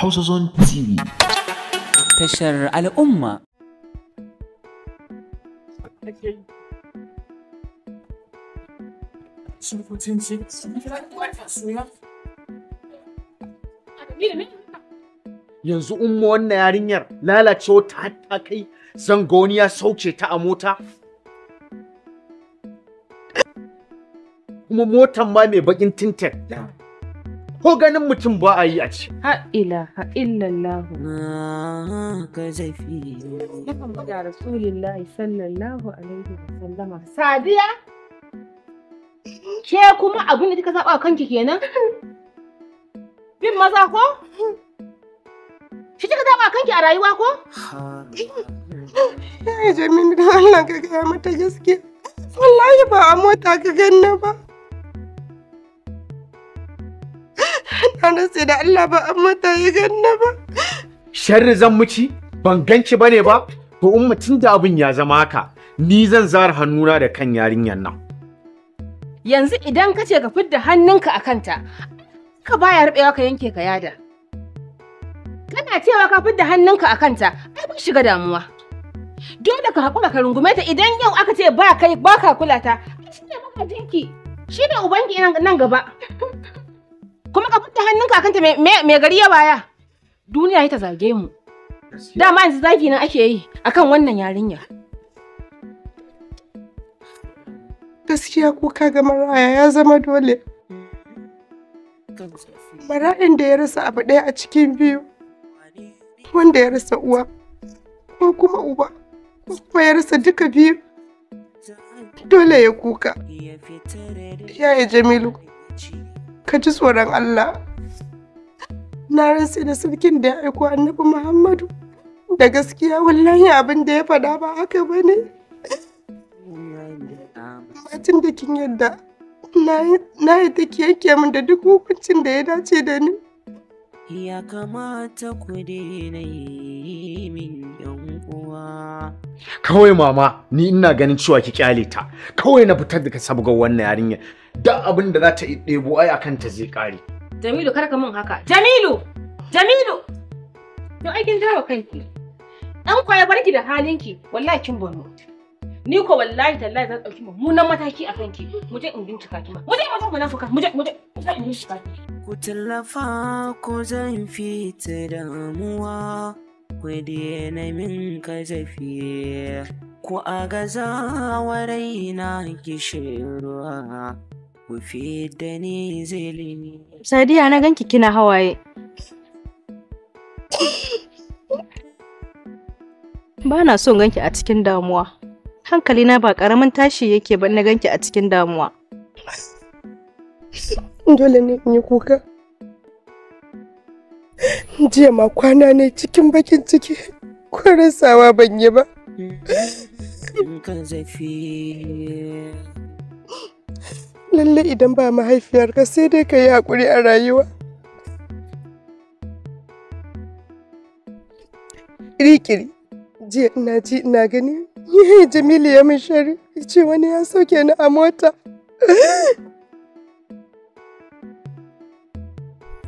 Hausa Zone TV. Tashar al'umma. Yanzu umma wannan yarinyar lalace ta hatta kai ya sauke ta a mota? Kuma motan ma mai bakin tintin. ko ganin mutum ba a yi a ci. Ha ilaha illallahu. Ka zafi. Yakan ga Rasulullahi sallallahu alaihi wa sallama. Sadiya? Ke kuma abin da kika a kanki kenan? Bin maza ko? Shi kika a kanki a rayuwa ko? Ya jami'in da Allah ka gaya mata gaskiya. Wallahi ba a mota ka ganna ba. Ana sai da Allah ba an mata ya ganna ba. Sharri zan muci ban ganci bane ba to in mutum da abin ya zama haka ni zan zara hannuna da kan yarinyar nan. Yanzu idan ka ce ka fidda hannunka a kanta ka baya rubewa ka yanke ka yada. Kana cewa ka fidda hannunka a kanta ai ba shiga damuwa. Dole ka haƙura ka rungume ta idan yau aka ce ba kai ba ka kula ta shi jinki shi ne ubangi nan gaba. kuma ka fita hannun kakanta mai gari ya baya duniya ya ta zage mu dama yanzu zagi nan ake yi akan wannan yarinya gaskiya ko ka ga maraya ya zama dole mara'in da ya rasa abu ɗaya a cikin biyu wanda ya rasa uwa ko kuma uba ko kuma ya rasa duka biyu dole ya kuka yaya jamilu ka ji tsoron Allah na rantse da sarkin da ya aiko annabi Muhammadu da gaskiya wallahi abin da ya faɗa ba haka ba ne matin da kin yadda na yi ke yake min da duk hukuncin da ya dace da ni ya kamata ku daina yi min yau kuma kawai mama ni ina ganin cewa ki kyale ta kawai na fitar da ka sabga wannan yarinya da abin da za ta ɗebo ai akan ta zai kare Jamilu kar ka mun haka Jamilu Jamilu to ai kin jawo kanki dan kwaya barki da halinki wallahi kin bano ni ko wallahi tallahi zan dauki mummunan mataki a kanki mu je in bincika ki ma mu je mu zo mu fuka mu je mu je ku tallafa ko zan fita damuwa kudi na min kazafi ku a gaza warai na ku fi da ni Sadiya na ganki kina hawaye. ba na son ganki a cikin damuwa. Hankalina ba ƙaramin tashi yake ba na ganki a cikin damuwa. Dole ne in yi kuka. jiya ma kwana ne cikin bakin ciki ko rasawa ban yi ba lalle idan ba mahaifiyarka sai dai ka yi hakuri a rayuwa kirikiri jiya ina ji ina gani jamilu ya min shari ce wani ya sauke ni a mota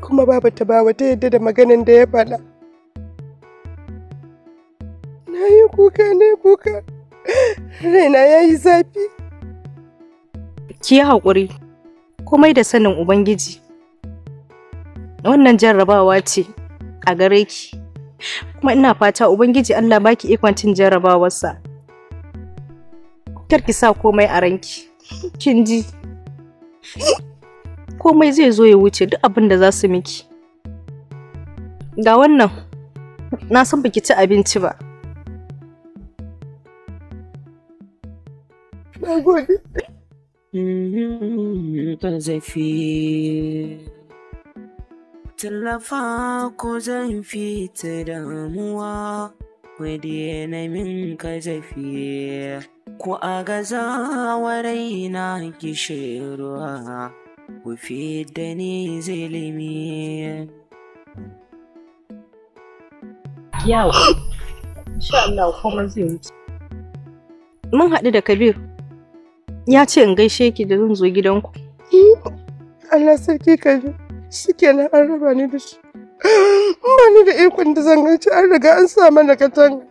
kuma babu ta bawa ta yadda da maganin da ya faɗa. Na yi kuka na yi kuka, raina ya yi zafi. Ki yi haƙuri, komai da sanin Ubangiji. Wannan jarrabawa ce a gare ki, kuma ina fata Ubangiji Allah baki ikon cin jarrabawarsa. Kar ki sa komai a ranki, kin ji. komai zai zo ya wuce duk abin da za su miki ga wannan na san baki ci abinci ba na tallafa ko zan ta damuwa wadda na min ka zafi ko a gaza warai kishirwa ku da ni zilimi yawo insha Allah kuma zai wuce mun haɗu da Kabir ya ce in gaishe ki da zan zo gidanku eh, Allah sarki Kabir suke na an raba ni da shi ba ni da ikon da zan gaishe an riga an sa mana katanga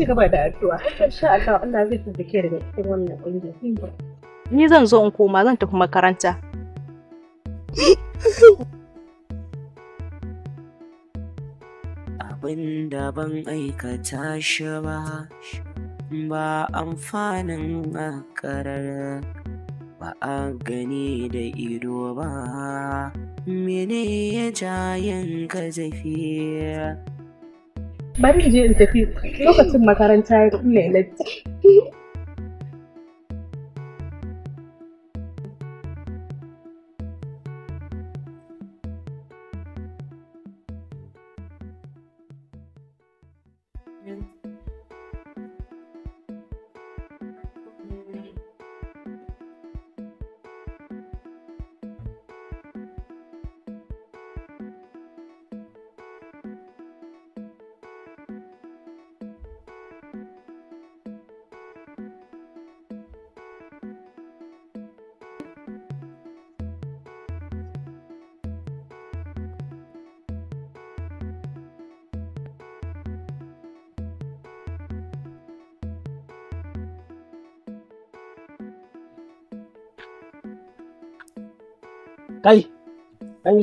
ci gaba da addu'a insha Allah Allah zai tabbake daga cikin wannan kungiya ni zan zo in koma zan tafi makaranta abin da ban aikata shi ba ba amfanin a karar ba a gani da ido ba mene ya jayen ka zafi bari je in tafi lokacin makaranta ya kulle latti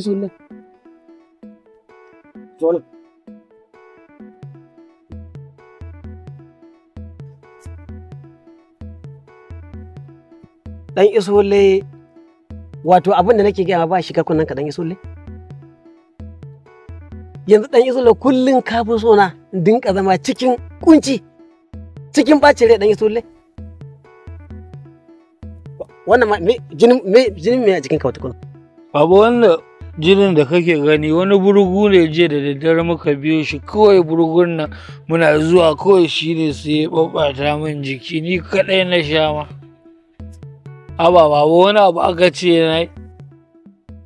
söyleyeyim. Oğlum. Dan isolle wato abin da nake gaya ba shi ka kunan ka dan isolle. Yanzu dan isolle kullum kafin sona dinka zama cikin kunci cikin bacin rai dan isolle. wannan me jinin me jinin me a jikin ka wata Babu wannan jinin da kake gani wani burgu ne je da daddare muka biyo shi kawai burugun nan muna zuwa kawai shi ne su ya ɓaɓɓata min jiki ni kaɗai na sha ma aba ba wani abu aka ce na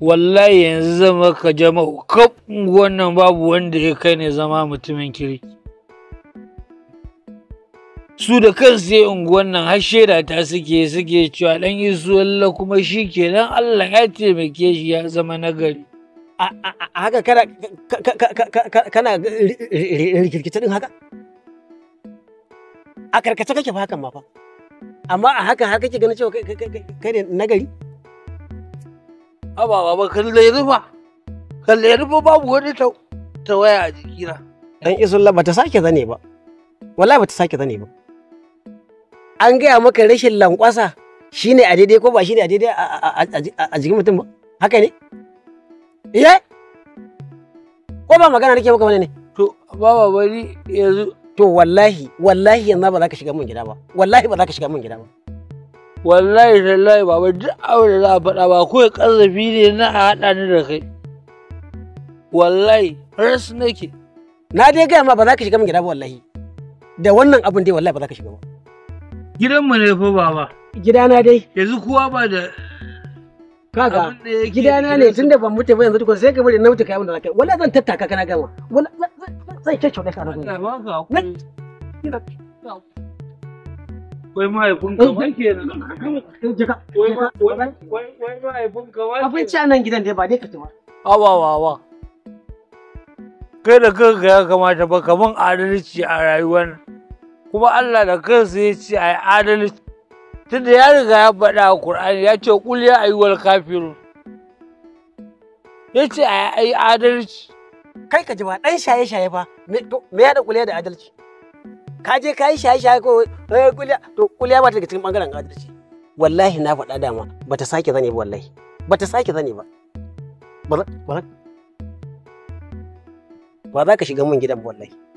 wallahi yanzu zama ka jama'u kaf wannan babu wanda ya kai ne zama mutumin kirki su da kansu ya unguwan nan har shaida ta suke suke cewa dan isu Allah kuma shi ke nan, Allah ya taimake shi ya zama nagari haka kana kana rikirkita din haka a karkace kake fa hakan ma fa amma a haka haka kake gani cewa kai ne nagari ababa ba kalle rufa kalle rufa babu wani tawaya a jikina dan isu Allah ba ta sake zane ba wallahi ba ta sake zane ba an gaya maka rashin lankwasa Shi ne a daidai ko ba shi ne a daidai a jikin mutum ba haka ne iya eh? ko ba magana nake maka ne to baba bari yanzu to wallahi wallahi yanzu ba za ka shiga mun gida ba wallahi ba za ka shiga mun gida ba wallahi tallahi baba duk abin da za a faɗa ba kawai ƙarfafi ne na a haɗa ni da kai wallahi ras nake na dai gaya ma ba za ka shiga mun gida ba wallahi da wannan abin dai wallahi ba za ka shiga ba Gidanmu ne fa baba. Gidana dai. Yanzu kuwa ba da kaga gidana ne tunda ban mutu ba yanzu duk sai ka bari na mutu kai abin da zaka Wallahi zan tattaka kana gama Wallahi sai ke cewa ka rubuta ba ka wai mahaifin ka wai kenan wai wai mahaifin ka wai abinci a nan gidan dai ba dai ka tuma awa awa awa kai da kanka ya kamata ba kaman adalci a rayuwar kuma Allah da kansa ya ce a yi adalci tunda ya riga ya faɗa a Kur'ani ya ce a ya wal kafiru ya ce a yi adalci kai ka ji ba ɗan shaye shaye ba, me ya da kuliya da adalci ka je ka yi shaye shaye ko eh, ƙulya, to ƙulya ba ta daga cikin ɓangaren adalci wallahi na faɗa dama ba ta sake zane ba wallahi ba ta sake zane ba ba za ka shiga mun gidan wallahi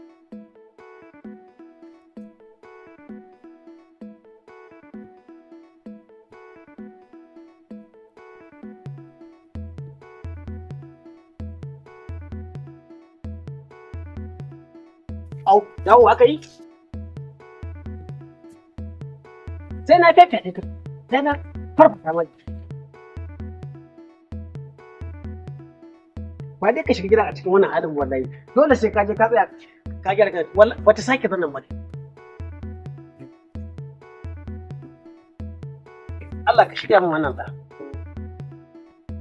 Au, dawo aka yi? Sai na fefeɗe ka, sai na farfata mai. Ba dai ka shiga gidan a cikin wannan halin wallahi. Dole sai ka je ka tsaya ka gyara ka wata sake zannan ba Allah ka shirya min wannan da.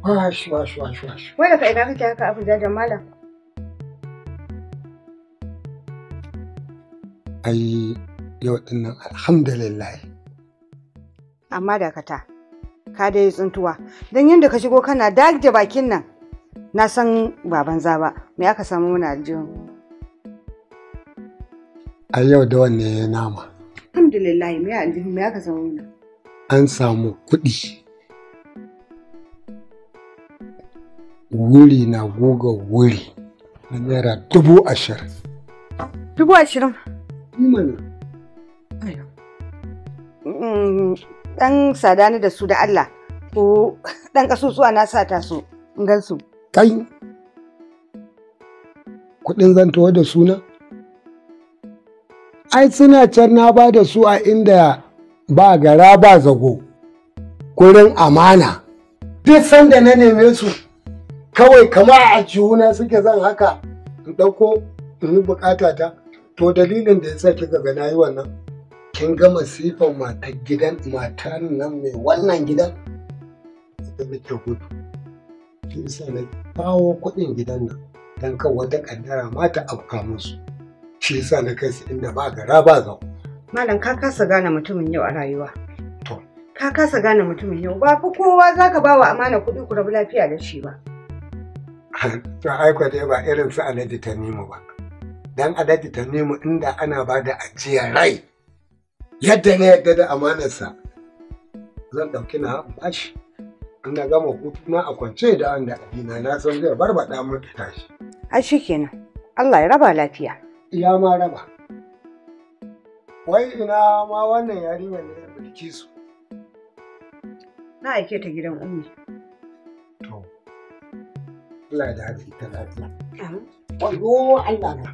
Wash wash wash wash. Wai daga ina kake haka abu da Malam? ai yau dinnan alhamdulillah amma dakata ka dai tsuntuwa don yadda ka shigo kana dage bakin nan na san baban zaba me aka samu muna aljihun a yau da wanne ya nama alhamdulillah me aljihun me aka samu muna an samu kuɗi wuri na goga wuri na naira dubu ashirin dubu ashirin Imana. Dan sadani da su da Allah ko dan kasusuwa na sa ta su in gan su. Kai kudin zantowa da suna? Ai suna can na ba da su a inda ba gara ba zago, kurin amana. Duk sanda na neme su kawai kamar a na suke zan haka in ɗauko in yi bukata ta. to dalilin da ya sa kika ga nayi wannan kin ga masifan matar gidan matan nan mai wannan gidan da muke gudu shi yasa na kawo kuɗin gidan nan don kan wata kaddara ma ta afka musu shi yasa na kai su inda ba gara ba zau malam ka kasa gane mutumin yau a rayuwa to ka kasa gane mutumin yau ba fa kowa zaka ba wa amana kuɗi ku rabu lafiya da shi ba to ai dai ba irin su alade ta nemo ba dan alhaji ta nemo inda ana ba da ajiyar rai yadda na yadda da amanarsa zan ɗauki na bashi in na gama hutuna a kwance da an da abina na san zai barbaɗa mun tashi a shi kenan Allah ya raba lafiya Ya ma raba wai ina ma wannan yarinya ne ya mulki su na aike ta gidan ummi to Allah ya dace ta lafiya wayo Allah na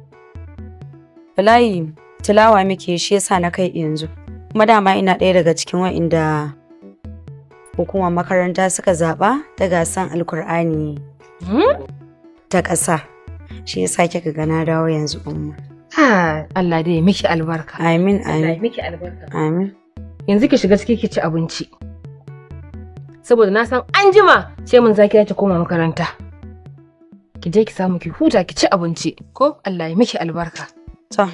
wallahi tilawa muke shi yasa na kai yanzu kuma dama ina ɗaya daga cikin wa'inda hukumar makaranta suka zaɓa ta gasan alkur'ani hmm? ta ƙasa shi yasa kika ga na dawo yanzu umma Allah dai miki albarka amin amin miki albarka amin yanzu ki shiga ciki ki ci abinci saboda na san an jima ce mun zaki ta koma makaranta ki je ki samu ki huta ki ci abinci ko Allah ya miki albarka To,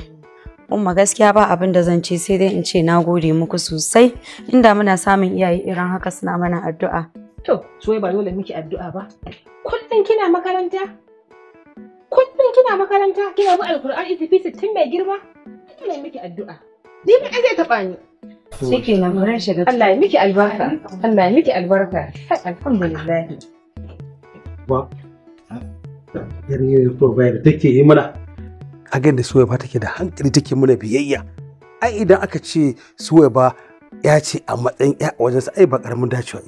umma gaskiya ba abin da zan ce sai dai in ce na gode muku sosai inda muna samun iyaye irin haka suna mana addu'a. To, soyi ba dole miki addu'a ba. Kullum kina makaranta? Kullum kina makaranta? Kina bi Alkur'ani tafi sittin mai girma? Kina miki addu'a. Ni ba zai taɓa ni. Shikenan bari shiga. Allah ya miki albarka. Allah ya miki albarka. Alhamdulillah. Ba. Yarinyar provider take yi mana. A da suwai ba take da hankali take muna biyayya ai idan aka ce suwai ba ya ce a matsayin ya a sa, ai ba karamin dacewa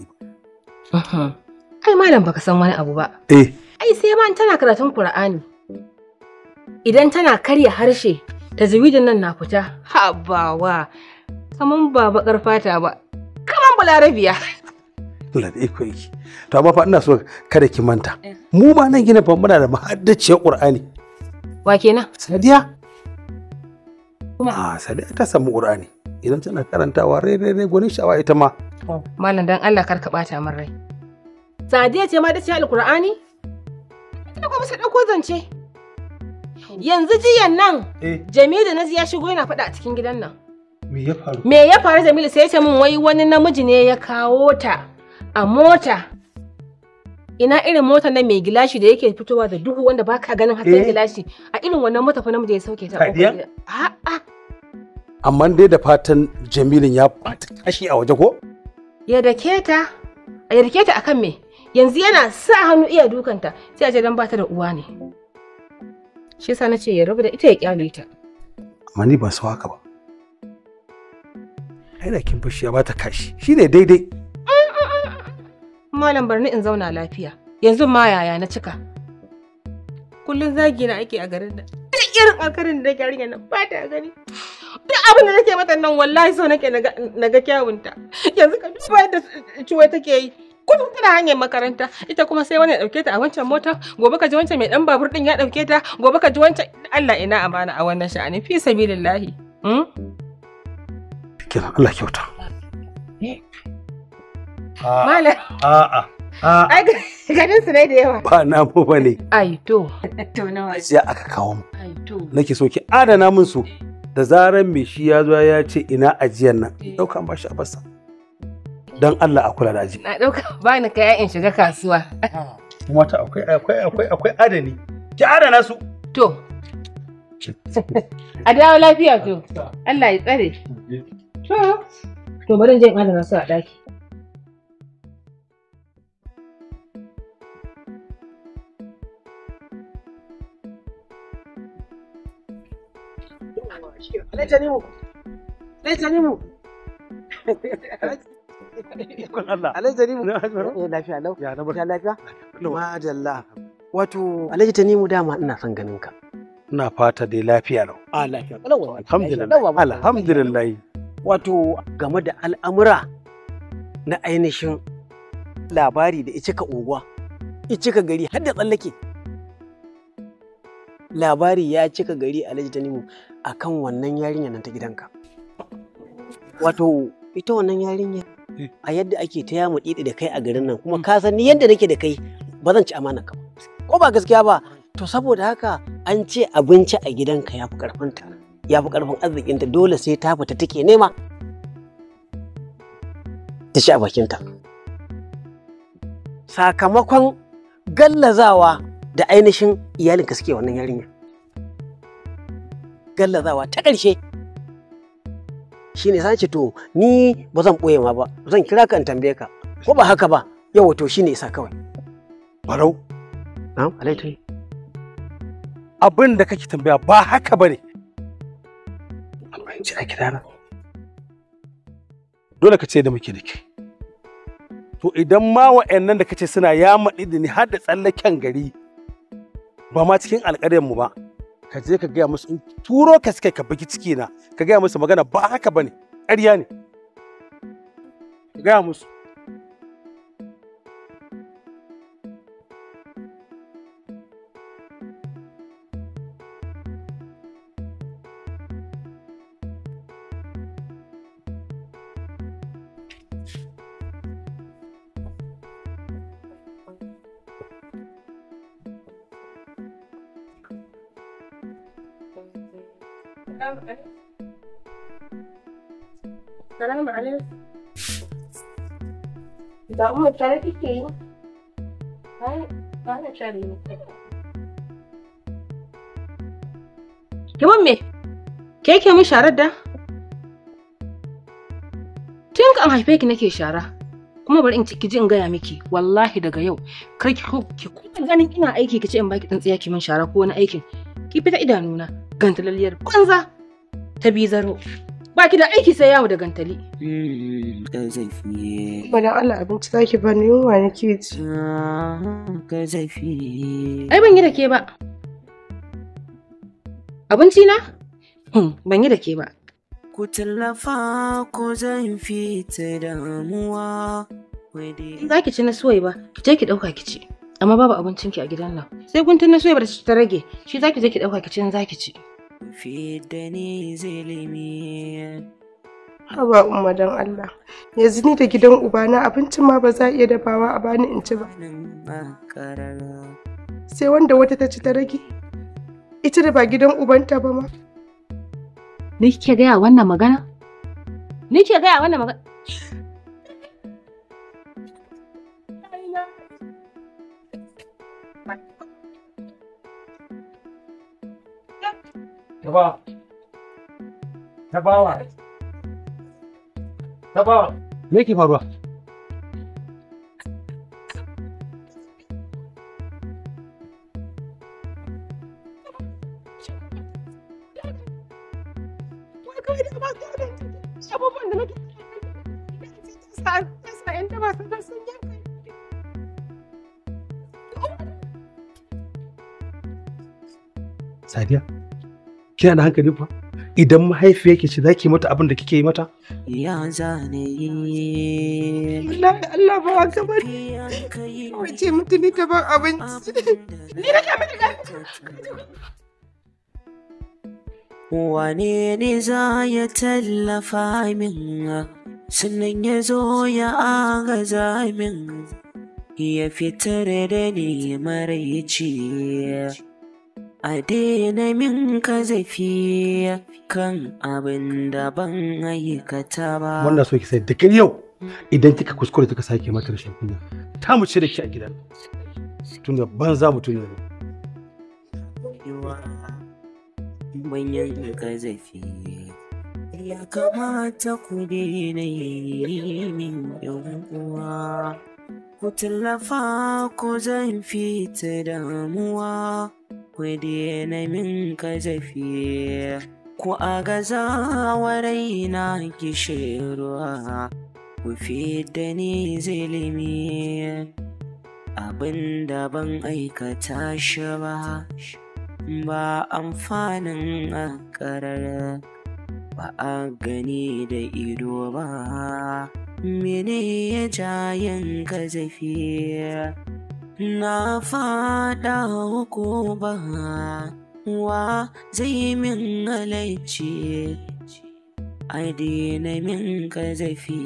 ba. Ai malam baka san wani abu ba. Eh. Ai sai ma tana karatun Qur'ani. Idan tana karya harshe ta zuwidin nan na fita Ha habawa kaman ba bakar fata ba kaman balarabiya. Allah da iko To amma fa ina so kada ki manta. Mu ma nan gina fa muna da mahaddaciyar Qur'ani. Wa kenan? Sadiya. Kuma a ah, Sadiya ta samu Qur'ani. Idan tana karantawa rai rai rai gwanin sha'awa ita ma. Oh, Malam dan Allah kar ka bata min rai. Sadiya ce ma ta ce Alƙur'ani? Ina kuma sai dauko zance. Yanzu jiyan nan eh. Jamilu na ya shigo yana faɗa a cikin gidan nan. Me ya faru? Me ya faru Jamilu sai ya ce min wai wani namiji ne ya kawo ta a mota ina irin mota na mai gilashi da yake fitowa da duhu wanda ba ka ganin hasken eh. gilashi a irin wannan mota fa namiji ya sauke ta a a amma dai da fatan Jamilin ya kashi a waje ko ya dake ta ya dake ta akan me yanzu yana sa hannu iya dukanta sai a ce dan bata da uwa ne shi yasa nace ya rabu da ita ya kyale ta amma ni ba su haka ba ai da kin fushi ya bata kashi shine daidai malam barni in zauna lafiya yanzu ma yaya na cika kullum zagi na ake a garin da Ina irin alkarin da nake rinya na ba ta gani duk abin da nake mata nan wallahi so nake na ga kyawunta yanzu ka duba yadda ciwo take yi kullum tana hanyar makaranta ita kuma sai wani ya dauke ta a wancan mota gobe ka ji wancan mai dan babur din ya dauke ta gobe ka ji wancan Allah ina amana a wannan sha'ani fi sabilillahi hmm? Allah kyauta. Eh. ah. A'a. Ai ganin su ne da yawa. Ba na mu bane. Ai to. To nawa. Sai aka kawo mu. Ai to. Nake so ki adana min su. Da zaran me shi ya zo ya ce ina ajiyar nan. Daukan bashi a basa. Dan Allah a kula da aji. Na dauka ba ni kaya in shiga kasuwa. Kuma ta akwai akwai akwai akwai adani. Ki adana su. To. A dawo lafiya to. Allah ya tsare. Mm, mm. To. To bari in je in adana su a daki. Alhaji Tanimu. Alhaji Tanimu. Alhaji Wato Alhaji Tanimu dama ina son ganin ka. Ina fata dai lafiya lau. A lafiya. Alhamdulillah. Alhamdulillah. Wato game da al'amura na ainihin labari da ice ka unguwa, ice ka gari har da tsallake. labari ya cika gari alhaji tanimu a kan wannan yarinya nan ta gidanka wato ita wannan yarinya eh. a yadda ake ta yamu ɗiɗi da kai a garin nan kuma mm. ka san ni yadda nake da kai ba zan ci amana ka ko ba gaskiya ba to saboda haka an ce abinci a gidanka ya fi ƙarfinta ya fi ƙarfin arzikinta dole sai ta fita take nema ta shi a bakinta sakamakon gallazawa da ainihin iyalinka suke wannan yarinya gallazawa ta ƙarshe shine sace to ni ba zan ɓoye ma ba zan kira ka in tambaye ka ko ba haka ba yawa to shine isa kawai barau na'am alaitai abin da kake tambaya ba haka bane amma in ci a kira na dole ka ce da muke da ke to idan ma wa'annan da kace suna ya maɗi da ni har da tsallaken gari ba ma cikin alƙaryar mu ba ka je ka gaya musu in turo ka suka ka baki ciki na ka gaya musu magana ba haka bane ƙarya ne gaya musu da umar tare kike yi ba na tare ne ki ban me ke yake min sharar da tun kan haife ki nake shara kuma bari in ciki ji in gaya miki wallahi daga yau kar ki ki kuma ganin ina aiki kice in baki tsantsiya ki min shara ko wani aikin ki fita idanuna gantalaliyar banza ta bizaro Ba ki da aiki sai yawo da gantali. Kai zafi. Bada Allah abinci zaki ni yunwa na ke ci. Ah, kai zafi. Ai ban yi da ke ba. Abinci na? Hmm, ban yi da ke ba. Ku tallafa ko zan fita damuwa. In za ki ci na suwai ba, ki je ki ɗauka ki ci. Amma babu abincinki a gidan nan. Sai guntun na suwai ba ta rage, shi za ki je ki ɗauka ki ci in za ki ci. fidani zalimi haba umma don Allah yanzu ni da gidan ubana abincin ma ba za a iya dabawa a bani in ci ba sai wanda wata ta ci ta rage ita da ba gidan ubanta ba ma ni kike gaya wannan magana ni gaya wannan magana Два. Tabawa. Tabawa. Me yake faruwa? kina da hankali fa idan mahaifiyar ki ce zaki mata abin da kike yi mata ya zane Allah Allah ba ka wa ce mutu ni ta ban abinci ni na ka miki Wane ne za ya tallafa min sunan ya zo ya agaza min ya fitar da ni mara ce. A daina min zafi kan abin da ban aikata ba. Wannan so ki sai da yau idan kika kuskure kika sake mata rashin kunya. Ta mu ce da ki a gida. Tunda ban za mu tuna. Manyan kazafi ya kamata ku daina yi min yan uwa. Ku tallafa ko zan fita damuwa, ku daina min kazafi. Ku a gaza wa raina kishirwa, ku fita ni zilimi. Abin da ban aikata shi ba, ba amfanin a ba a gani da ido ba. mene ya jayen kazafi na fada hukuma wa zai min halarci a daina min kazafi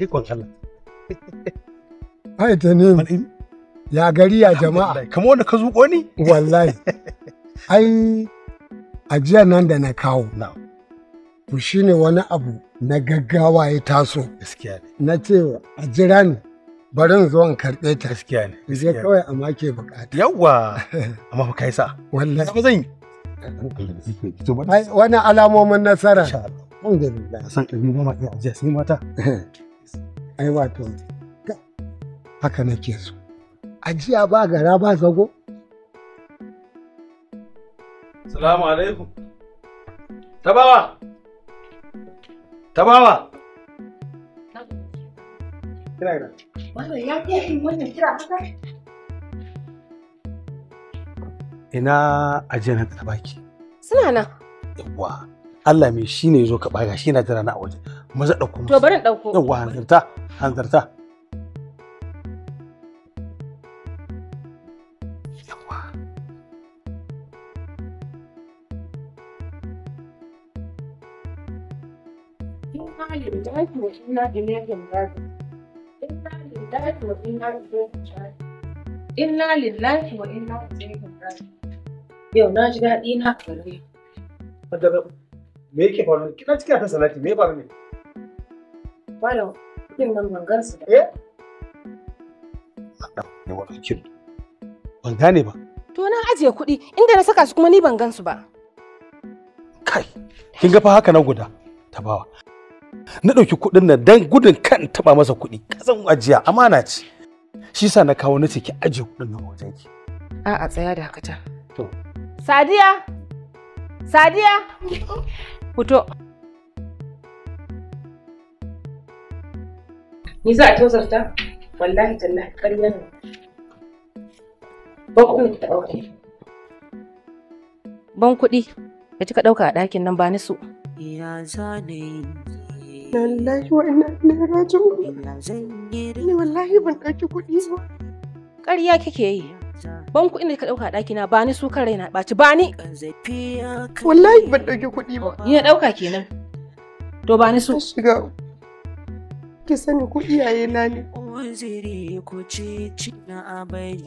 rikon ah, Ai ta ne ya gari ya jama'a. Kamar wanda ka zuƙo ni? Wallahi. Ai ajiya nan da na kawo shi shine wani abu na gaggawa ya taso na ce a jira ne bari in zo in karɓe ta gaskiya ne gaskiya kawai amma make bukata yawwa amma fa kai sa wallahi ba zan yi wani alamomin nasara alhamdulillah san ɗari goma ɗaya ajiya sai mata ai wato haka nake so ajiya ba gara ba zago Salamu alaikum. Tabawa! Tabawa! Kira kira. Wannan ya yin wannan kira haka? Ina ajiyar na ta baki. Suna nan. Yawwa. Allah mai shi ne zo ka baga shi na jira na a waje. Maza ɗauko. To bari ɗauko. Yawwa hanzarta hanzarta. wa inna ilaihi raji'un inna lillahi wa inna ilaihi raji'un inna lillahi wa inna ilaihi raji'un yau na ji daɗi na gare madara me yake faru kina cikin ta salati me faru ne malam kudin nan ban gansu ba eh ne wa akil ban gane ba to na ajiye kuɗi inda na saka su kuma ni ban gansu ba kai kin ga fa haka na guda ta bawa? na ɗauki kuɗin nan don gudun kan taɓa masa kuɗi kasan ajiya amana ce shi sa na kawo nace ki ajiye kuɗin nan wajen ki a'a tsaya da haka to sadiya sadiya fito ni za a tozarta wallahi tallahi ƙarya ne ban kuɗin ta ɗauke ban kuɗi ka ci ka ɗauka a ɗakin nan ba ni su ya zane Inna lillahi wa inna ilaihi raji'un. Ni wallahi ban ɗauki kuɗi ba. Ƙarya kike yi. Ban kuɗin da ka ɗauka ɗaki na bani su kan raina ɓaci bani. Wallahi ban ɗauki kuɗi ba. Ni na ɗauka kenan. To bani su. Shiga. Ki sani ku iyaye na ne.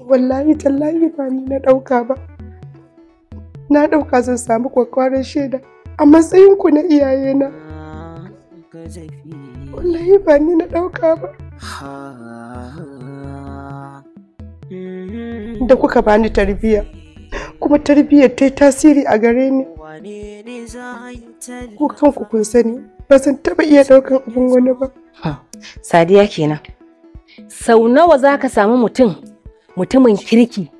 Wallahi tallahi ba ni na ɗauka ba. Na ɗauka zan samu kwakwaran shaida a matsayinku na iyayena. wallahi ba ni na ɗauka ba da kuka bani tarbiyya kuma tarbiyyar ta yi tasiri a gare ni ku kanku kun sani ba zan taɓa iya ɗaukan abin wani ba sadiya kenan sau nawa za ka samu mutum mutumin kirki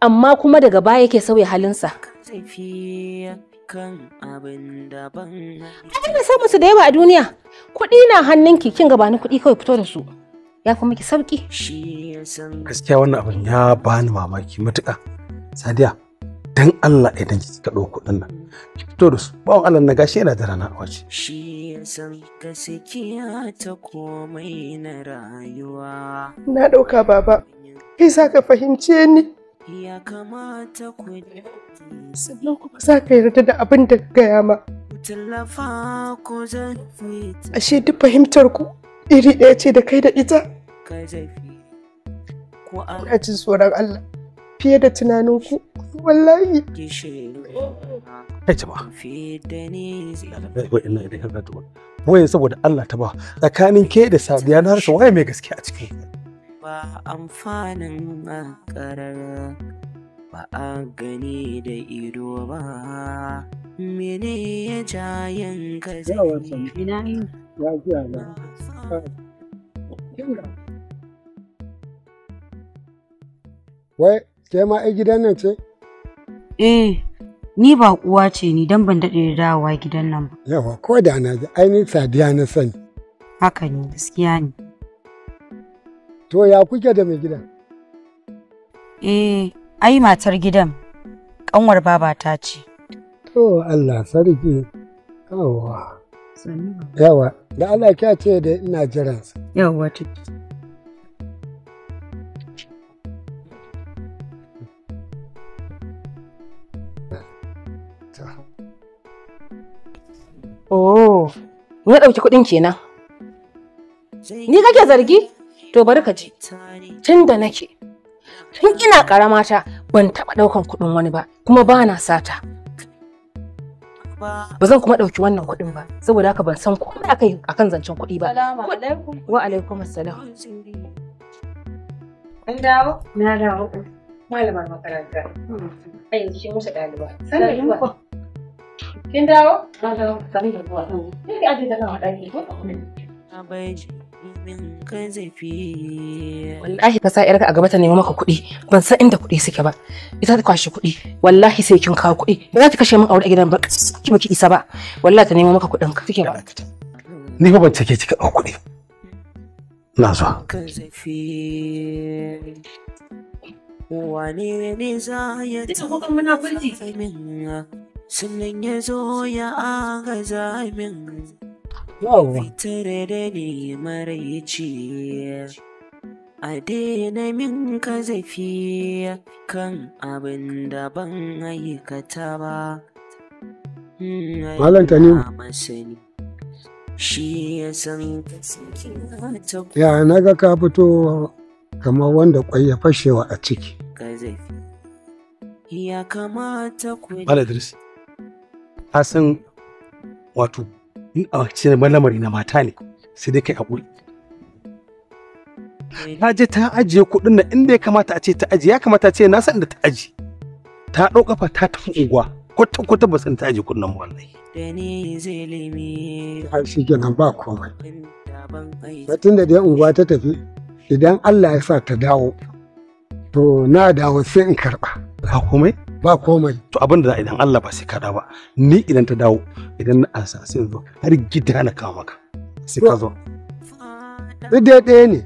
amma kuma daga baya yake sauya halinsa kan abin daban. Ai da samu su da yawa a duniya. Kuɗi na hannunki kin gabanin kuɗi kawai fito da su. Ya fi miki sauki. Gaskiya wannan abin ya bani mamaki matuƙa. Sadiya dan Allah idan ki ka kuɗin nan ki fito da su bawan Allah na gashi yana da rana a waje. Shi ya san gaskiya ta komai na rayuwa. Na ɗauka baba. Kai za ka fahimce ni. ya kamata ku sannan kuma za ka yarda da abin da ka gaya ma ashe duk fahimtar ku iri ɗaya ce da kai da ita kuna jin tsoron Allah fiye da tunanin ku wallahi kai ba, wayan saboda Allah ta ba tsakanin ke da sadiya na harshe waye mai gaskiya a cikin ba amfanin ƙarar ba a gani da ido ba mene ya jayen ka zai wai ke ma a gidan nan ce eh ni ba kuwa ce ni don ban daɗe da dawowa gidan nan ba yawa ko da na ji ainihin sadiya na sani haka ne gaskiya ne To ya kuke da mai gidan? Eh, ai matar gidan kanwar ta ce. To Allah sarki. Yawwa. Yawa, da Allah kya ce da ina jiransa. ta Oh, ya ɗauki kuɗin kenan. Ni kake zargi? To bari ka ji, tun da nake, tun ina ƙarama ta ban taɓa ɗaukan kuɗin wani ba, kuma ba na sata. Ba zan kuma ɗauki wannan kuɗin ba, saboda haka ban san komai akai akan zancen kuɗi ba. Wa alaikum assalam. An dawo? Na dawo. Malamar makaranta. A yanzu shi musu ɗaliba. Sanda zuwa. Kin dawo? Na dawo. yi zuwa. Kin ajiye ta kan ɗaki ko? wallahi ka sa yarka a gaba ta nemi maka kuɗi ban san inda kuɗi suke ba ita ta kwashe kuɗi wallahi sai kin kawo kuɗi ba za ta kashe min aure a gidan ba ki baki isa ba wallahi ta nemi maka kuɗin ka kike ba ni ba ban take ki kawo kuɗi na zuwa wane ne za ya ya zo ya Fitar a daina min kazafi kan abin da ban aikata ba. Hmm, Malam Tanimu. Shi ya san Ya na ga ka fito kamar wanda kwai ya fashewa a ciki. Ya kamata ku. Malam Idris. Ka san wato in a cikin ban lamari na mata ne sai dai kai haƙuri eh. ta je ta ajiye kuɗin nan inda ya kamata a ce ta ajiye ya kamata a ce na san da ta ajiye ta ɗau kafa ta tafi unguwa kwata kwata ba san ta ajiye kuɗin nan wallahi har shi kenan ba komai batun da dai unguwa ta tafi idan Allah ya sa ta dawo to na dawo sai in karɓa ba komai ba komai to abin da idan Allah ba sai kada ba ni idan ta dawo idan na ansa sai zo har gida na kawo maka sai ka zo duk da ɗaya ne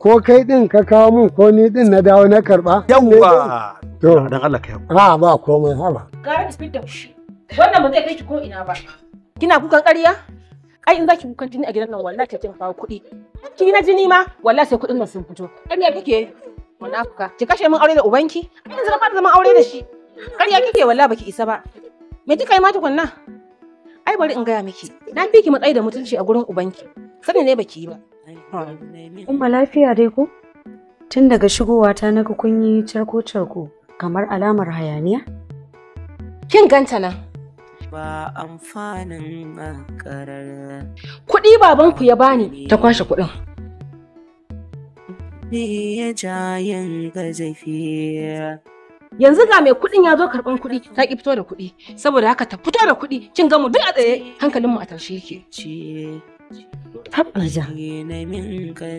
ko kai din ka kawo mun ko ni din na dawo na karba yawwa to dan Allah ka yawa a ah, ba komai haba garin speed da shi wannan ba zai kai ki ko ina ba kina kukan ƙarya ai in zaki kukan jini a gidan nan wallahi ta kin kawo kuɗi ki na jini ma wallahi sai kuɗin nan sun fito kai me kike munafuka ki kashe mun aure da ubanki ai zama ba zaman aure da shi Ƙarya kike walla baki isa ba. Me kika yi ma tukunna? Ai bari in gaya miki. Na fi ki matsayi da mutunci a gurin ubanki. Sani ne baki yi ba. Umma lafiya dai ko? Tun daga shigowa ta naga kun yi charko-charko kamar alamar hayaniya? Kin ganta nan. Ba amfanin karar. Kuɗi babanku ya bani ta kwashe kuɗin. ya jayen gazafiya yanzu ga mai kuɗin ya zo karɓan kuɗi ta ki fito da kuɗi saboda haka ta fito da kuɗi kin ga mu duk a tsaye hankalin mu a tashi yake tabbaja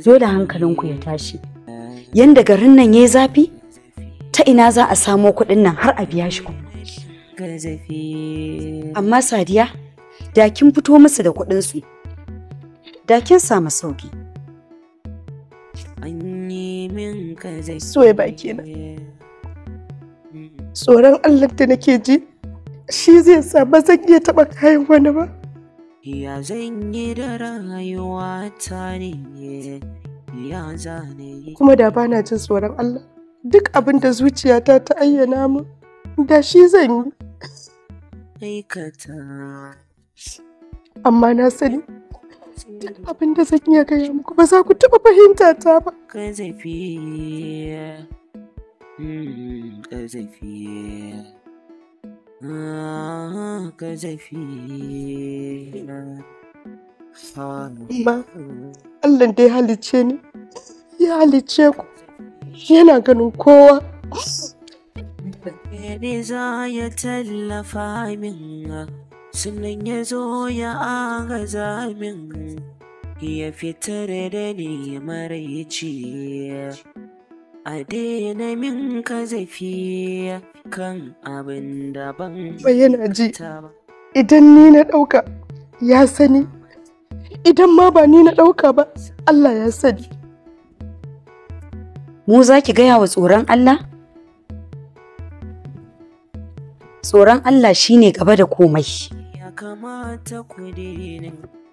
zo da hankalin ku ya tashi yanda garin nan yayi zafi ta ina za a samo kuɗin nan har a biya shi amma sadiya da kin fito musu da kuɗin su da kin samu sauki an yi min na tsoron Allah da nake ji shi zai sa ba zan iya taɓa kayan wani ba. Ya zan yi da rayuwa ta ne ya zane Kuma da ba na jin tsoron Allah duk abin da zuciyata ta ayyana mu da shi zan yi. Aikata. Amma na sani duk abin da zan iya gaya muku ba za ku taɓa fahimta ta ba. zafi. ƙazafi ƙazafi ah, ba Allah dai halicce ni ya halicce ku yana ganin kowa Bene za ya tallafa min Sunan ya zo ya agaza min ya fitar da ni maraici a daina min zafi kan abin da ban bayyana ji idan ni na ɗauka ya sani idan ma ba ni na ɗauka ba Allah ya sani mu za ki gaya wa tsoron Allah tsoron Allah shine gaba da komai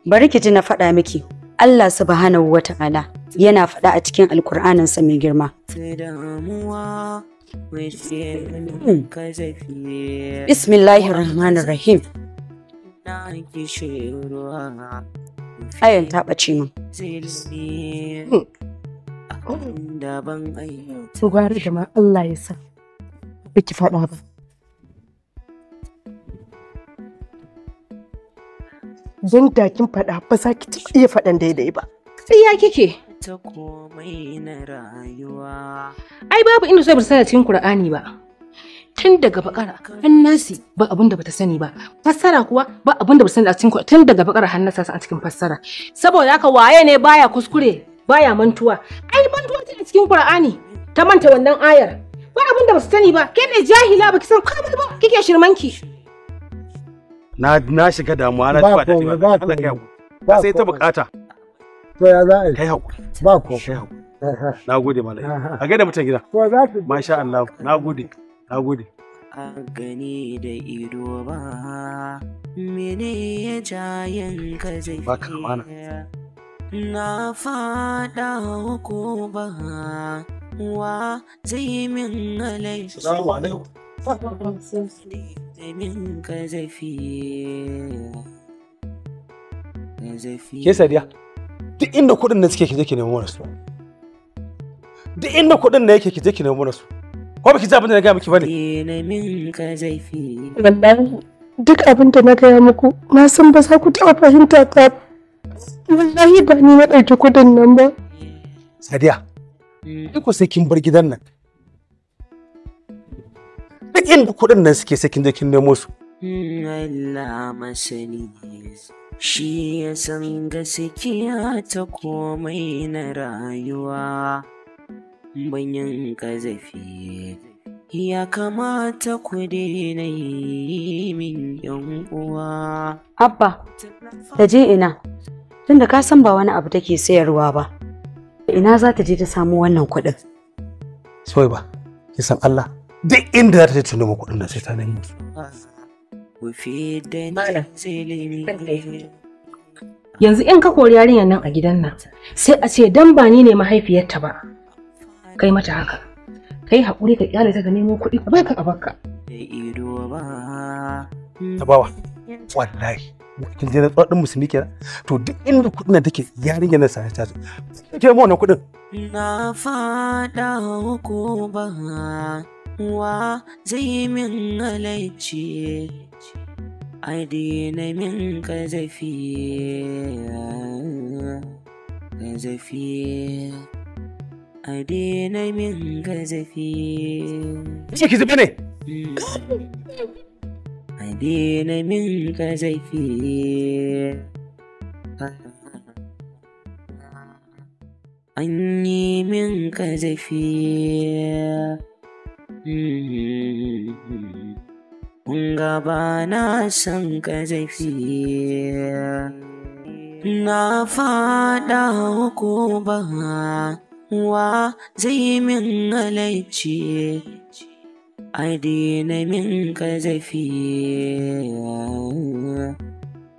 bari ki ji na faɗa miki Allah subhanahu wata'ala yana faɗa a cikin alkur'aninsa mai girma. Hmm. Bismillahir Rahmanir Rahim. Ayon ta ɓace min. Hmm. Tsogari da ma Allah ya sa. Biki faɗa ba. Yanda kin faɗa ba za ki iya faɗan daidai ba. Tsiya kike. ta komai na rayuwa. Ai babu inda zai sa cikin Kur'ani ba. Tun daga bakara hannasi ba abin da bata sani ba. Fassara kuwa ba abin da bata sani a cikin tun daga bakara hannasa a cikin fassara. Saboda haka waye ne baya kuskure baya mantuwa. Ai mantuwa ta cikin Kur'ani ta manta wannan ayar. Ba abin da bata sani ba. Ke ne jahila baki san komai ba kike shirmanki. Na na shiga damuwa na ba da ba sai ta bukata. to ya za a yi kai haƙuri ba ko kai haƙuri na gode malai a gaida mutan gida ko za ta masha Allah na gode na gode a gani da ido ba mene ya jayen ka zai ba ka mana na fada ko ba wa zai min alai salamu alaikum Ke sadiya? duk inda kuɗin da suke ki je ki nemo mana su duk inda kuɗin da yake ki je ki nemo mana su ko ba ki ji da na gaya miki ba ne duk abin da na gaya muku na san ba za ku taɓa fahimta ta wallahi ba ni na ɗauki kuɗin nan ba sadiya duk sai kin bar gidan nan duk inda kuɗin nan suke sai kin je kin nemo su hmm, Allah masani shi ya san gaskiya ta komai na rayuwa banyan gazafi ya kamata ku na yi min yan uwa abba da je ina tunda ka san ba wani abu take sayarwa ba ina za ta je ta samu wannan kuɗin soyi ba ki san Allah duk inda za ta je tuno kuɗin da sai ta nemi Yanzu in ka kori yarinyar nan a gidan nan sai a ce dan ba ni ne mahaifiyarta ba. Kai mata haka. Kai haƙuri ka kyale ta ga nemo kuɗi ka baka a baka. Tabawa. Wallahi. Kin je na tsadin musulmi ke To duk inda kuɗin nan take yarinyar nan sai ta. Ke mu wannan kuɗin. Na fada hukuma. wa zai min halarci adina min kazafi kazafi adina min kazafi ce ki zube ne adina min kazafi an yi min kazafi Gaba na san ka zafi na faɗa ko ba wa zai min A adina min ka zafi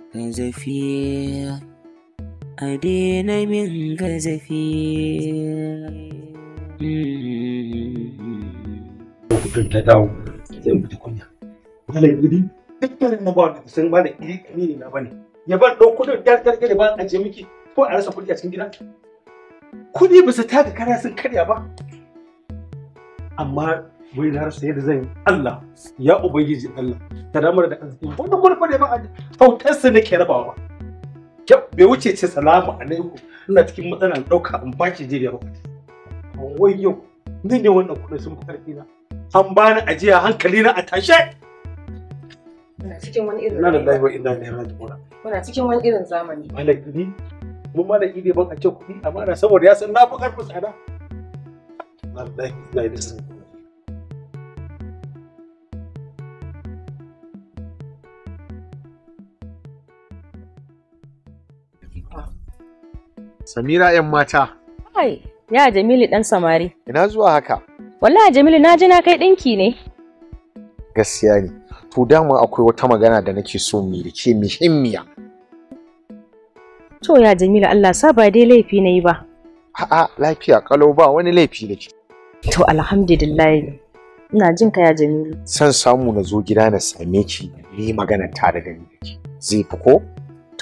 ka zafi adina min ka zafi kudin ta dawo zai mutu kunya malam gidi dukkanin na ba da iri na ya ban ɗau kudin gare ba a je miki ko a rasa kudi a cikin gidan kudi ba su taka kara sun karya ba amma wai na rasa yadda zan Allah ya ubangiji Allah ta damar da arziki wannan murfa ne ba a hautar rabawa ba bai wuce ce salamu alaikum ina cikin matsalar ɗauka in baki jiya ba wai yau ni ne wannan kudin sun fi ƙarfi na an bani ajiya hankali na a tashe muna cikin wani irin na lillahi wa inna muna cikin wani irin zamani malaki ni mun malaki ne ban a ce kuɗi amana saboda ya san na fi karfin tsada wallahi ina yi da Samira 'yan mata. Hai, ya Jamilu ɗan samari. Ina zuwa haka. Wallahi Jamilu na ji na kai ɗinki ne. Gaskiya ne. To dama akwai wata magana da nake so mu da ke muhimmiya. To ya Jamilu Allah sa ba dai laifi na yi ba. A'a lafiya kalau ba wani laifi da ke. To alhamdulillah ina jin ka ya Jamilu. San samu na zo gida na same ki ni magana tare da ni da ke. Zai fi ko?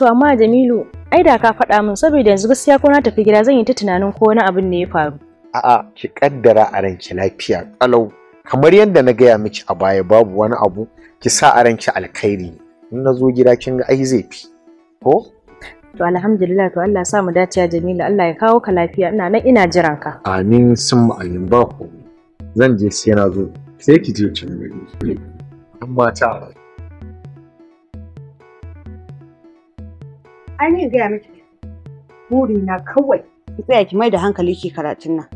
To amma Jamilu ai da ka faɗa min saboda yanzu gaskiya ko na tafi gida zan yi ta tunanin ko wani abin ne ya faru. a'a ki kaddara a ranki lafiya kalau kamar yadda na gaya miki a baya babu wani abu ki sa a ranki alkhairi in na zo gida kin ga ai zai fi ko to alhamdulillah to Allah sa mu dace Jamila Allah ya kawo ka lafiya ina nan ina jiran ka amin sun amin ba ku zan je sai na zo sai ki je cin gari amma ta an yi gaya miki buri na kawai ki tsaya ki mai da hankali ki karatun nan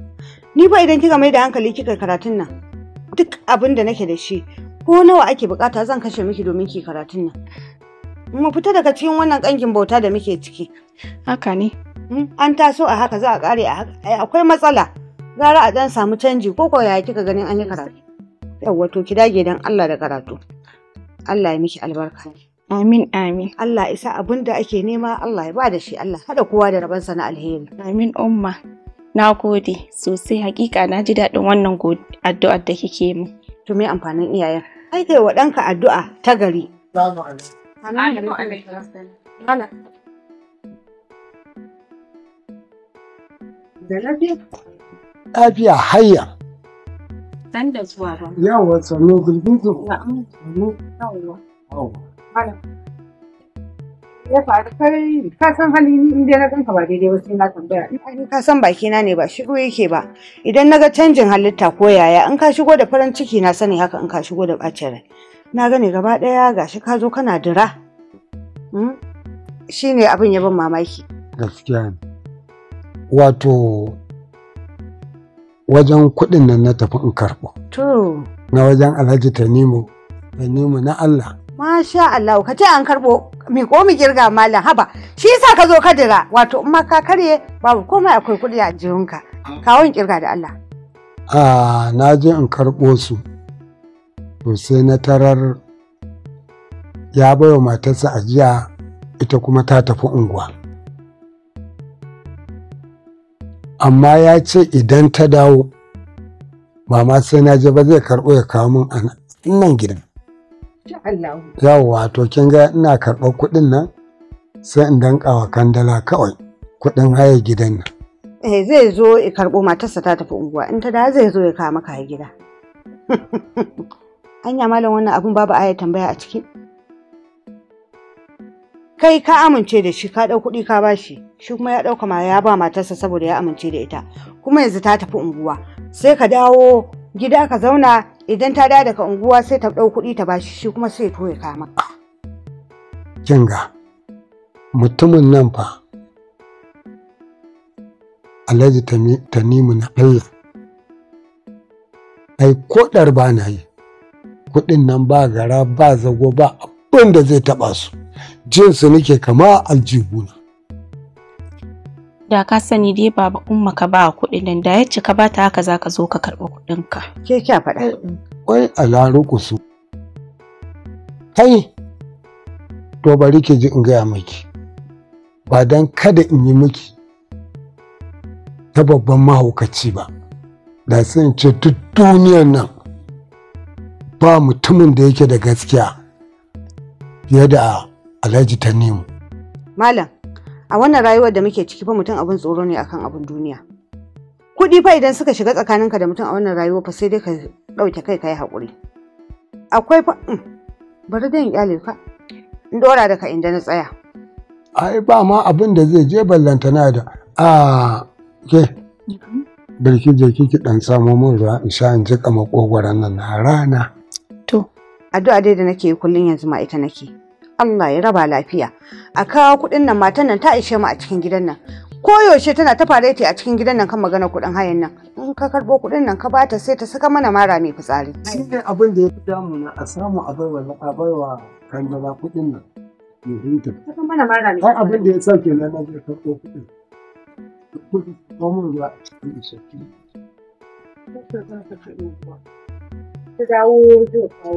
Ni fa idan kika mai da hankali kika karatun nan duk abin da nake da shi ko nawa ake bukata zan kashe miki domin ki karatun nan. Mu fita daga cikin wannan kangin bauta da muke ciki. Haka ne. Hmm? An taso a haka za a kare a haka akwai matsala. Gara a dan samu canji ko ko ya kika ganin an yi karatu. yawa to ki dage dan Allah da karatu. Allah ya miki albarka. Amin amin. Allah isa abin da ake nema Allah ya ba da shi Allah hada kowa da rabansa na alheri. Amin umma. na gode sosai hakika na ji daɗin wannan addu'ar da kike min to me amfanin iyayen ai kai wa ɗanka addu'a ta gari lafiya hayya dan da zuwa ba yawa sannu gulbin zuwa yawa ya faru kai ka san hali ni in dai na ganka ba daidai ba sai na tambaya in ka san baki na ne ba shigo yake ba idan naga canjin halitta ko yaya in ka shigo da farin ciki na sani haka in ka shigo da bacin rai na gane gaba daya gashi ka zo kana dira shine abin ya mamaki gaskiya ne wato wajen kuɗin nan na tafi in karɓo. To. Na wajen Alhaji Tanimu, Tanimu na Allah. Masha Allah ka ce an karbo mi ko mi girga malam haba shi yasa ka zo ka dira wato in ma ka karye babu komai akwai kuɗi a jihunka kawo in kirga da Allah. Ah na je in karɓo su to sai na tarar ya baiwa matarsa ajiya ita kuma ta tafi unguwa. Amma ya ce idan ta dawo mama sai na je ba zai karɓo ya kawo min a nan gidan. yawwa to kin ga ina karɓar kuɗin nan sai in danka wa kandala kawai kuɗin haya gidan nan eh zai zo ya karɓo matarsa ta tafi unguwa in ta da zai zo ya kawo maka gida anya malam wannan abun babu aya tambaya a ciki kai ka amince da shi ka ɗau kuɗi ka bashi shi kuma ya ɗauka ma ya ba matarsa saboda ya amince da ita kuma yanzu ta tafi unguwa sai ka dawo gida ka zauna idan ta dawo daga unguwa sai ta ɗau kuɗi ta bashi shi kuma sai to ya kama. Kinga mutumin nan fa Alhaji nemi na Allah. Ai ko ba na yi kuɗin nan ba gara ba zago ba abin da zai taɓa su jinsu nake kama aljihuna. da ka sani dai ba umma ka ba kuɗi, nan da ya cika ba ta haka zaka zo ka karɓi kuɗin ka ke kya faɗa wai a laro ku su kai to bari ki ji in gaya miki ba dan kada in yi miki ta babban mahaukaci ba da sun ce duk duniyar nan ba mutumin da yake da gaskiya fiye da alhaji ta tanimu malam a wannan rayuwar da muke ciki fa mutum abin tsoro ne akan abin duniya kuɗi fa idan suka shiga tsakaninka da mutum a wannan rayuwar fa sai dai ka ɗauke kai kai haƙuri akwai fa hmm, bari dan kyale ka in dora da ka inda na tsaya ai ba ma abin da zai je na da a ke birki je kiki dan samo min ruwa in sha in jika makogwaran nan na rana to addu'a dai da nake kullun yanzu ma ita nake Allah ya raba lafiya a kawo kuɗin nan matan nan ta ishe mu a cikin gidan nan koyaushe tana ta fareti a cikin gidan nan kan magana kuɗin hayan nan in ka karɓo kuɗin nan ka bata sai ta saka mana mara mai fitsari shi ne abin da ya fi damuna a samu a baiwa a baiwa kandala kuɗin nan ya huta saka mana mara mai fitsari abin da ya sauke nan na zai karɓo kuɗin kuɗi kuma mun ruwa cikin sauki ta dawo zai kawo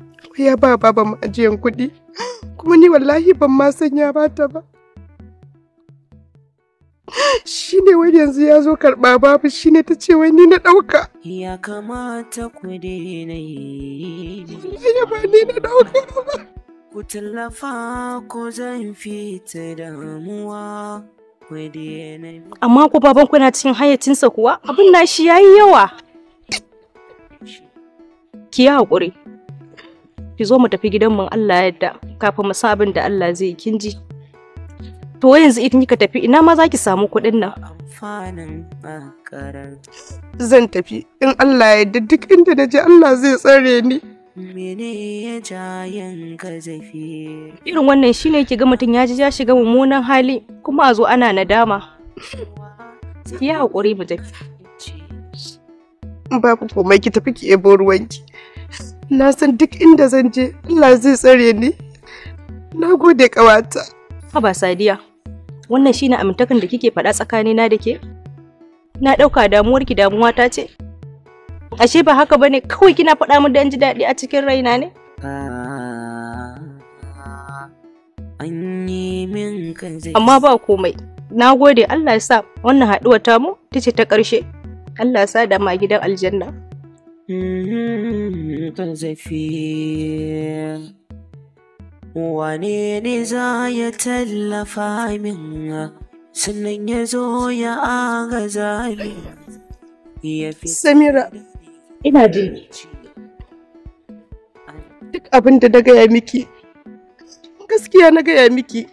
ya ba baban ajiyan kuɗi kuma ni wallahi ban ma san ya bata ba shi ne wani yanzu ya zo karɓa babu shi ne ta ce wani na ɗauka ya kamata ku daina yi ya ba ni na ɗauka ba ku tallafa ko zan fita damuwa amma ku baban kuna cikin hayyacinsa kuwa abin na shi yayi yawa ki yi haƙuri ki zo mu tafi gidan mu Allah ya yarda kafin mu sabin da Allah zai yi kin ji to yanzu idan kika tafi ina ma za ki samu kuɗin nan amfanin bakarar zan tafi in Allah ya yarda duk inda na je Allah zai tsare ni mene ya yanka zafi irin wannan shine ki ga mutum ya ji ya shiga mummunan hali kuma a zo ana nadama ki ya haƙuri mu tafi Ba ku komai ki tafi ki ebo ruwanki na san duk inda zan je Allah zai tsare ni na gode kawata haba sadiya wannan shine amintakan da kike faɗa tsakanina da ke na ɗauka ki damuwa ta ce ashe ba haka bane kawai kina faɗa mu dan ji daɗi a cikin raina ne amma ba komai na gode Allah ya sa wannan haɗuwa ta mu ta ce ta ƙarshe Allah ya sa da ma gidan aljanna mhm. mutum zafi wane ne za ya tallafa min sannan ya zo ya ya fi samira ina jin duk abin da na gaya miki gaskiya na gaya miki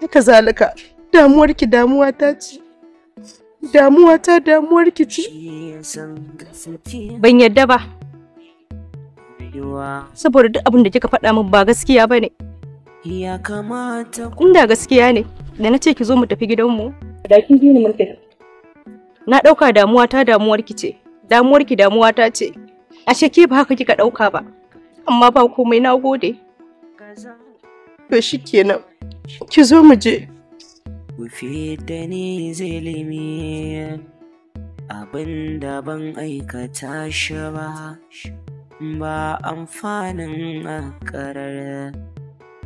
haka zalika damuwarki damuwa ta ci damuwa ta damuwarki ci. ban yadda ba Saboda duk abin da kika faɗa min ba gaskiya ba ne. Ya kamata Inda gaskiya ne, da na ce ki zo mu tafi gidanmu. Da kin ji ni mun Na ɗauka damuwa ta ki ce, ki damuwa ta ce. Ashe ke ba haka kika ɗauka ba. Amma ba komai na gode. To shi kenan, ki zo mu je. Wufi da ni abin da ban aikata shi ba. ba amfanin akarar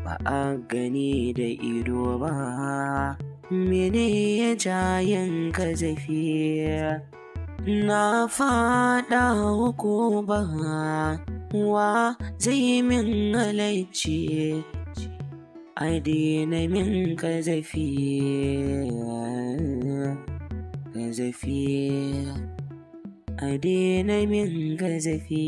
ba a gani da ido ba mene ya jayen ka na fada ko ba wa zai min halarci a daina min ka zafi a daina min gazafi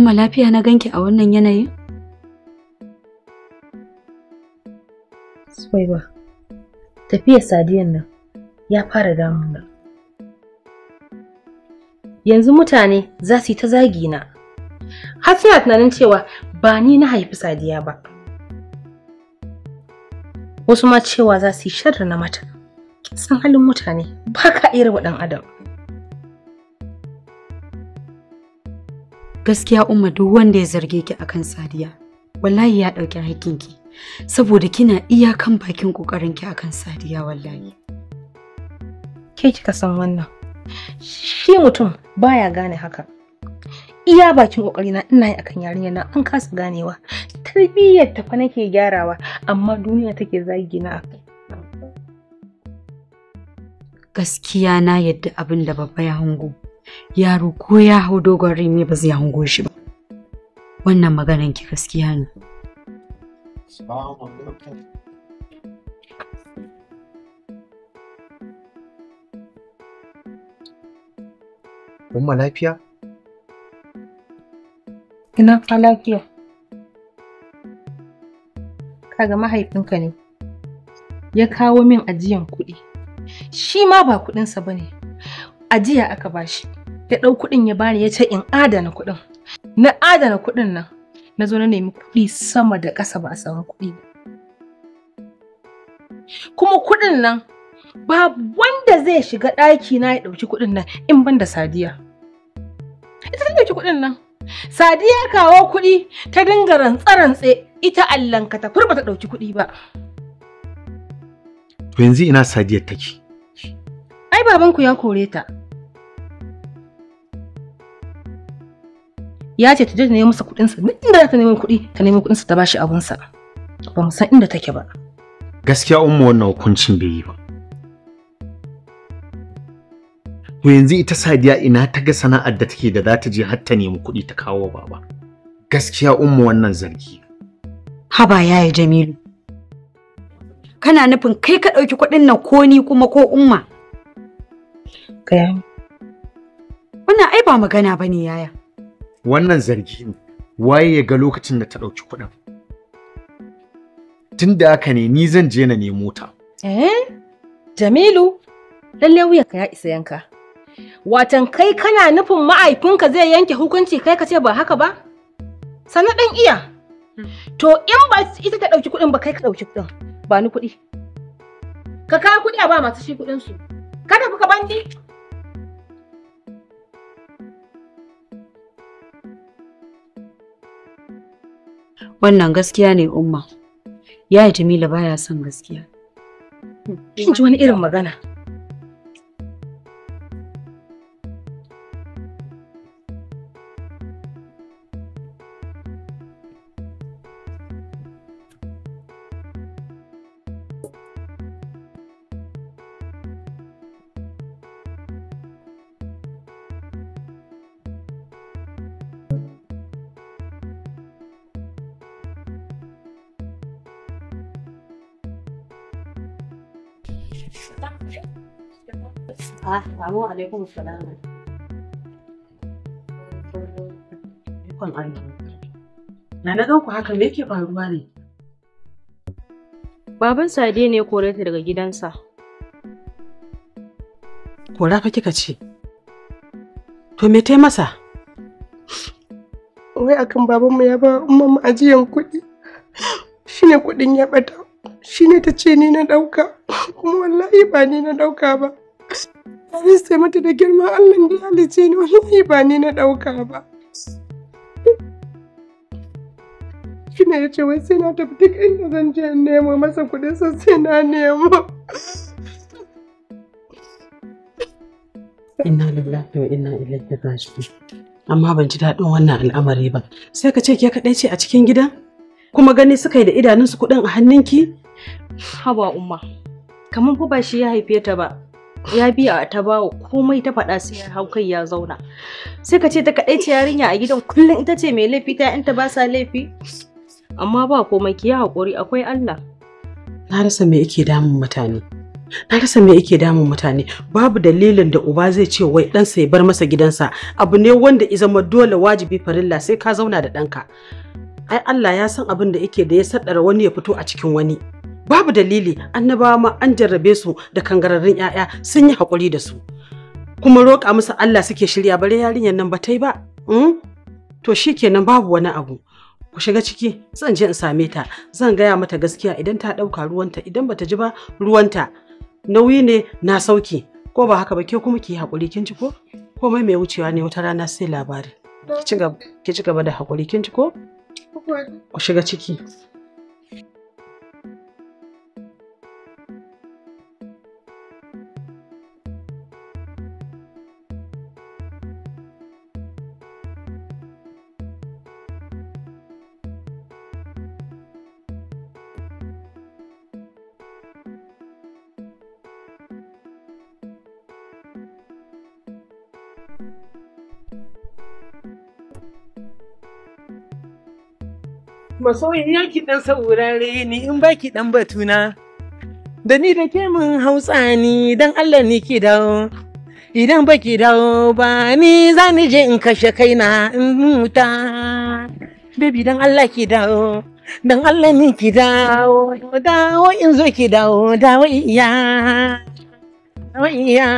Umma lafiya na ganki a wannan yanayin? Suwaiba, tafiyar sadiyan nan ya fara damuna. Yanzu mutane za su yi ta zagi na. Har suna tunanin cewa ba ni na haifi sadiya ba. Wasu ma cewa za su yi sharri na mata. San halin mutane ba ka iya wa ɗan adam. gaskiya umma duk wanda ya zarge ki akan sadiya wallahi ya ɗauki ki saboda kina iyakan bakin ki akan sadiya wallahi ke kika san wannan shi mutum baya gane haka iya bakin na ina yi akan yarinya na an kasa ganewa tarbiyyar ta fa nake gyarawa amma duniya take zagi na akai gaskiya na yadda abin da babba ya hango yaro ko ya hau dogon rimi ba zai hango shi ba wannan maganan ki gaskiya ne Umma lafiya? Ina fa lafiya. Kaga mahaifinka ne ya kawo min ajiyan kuɗi. Shi ma ba kuɗinsa ba ne, ajiya aka ba shi. ya ɗau kuɗin ya bani ya ce in adana kuɗin na adana kuɗin nan na zo na nemi kuɗi sama da ƙasa ba a samu kuɗi ba kuma kuɗin nan babu wanda zai shiga ɗaki na ya ɗauki kuɗin nan in ban da sadiya ita ta ɗauki kuɗin nan sadiya kawo kuɗi ta dinga rantse-rantse ita allanka ta furba ta ɗauki kuɗi ba to yanzu ina sadiyar take ai babanku ya kore ta ya ce ta je ta nemo masa kuɗinsa duk inda za ta nemi kuɗi ta nemo kuɗinsa ta bashi abunsa ba mu san inda take ba gaskiya umma wannan hukuncin bai yi ba to yanzu ita sadiya ina ta ga sana'ar da take da za ta je har ta nemi kuɗi ta kawo baba gaskiya umma wannan zargi haba yaya jamilu kana nufin kai ka ɗauki kuɗin nan ko ni kuma ko umma wannan ai ba magana bane yaya wannan zargi ne waye ya ga lokacin da ta ɗauki kuɗin tun haka ne ni zan je na nemo ta eh jamilu lallai ka ya isa yanka watan kai kana nufin ma'aifinka zai yanke hukunci kai ka ce ba haka ba sana ɗan iya to in ba ita ta ɗauki kuɗin ba kai ka ɗauki kuɗin ba ni kuɗi ka kawo kuɗi a ba masu shi kuɗinsu kada ka bandi Wannan gaskiya ne umma. Yaya Jamila baya son gaskiya. Kin ji wani irin magana? alaikum salam ikon Allah na na ganku haka me yake faruwa ne baban sade ne kore ta daga gidansa kora fa kika ce to me tai masa wai akan mu ya ba umman ajiyan kuɗi shine kuɗin ya bata shine ta ce ni na ɗauka kuma wallahi ba ni na ɗauka ba Tare sai mata da girma Allah da halice ni wallahi ba ni na ɗauka ba. Shine ya ce wai sai na tafi duk inda zan je in nemo masa kuɗin sa sai na nemo. Inna lillahi wa inna ilaihi raji'un. Amma ban ji daɗin wannan al'amari ba. Sai ka ce ke kaɗai ce a cikin gida? Kuma gani suka yi da idanunsu kuɗin a hannunki? Haba umma, kamar fa ba shi ya haife ta ba, ya biya ta bawa komai ta faɗa sai ya kai ya zauna sai ka ce ta kaɗai ce yarinya a gidan kullum ita ce mai laifi ta yanta ba sa laifi amma ba komai ki ya haƙuri akwai Allah na rasa me yake damun mutane na rasa me yake damun mutane babu dalilin da uba zai ce wai ɗansa ya bar masa gidansa abu ne wanda i zama dole wajibi farilla sai ka zauna da ɗanka ai Allah ya san abin da yake da ya saddara wani ya fito a cikin wani babu dalili annabawa ma an jarrabe su da kangararrun 'ya'ya sun yi hakuri da su kuma roƙa musu Allah suke shirya bare yarinyar nan ba ta yi ba hmm? to shi kenan babu wani abu ku shiga ciki zan je in same ta zan gaya mata gaskiya idan ta ɗauka ruwanta idan bata ji ba ruwanta nauyi ne na sauki ko ba haka ba ke kuma ki yi haƙuri kin ci ko komai mai wucewa ne wata rana sai labari ki ci gaba da haƙuri kin ci ko ku shiga ciki masoyin yaki dan saurare ni in baki dan batuna da ni da ke mun hausa ni dan Allah ni ki dawo idan baki dawo ba ni za ni je in kashe kaina in huta baby dan Allah ki dawo dan Allah ni ki dawo dawo in zo ki dawo dawo iya dawo iya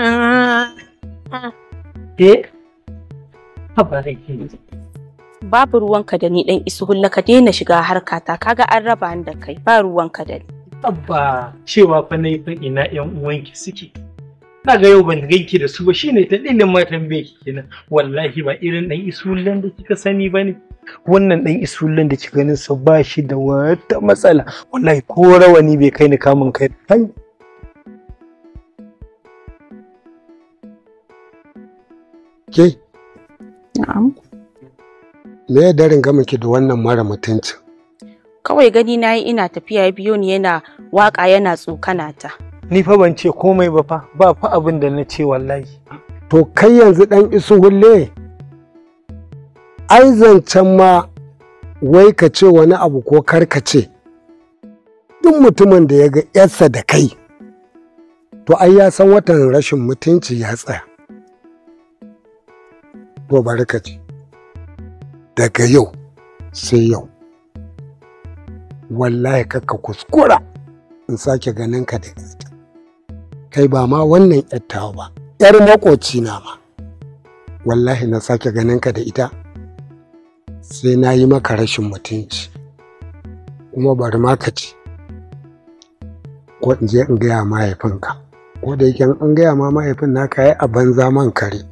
eh? ke haba rai babu ruwanka da ni dan isuhulla ka daina shiga harkata kaga an raba ni da kai ba ruwanka da ni abba cewa fa nayi fa ina yan uwanki suke na ga yau ban ganki da su ba shine ta dalilin ma tambaye ki kenan wallahi ba irin dan isullan da kika sani bane wannan dan isullan da kika ganin sa ba shi da wata matsala wallahi ko rawani bai kai ni kamun kai ke na'am me ya darin gamin ki da wannan mara mutuncin kawai gani na yi ina tafiya biyo ni yana waka yana tsokana ta ni fa ban ce komai ba fa ba fa abin da na ce wallahi to kai yanzu dan isu hulle ai zancen ma wai ka ce wani abu ko kar ka ce duk mutumin da ya ga yarsa da kai to ai ya san watan rashin mutunci ya tsaya to bari ce daga yau sai yau wallahi kakka kuskura in sake ganin ka da ita kai ba ma wannan yattawa ba yar makoci na ma wallahi na sake ganin ka da ita sai na yi maka rashin mutunci kuma bari ma ka ci ko in je in gaya mahaifinka ko da yake an gaya ma mahaifin naka yi a banza man kare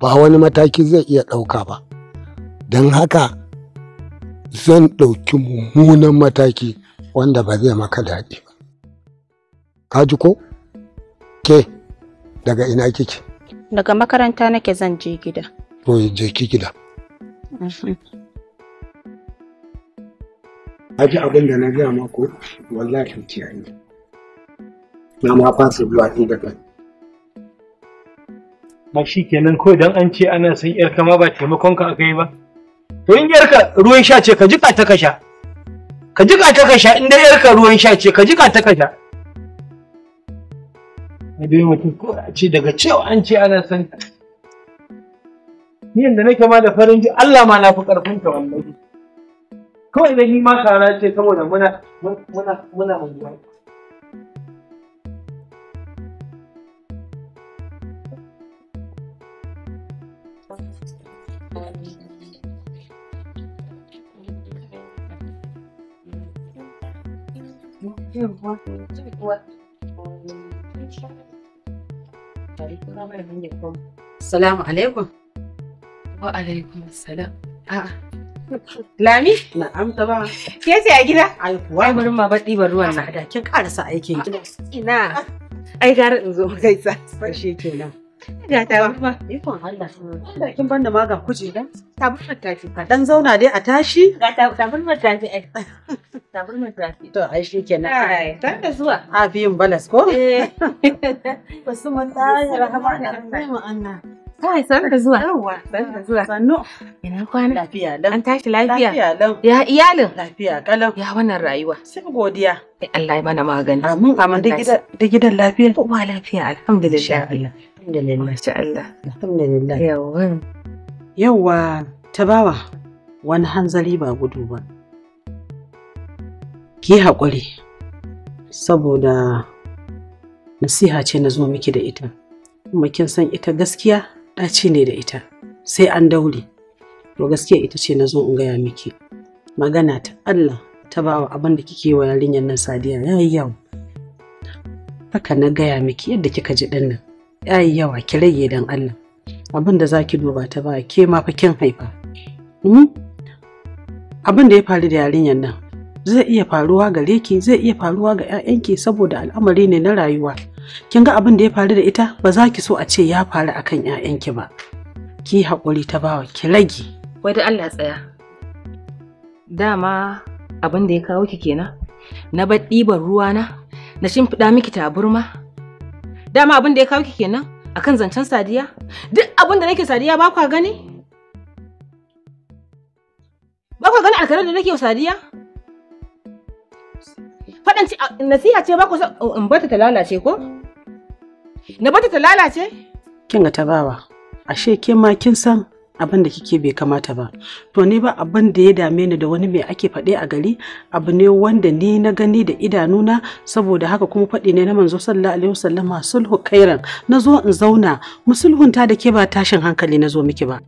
ba wani mataki zai iya ɗauka ba don haka zan ɗauki mummunan mataki wanda ba zai maka daɗi ba ka ji ko ke daga ina kike daga makaranta nake zan je gida to je ki gida Haji mhm. abin da na gaya mako wallahi kiyaye na ma fasa zuwa inda kai ba shi kenan ko idan an ce ana son yarka ma ba taimakonka ka aka yi ba to in yarka ruwan sha ce ka jika ta ka sha ka jika ta ka sha in dai yarka ruwan sha ce ka jika ta ka sha a dai mutum ko a ce daga cewa an ce ana son ni yanda nake ma da farin ji Allah ma na fi karfin ta wallahi kawai da ni ma kara ce saboda muna muna muna Yawwa, zubi kuwa. Salamu alaikum. Wa alaikum salam. A'a. Lami? Na'am ta ba. Ke ce a gida? Ai kuwa. Ai bari ma ba ɗiban ruwan na da kin karasa aikin gida. Ina. Ai gara in zo gaisa. Fashe kenan. Ga ta ba. Ikon Allah. Allah kin banda ma ga kujera. Tabarmar tafi. Ka dan zauna dai a tashi. Ga tabarmar tafi ai. Tabarmar tafi. To ai shi kenan. Ai, dan da zuwa. A biyun balas ko? Eh. Wasu mun ta rahama da mu anna. Kai san da zuwa. Yawwa, san da zuwa. Sannu. Ina kwana. Lafiya dan. An tashi lafiya. Lafiya dan. Ya iyalin. Lafiya kalau. Ya wannan rayuwa. Sai godiya. Eh, Allah ya bana magani. Amin. Amin da gidan lafiya. Kowa lafiya alhamdulillah. Insha Allah. Alhamdulillah. Alhamdulillah. bawa wani hanzari ba gudu ba. Ki haƙuri saboda nasiha ce na zo miki da ita. Kuma kin san ita gaskiya ɗaci ne da ita. Sai an daure. To gaskiya ita ce na zo in gaya miki. Magana ta Allah ta bawa abin da kike wa yarinyar nan sadiya ya yi yawa. Haka na gaya miki yadda kika ji ɗin nan. yayi yawa ki rage dan Allah abin da zaki duba ta ba ke ma fa kin haifa hmm? abin da ya faru da yarinyar nan zai iya faruwa gare ki zai iya faruwa ga 'ya'yanki saboda al'amari ne na rayuwa kin ga abin da ya faru da ita ba za ki so a ce ya faru akan 'ya'yanki ba ki haƙuri ta bawa ki rage wai da Allah tsaya dama abin da ya kawo ki kenan na bar ɗiban ruwana na shimfiɗa miki taburma Dama abin da ya kawo ki kenan akan zancen Sadiya? Duk abin da nake Sadiya ba kwa gani? Ba kwa gani alkarar da nake Sadiya? Faɗan ci nasiha ce ba ku oh, in bata ta lalace ko? Na bata ta lalace? Kin ga ta bawa. Ashe ke ma kin san abin da kike bai kamata ba to ni ba abin da ya dame ni da wani mai ake faɗe a gari abu ne wanda ni na gani da idanuna saboda haka kuma faɗi ne na manzo sallallahu alaihi wasallama sulhu kairan na zo in zauna musulhunta da ke ba tashin hankali na zo miki ba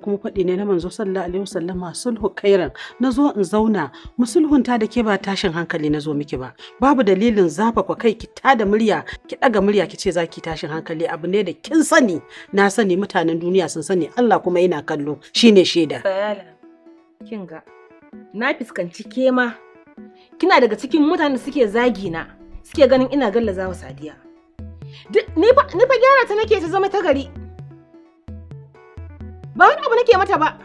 kuma faɗi ne na manzo sallallahu alaihi wasallama sulhu kairan na zo in zauna mu sulhunta da ke ba tashin hankali na zo miki ba babu dalilin zafa kwa kai ki tada murya ki daga murya ki ce zaki tashin hankali abu ne da kin sani na sani mutanen duniya sun sani Allah kuma yana kallo shine shaida kin ga na fiskanci ke ma kina daga cikin mutanen da suke zagi na suke ganin ina wa sadiya ni fa gyara ta nake ta zama ta gari ba wani abu nake mata ba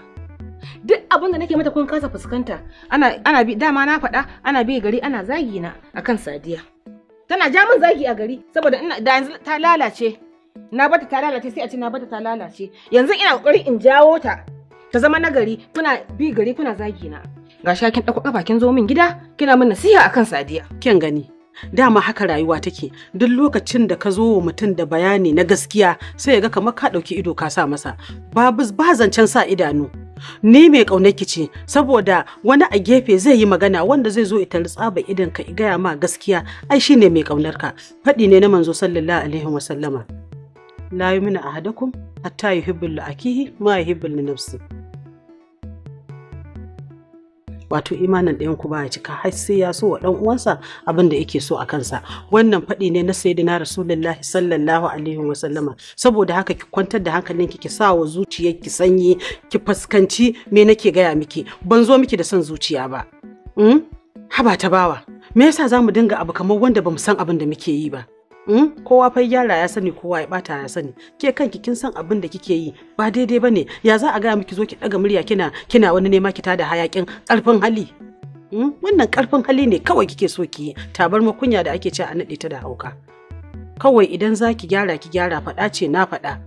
duk abin da nake mata kun kasa fuskanta ana ana bi dama na faɗa ana bi gari ana zagi na akan sadiya tana ja min zagi a gari saboda ina da yanzu ta lalace na bata ta lalace sai a ce na bata ta lalace yanzu ina kokari in jawo ta ta zama na gari kuna bi gari kuna zagi na ga shakin dauko kafa kin zo min gida kina min nasiha akan sadiya kin gani dama haka rayuwa take duk lokacin da ka zo wa mutum da bayani na gaskiya sai ya ga kamar ka ɗauki ido ka sa masa babu ba zancen sa idanu ni mai ƙaunaki ce saboda wani a gefe zai yi magana wanda zai zo ita tsaba idan ka gaya ma gaskiya ai shine mai ƙaunar ka faɗi ne na manzo sallallahu alaihi wa sallama la yumina ahadakum hatta yuhibbu li akihi ma yuhibbu li wato imanin ɗayan ku ba ya cika har sai ya so wa ɗan uwansa abin da yake so a kansa wannan faɗi ne na sayyidina rasulullahi sallallahu alaihi wa sallama saboda haka ki kwantar da hankalin ki ki sa wa zuciyar ki sanyi ki fuskanci me nake gaya miki ban zo miki da son zuciya ba hmm? haba ta bawa me yasa za mu dinga abu kamar wanda bamu san abin da muke yi ba Hmm? kowa fa gyara ya sani kowa ya bata ya sani ke kanki kin san abin da kike yi ba daidai bane ya za a gaya miki zo ki daga murya kina kina wani nema ki tada hayakin karfin hali hmm? wannan karfin hali ne kawai kike so ki yi tabar makunya da ake cewa a nade ta da hauka kawai idan za ki gyara ki gyara faɗa ce na faɗa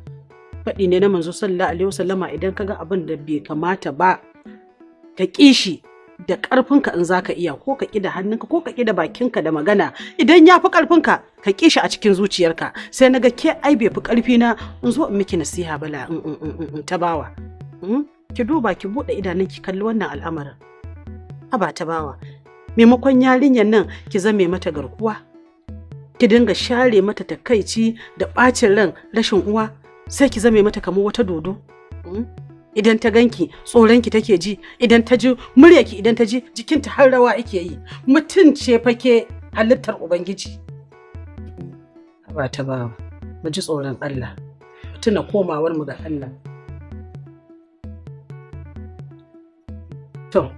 faɗi ne na manzo sallallahu alaihi wasallama idan kaga abin da bai kamata ba ka kishi da ƙarfinka in zaka iya ko ka ƙi da hannunka ko ka ƙi da bakinka da magana idan ya fi ƙarfinka ka ƙi shi a cikin zuciyarka sai na ga ke ai bai fi ƙarfi na in zo in miki nasiha bala in ta bawa hmm? ki duba ki buɗe idanun ki kalli wannan al'amarin haba ta bawa maimakon yarinyar nan ki zame mata garkuwa ki dinga share mata takaici da ɓacin ran rashin uwa sai ki zame mata kamar wata dodo hmm? idan ta ganki tsoronki take ji idan ta ji muryarki idan ta ji jikinta har rawa yake yi mutum ce fake halittar ubangiji ba ta ba mu ji tsoron Allah tuna komawar mu ga Allah to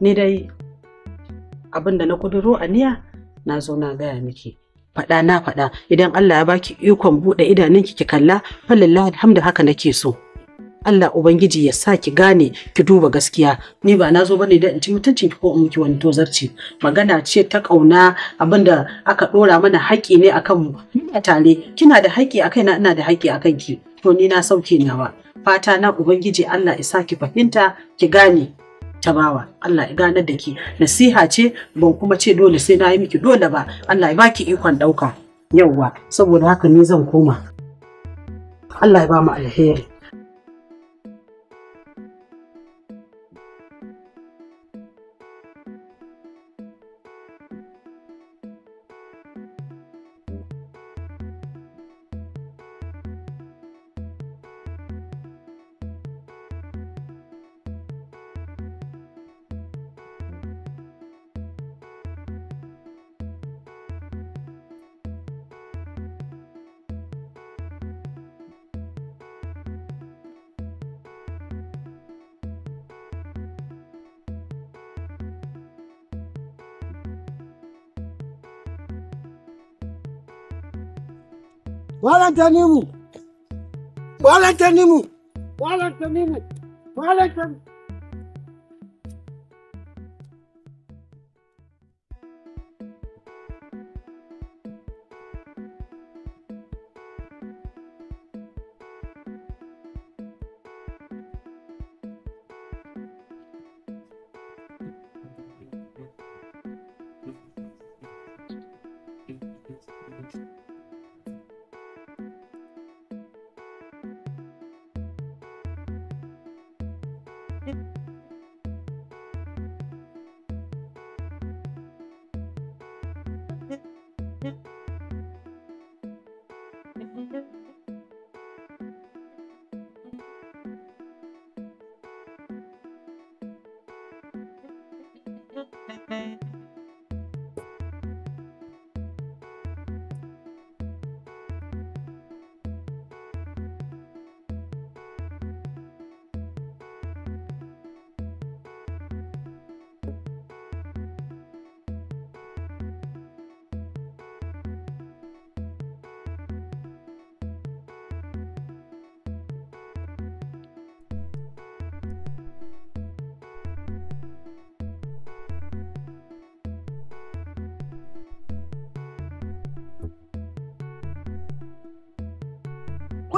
ni dai abin da na kuduro aniya na zo na gaya miki faɗa na faɗa idan Allah ya baki ikon buɗe idanunki ki kalla falillahi alhamdu haka nake so Allah Ubangiji ya sa ki gane ki duba gaskiya ni ba na zo bane da in ci mutuncin ki ko in miki wani tozarci magana ce ta kauna abinda aka dora mana haƙi ne akan mu tare kina da haƙi akai na ina da haƙi akan ki to ni na sauke nawa fata na Ubangiji Allah ya saki ki fahimta ki gane tabawa Allah ya ganar da ki nasiha ce ban kuma ce dole sai na yi miki dole ba Allah ya baki ikon ɗauka yauwa saboda haka ni zan koma Allah ya ba mu alheri Wálé Tẹnímù Wálé Tẹnímù Wálé Tẹnímù Wálé Tẹnímù.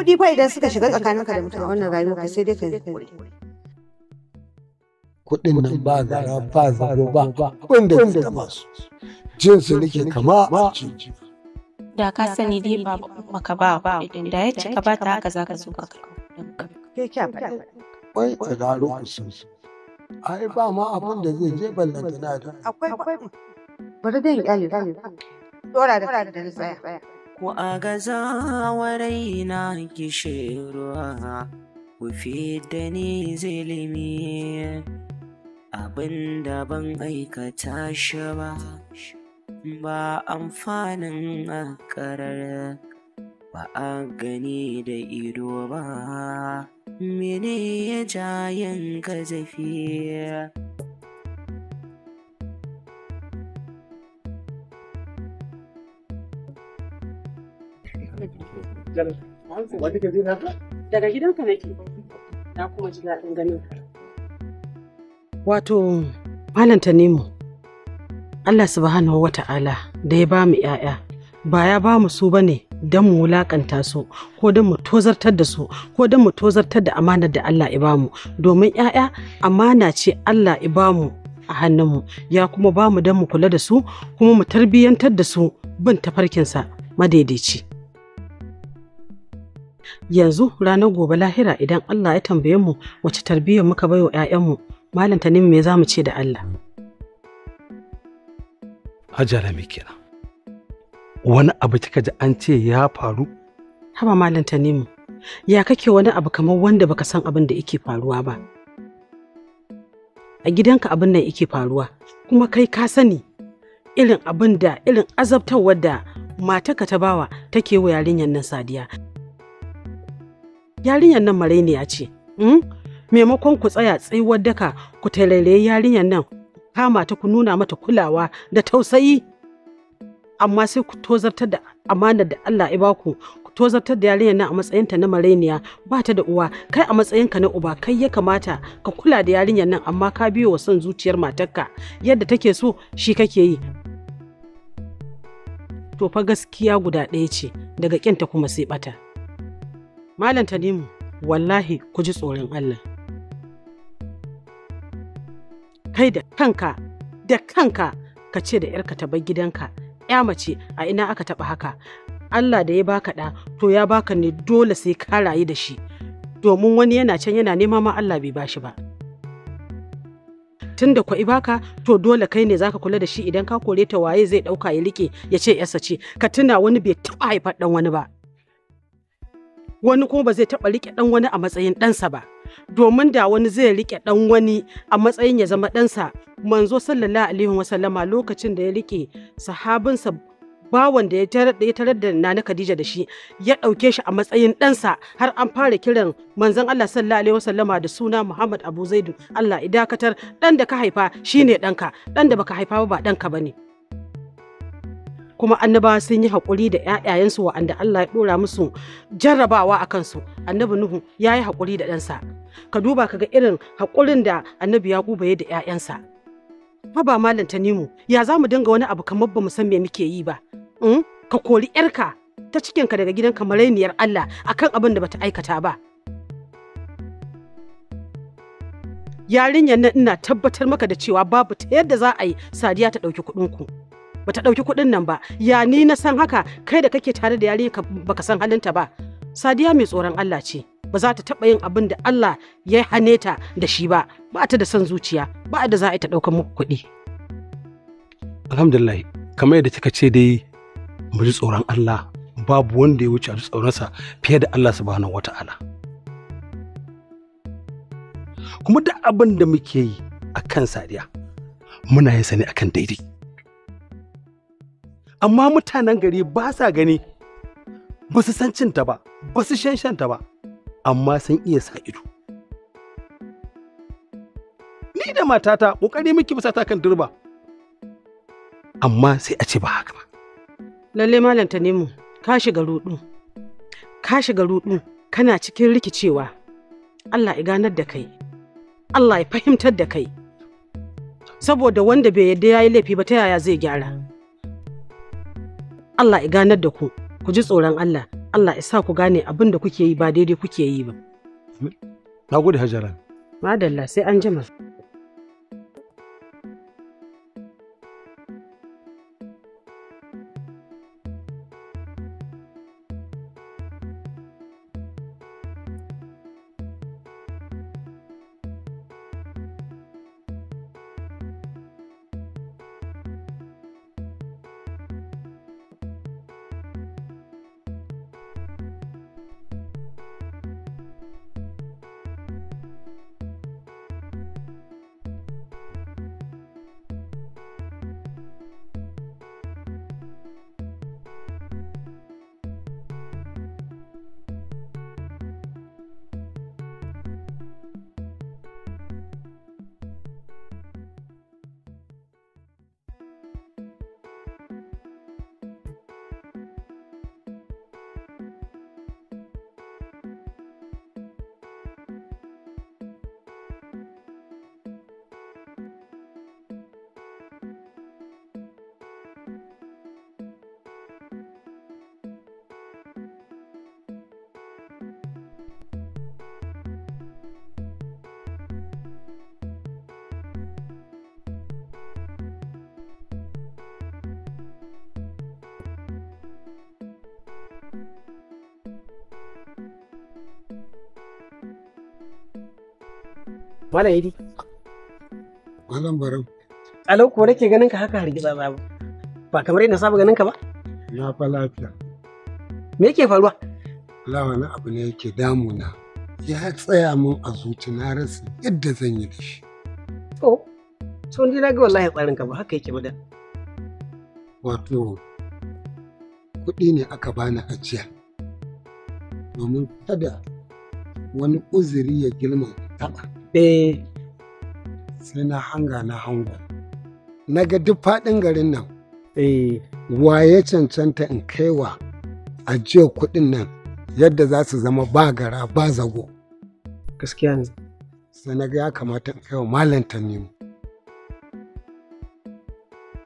kuɗi fa idan suka shiga tsakaninka da mutum a wannan rayuwa sai dai ka yi kuɗin nan ba gara ba zago ba wanda zai taɓa su jin su nake kama a ciki. Da ka sani dai ba maka ba ba idan da ya ci ka ba ta haka za ka zo ka kawo Wai a gano ku sun su. Ai ba ma abin da zai je ballantana da. Akwai bari dai in ƙyale. Dora da kan da tsaya. ku a gaza warai na kishirwa ku da ni zilimi abin da ban aikata shi ba ba amfanin a ba a gani da ido ba mene ya jayen ka zafi ke Daga gidanka Wato, Malam Tanimu, Allah subhanahu wa ta'ala da ya ba mu ‘ya'ya, ba ya ba mu su ba ne don mu wulaƙanta su, ko don mu tozartar da su, ko don mu tozartar da amanar da Allah ya ba mu, domin ‘ya'ya amana ce Allah ya ba mu a hannunmu, ya kuma ba mu don mu kula da su, kuma mu tarbiyyantar da su bin tafarkinsa madaidaici. yanzu ranar gobe lahira idan Allah ya tambaye mu wace tarbiyyar muka baiwa 'ya'yanmu malam tanim me za mu ce da Allah hajara me kenan wani abu kika ji an ce ya faru haba malam nemi, ya kake wani abu kamar wanda baka san abin da yake faruwa ba a gidanka abin nan yake faruwa kuma kai ka sani irin abin da irin azabtar wadda mataka ta bawa take wa yarinyar nan sadiya yarinyar nan marainiya ce hmm? maimakon ku tsaya tsayuwar daka ku talaye yarinyar nan kama ta ku nuna mata kulawa da tausayi amma sai ku tozartar da amanar da Allah ya baku ku tozartar da yarinyar nan a matsayinta na marainiya ba ta da uwa kai a matsayinka na uba kai ya kamata ka kula da yarinyar nan amma ka biyo wa son zuciyar matarka yadda take so shi kake yi to fa gaskiya guda ɗaya ce daga kinta kuma sai ɓata. Malam Tanimu, wallahi ku ji tsoron Allah. Kai da kanka, da kanka ka ce da ‘yarka ta bar gidanka, ‘ya mace a ina aka taɓa haka. Allah da ya baka ɗa, to ya baka ne dole sai ka rayu da shi, domin wani yana can yana nema ma Allah bai bashi ba. tun da kwa'i baka to dole kai ne zaka kula da shi idan ka kore ta waye zai ɗauka ya rike ya ce yarsa ce ka tuna wani bai taɓa haifar ɗan wani ba wani kuma ba zai taɓa riƙe ɗan wani a matsayin ɗansa ba domin da wani zai riƙe ɗan wani a matsayin ya zama ɗansa manzo sallallahu alaihi wasallama lokacin da ya riƙe sahabinsa bawan da ya tarar da nana Khadija da shi ya ɗauke shi a matsayin ɗansa har an fara kiran manzon Allah sallallahu alaihi wasallama da suna Muhammad Abu Zaidu Allah idakatar ɗan da ka haifa shine ɗanka ɗan da baka haifa ba ɗanka bane kuma annabawa sun yi haƙuri da ‘ya'yayensu wa'anda Allah ya ɗora musu jarrabawa a kansu annabi Nuhu ya yi haƙuri da ɗansa ka duba ka ga irin haƙurin da annabi Yaƙuba ya da ‘ya'yansa haba malam Tanimu ya za mu dinga wani abu kamar ba mu san me muke yi ba hmm? ka kori ‘yarka ta cikinka daga gidan kamarainiyar Allah akan abin da bata aikata ba yarinyar nan ina tabbatar maka da cewa babu ta yadda za a yi sadiya ta ɗauki kuɗinku. ku bata ɗauki kuɗin nan ba ya ni na san haka kai da kake tare da yari baka san halinta ba sadiya mai tsoron Allah ce ba za ta taɓa yin abin da Allah ya hane ta da shi ba ba ta da son zuciya ba da za a yi ta ɗaukar muku kuɗi. alhamdulillah kamar yadda kika ce dai mu ji tsoron Allah babu wanda ya wuce a sa fiye da Allah subhanahu wata'ala kuma duk abin da muke yi akan sadiya muna yin sa akan daidai amma mutanen gari ba sa gani ba su san cinta ba ba su shanshanta ba amma sun iya sa ido ni da matata ƙoƙari miki bisa kan durba amma sai a ce ba haka ba lalle malam tanimu ka shiga rudu ka shiga rudu kana cikin rikicewa Allah ya ganar da kai Allah ya fahimtar da kai saboda wanda bai yarda yayi laifi ba ta yaya zai gyara Allah ya ganar da ku ku ji tsoron Allah Allah ya sa ku gane abin da kuke yi ba daidai kuke yi ba na gode hajara madalla sai an jima Malam Idi. Malam Barau. Alo, ko nake ganin ka haka hargitsa ba. Ba kamar yadda saba ganin ka ba? Na fa lafiya. Me yake faruwa? Allah wani abu ne yake damuna. Ya tsaya min a zuci na rasa yadda zan yi da shi. To, to ni na ga wallahi tsarin ka ba haka yake ba da. Wato kuɗi ne aka bani ajiya. domin kada wani uzuri ya girma taɓa ɗaya sai na hanga na hango na ga duk faɗin garin nan eh. wa ya cancanta in kaiwa ajiyar kuɗin nan yadda za su zama ba gara ba zago gaskiya ne sai na ga ya kamata in kaiwa malam tamimu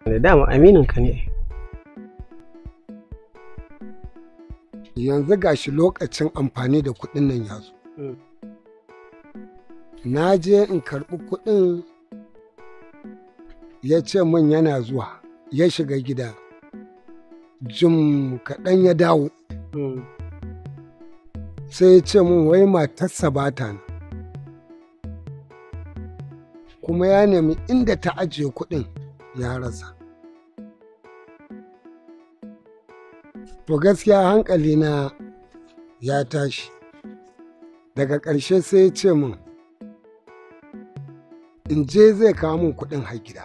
da dama aminin ka ne yanzu gashi lokacin amfani da kuɗin nan ya zo mm. na je in karɓi kuɗin ya ce min yana zuwa ya shiga gida jim kaɗan ya dawo hmm. sai ya ce min wai matarsa ba ta kuma ya nemi inda ta ajiye kuɗin ya rasa to gaskiya hankali na ya tashi daga ƙarshe sai ya ce min in je zai kawo min kuɗin har gida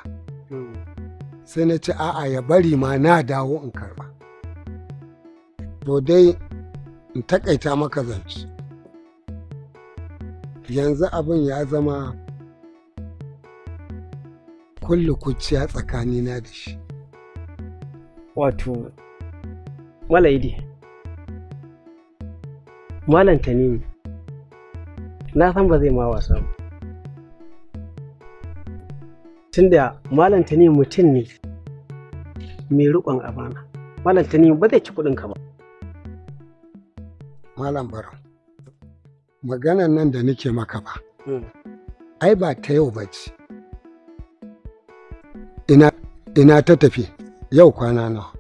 sai na ci a'a ya bari ma na dawo in karba to dai in takaita maka zance yanzu abin ya zama kulle kuciya tsakanina da shi wato walaidi malam ne na san ba zai ma wasa ba tunda malam tani mutum ne mai riƙon amana malam tani ba zai ci kudin ka ba malam baron maganan nan da nake maka ba hmm. ai ba ta yau ba ce ina ta tafi yau kwana nawa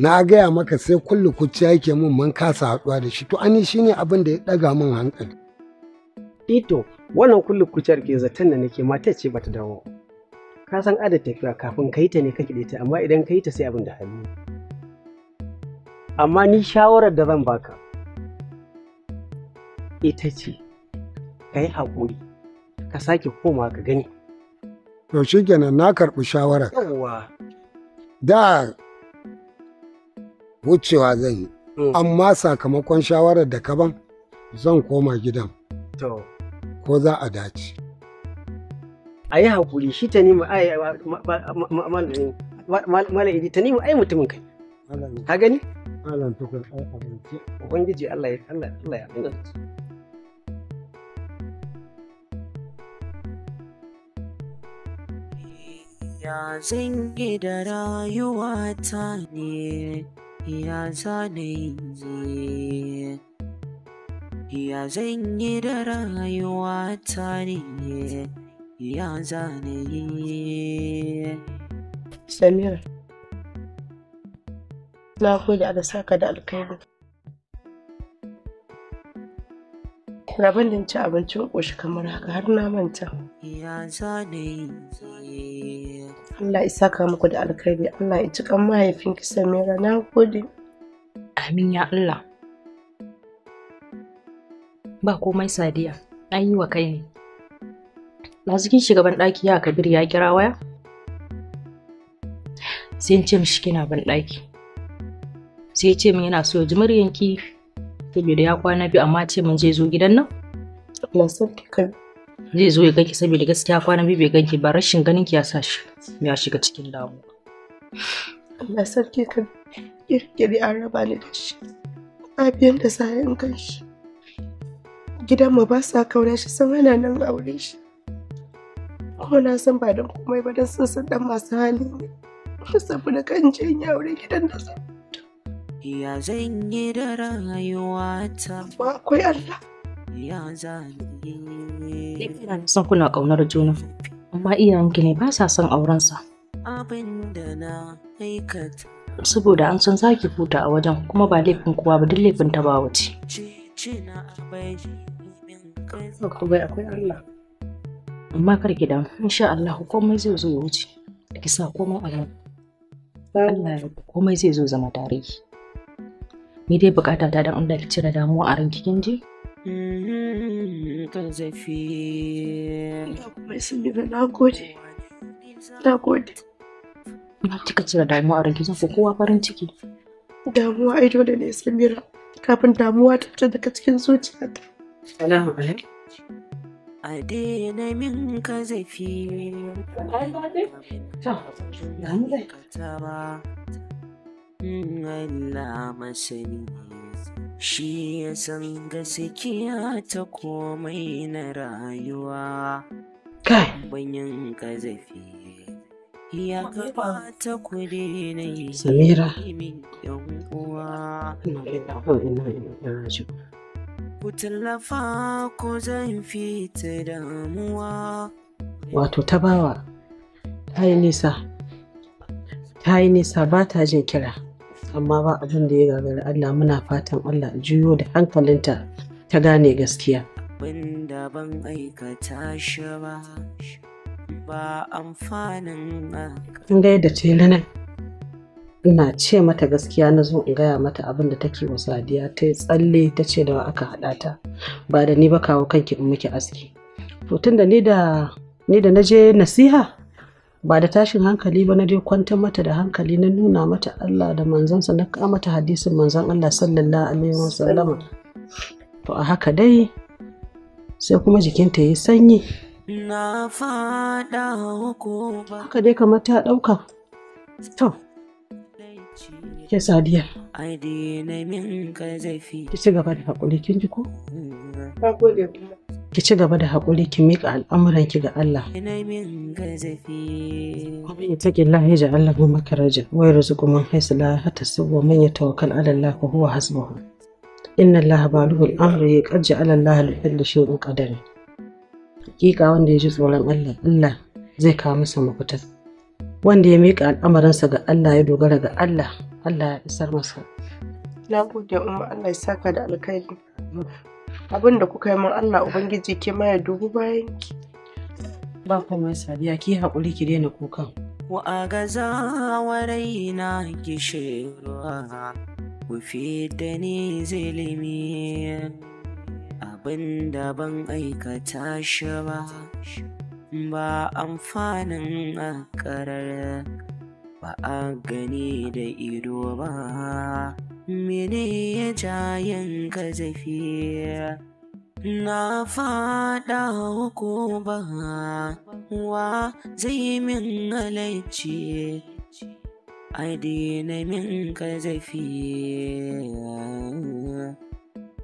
na gaya maka sai kullu kuci yake mun mun kasa haɗuwa da shi to ani shine abin da ya ɗaga min hankali ito wannan kullu kuciyar ke zaton da nake mata ce bata dawo ka san adad tafiya kafin ka yi ta ne ka kiɗe ta amma idan ka yi ta sai abin da hannu amma ni shawarar da zan baka ita ce ka yi haƙuri ka sake koma ka gani to shi kenan na karɓi shawarar da wucewa zan yi mm. amma sakamakon shawarar da ka ban zan koma gidan ko za a dace a yi haƙuri shi ta nemi ai malam idi ta nemi ai mutumin kai ka gani malam tukun ai abinci ubangiji Allah ya Allah Allah ya inganta Ya zan da rayuwa ta ne, ya zane ji Ya zan da rayuwa ta ne, ya zane yi samira na gode a da saka da alkhairi rabin din ci abincin ƙoshi kamar haka har na manta Allah isa ka muku da alkhairi Allah ya ci kan mahaifinki samira na gode amin ya Allah ba komai sadiya an yi wa kai ne ɗazu kin shiga ban ɗaki ya kabir ya kira waya sai in ce mishi kina ban ɗaki sai ya ce min yana so ya ji muryanki saboda ya kwana biyu amma ce min zai zo gidan nan Allah sarki kai zai zo ya ganki saboda gaskiya kwana biyu bai ganki ba rashin ganin ki ya sa shi ya shiga cikin damuwa Allah sarki kai kirkiri an raba ni da shi abin da sayan kanshi shi gidanmu ba sa kauna shi sun hana nan aure shi kuma na san ba don komai ba don sun dan masu hali saboda kan je in aure gidan da zan ya zan yi da ta. ba akwai Allah ya zan yi ina son kuna kaunar juna amma ki ne ba sa son aurensa abin da na aikata saboda an san zaki huta a wajen kuma ba laifin kowa ba duk laifin ta ba wace akwai Allah amma kar ki damu insha Allah komai zai zo ya wuce ki sa komai a gaba Allah ya komai zai zo zama tarihi ni dai bukata ta dan Allah ki cire damuwa a ranki kin ji mm-hmm. kan zafi na gode na gode na cika cire damuwa a ranki zan kowa farin ciki damuwa ai dole ne samira kafin damuwa ta fita daga cikin zuciyata salamu a daina min ka zafi mm, Allah masani shi ya san gaskiya ta komai na rayuwa banyan ka zafi ya kamata ku daina yi min yan uwa Ku ko zan fita damuwa. Wato ta ta yi nisa, ta yi nisa ba ta jin kira, amma ba abin da ya gagara Allah muna fatan Allah juyo da hankalinta ta gane gaskiya. Wanda ban aikata shi ba, ba amfanin ga yadda ta yi ina ce mata gaskiya na zo in gaya mata abin da take wa sadiya ta yi tsalle ta ce da aka haɗa ta ba da ni ba kawo kanki in muke aski to da ni da na je nasiha ba da tashin hankali ba na je kwantar mata da hankali na nuna mata Allah da manzansa na kama mata hadisin manzan Allah sallallahu alaihi sallama. to a haka dai sai kuma jikinta yayi sanyi na fada haka dai kamar ta dauka to Ke sadiya. Ki ci gaba da haƙuri kin ji ko? Mm. Ki ci gaba da haƙuri ki miƙa ki ga Allah. Kuma ya taƙi Allah ya ja'alla mu makaraja wai yarzuqu man haisu la yahtasib wa man tawakkal 'ala Allah ko huwa hasbuhu. Inna Allah balighu al-amri qad ja'ala Allah li kulli shay'in qadara. Hakika wanda ya ji tsoron Allah, Allah zai kawo masa mafita. wanda ya miƙa al'amarinsa ga Allah ya dogara ga Allah Allah ya isar masa na gode umma Allah ya saka da alkhairi abin da kuka yi min Allah ubangiji ke maye dubu bayan ki ba mai sadiya ki haƙuri ki daina kukan wa a gaza wa raina ki ku fi ni zilimi abin da ban aikata shi ba ba amfanin a karar ba a gani da ido ba mene ya jayen kazafi na fada ko ba wa zai min halarci a daina min kazafi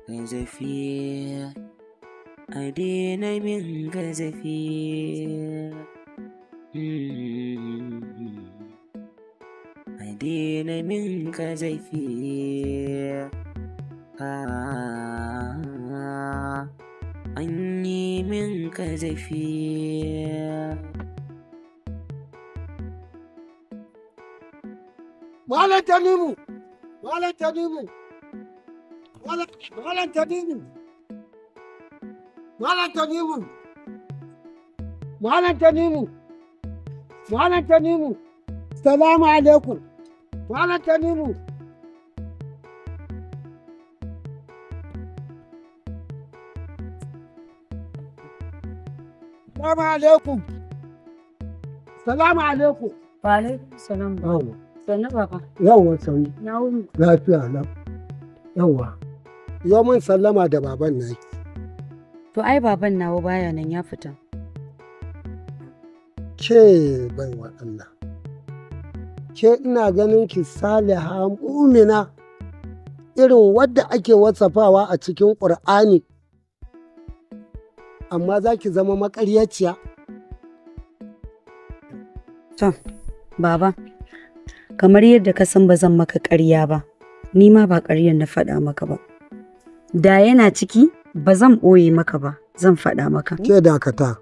kazafi a daina min gazafi a daina min gazafi an yi min gazafi Malam Tanimu! Malam Tanimu! Malam Tanimu! Malam Tanimu. Malam Tanimu. Malam Tanimu. Salamu alaikum. Malam Tanimu. Salamu alaikum. Salamu alaikum. alaikum baba. Na Lafiya lau. Yawwa. mun sallama da baban naki. To ai baban nawa baya nan ya fita. Ke baiwa Allah. Ke ina ganin ki saliha mumina irin wadda ake wasafawa a cikin ƙur'ani. Amma za ki zama maƙaryaciya. To, baba, kamar yadda ka san ba zan maka ƙarya ba, ni ma ba ƙaryar na faɗa maka ba. Da yana ciki, ba zan ɓoye maka ba zan faɗa maka. Ke dakata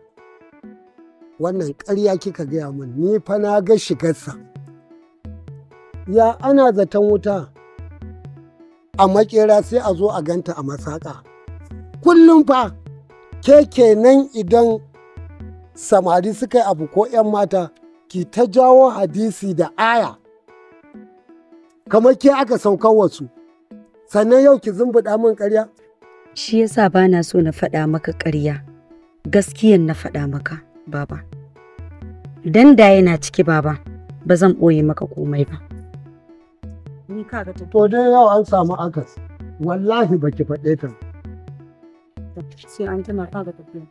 wannan ƙarya kika gaya min ni fa na ga shigarsa. Ya ana zaton wuta a maƙera sai a zo a ganta a masaƙa. Kullum fa ke nan idan samari suka yi abu ko 'yan mata ki ta jawo hadisi da aya kamar ke aka saukar wasu sannan yau ki zumbuɗa min ƙarya shi yasa ba na so na faɗa maka ƙarya gaskiyan na faɗa maka baba dan da yana ciki baba ba zan ɓoye maka komai ba to dai yau an samu akas wallahi ba ki faɗe ta sai an tana kaga tafiya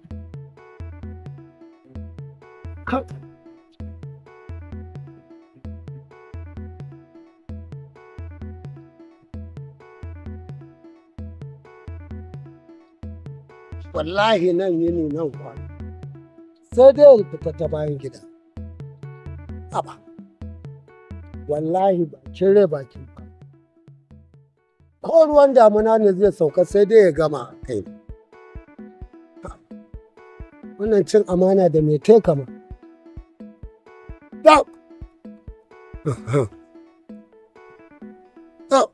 wallahi nan yini nan kwana sai dai in fita ta bayan gida aba wallahi ba cire baki ba ko ruwan damuna ne zai sauka sai dai ya gama kai wannan cin amana da mai te kama Stop! Stop!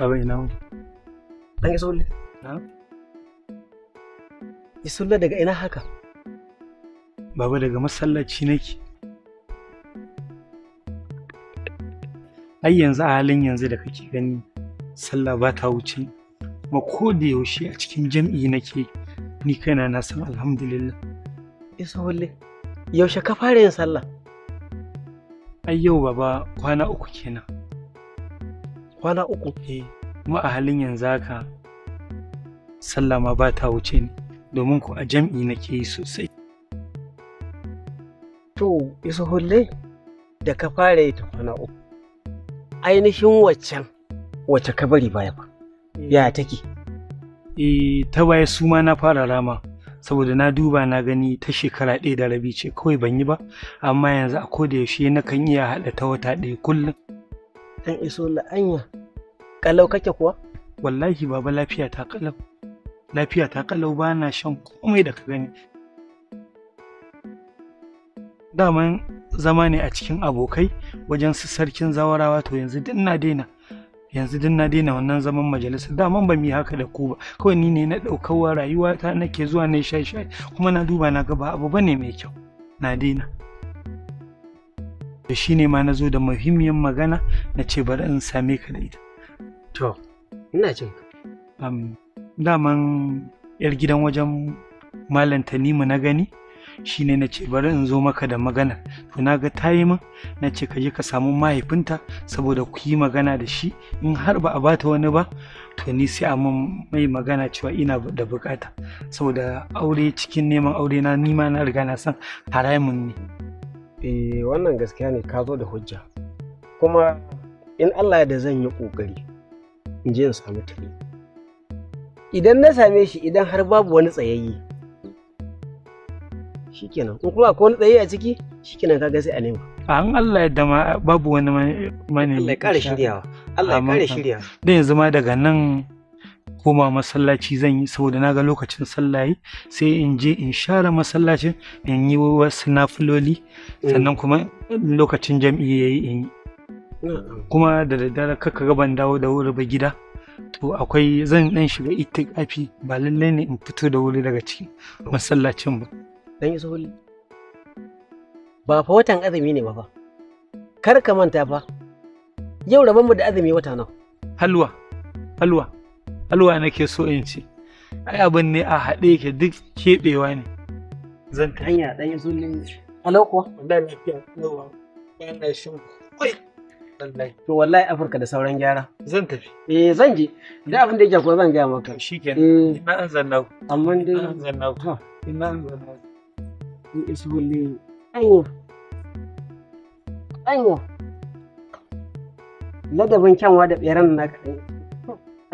Baba ina mu. Dan ya sulle. Na? ¿Ah? Ya sulle daga ina haka? Baba daga masallaci nake. Ai yanzu a halin yanzu da kake gani sallah ba ta wuce kuma ko da yaushe a cikin jam'i nake ni kaina na san alhamdulillah. Isa walle yaushe ka fara yin sallah? Ai yau baba kwana uku kenan. kwana uku ke eh, kuma a halin yanzu haka sallama ma ba ta wuce ni domin ko a jam'i nake yi sosai to isa hulle da ka fara yi ta kwana uku ainihin waccan wacce ka bari baya ba eh. ya take eh ta baya su ma na fara rama saboda na duba na gani ta shekara ɗaya da rabi ce kawai ban yi ba amma yanzu a koda yaushe na kan iya haɗa ta wata ɗaya kullum kan iso la'anya kalau kake kuwa wallahi baba lafiya ta kalau lafiya ta kalau ba na shan komai da ka gani daman zama ne a cikin abokai wajen su sarkin zawarawa to yanzu din na daina yanzu daina wannan zaman majalisa daman ba mu haka da ku ba kawai ni ne na ɗaukawa rayuwata nake zuwa na shaye-shaye kuma na duba na ga ba abu bane mai kyau na daina da shi ne ma na zo da muhimmiyar magana na ce bari in same ka da ita to ina jin daman yar gidan wajen malam mu na gani shi ne na ce bari in zo maka da magana to na ga ta yi min na ce ka je ka samu mahaifinta saboda ku yi magana da shi in har ba a bata wani ba to ni sai a mai magana cewa ina da bukata saboda aure cikin neman aure na nima na riga na san haramun ne Eh, wannan gaskiya ne ka zo da hujja kuma in Allah da zan yi ƙoƙari in je in samu tare idan na same shi idan har babu wani tsayayye shikenan in kuma akwai wani tsayayye a ciki shikenan kaga sai a nema an Allah da ma babu wani mani Allah ya ƙara shiryawa Allah ya ƙara shiryawa dan yanzu ma daga nan koma masallaci zan yi saboda na ga lokacin sallah sai in je in share masallacin in yi wasu nafiloli sannan kuma lokacin jam'i ya yi in yi kuma da daddare kaka ga ban dawo da wuri ba gida to akwai zan dan shiga afi ba lallai ne in fito da wuri daga cikin masallacin ba dan yi sahuli ba fa watan azumi ne ba fa kar ka manta fa yau rabon mu da azumi wata nawa halwa halwa alwa nake so in ce ai abin ne a haɗe yake duk keɓewa ne zan ta hanya ɗaya zo ne alo kuwa da lafiya yawa bayan shin wallahi to wallahi afirka da sauran gyara zan tafi eh zan je da abin da yake ko zan ga maka shikenan eh. ina an zanna ku amma dai an zanna ku ina an zanna ku in isu ne anya anya ladabin kyanwa da beran na kai.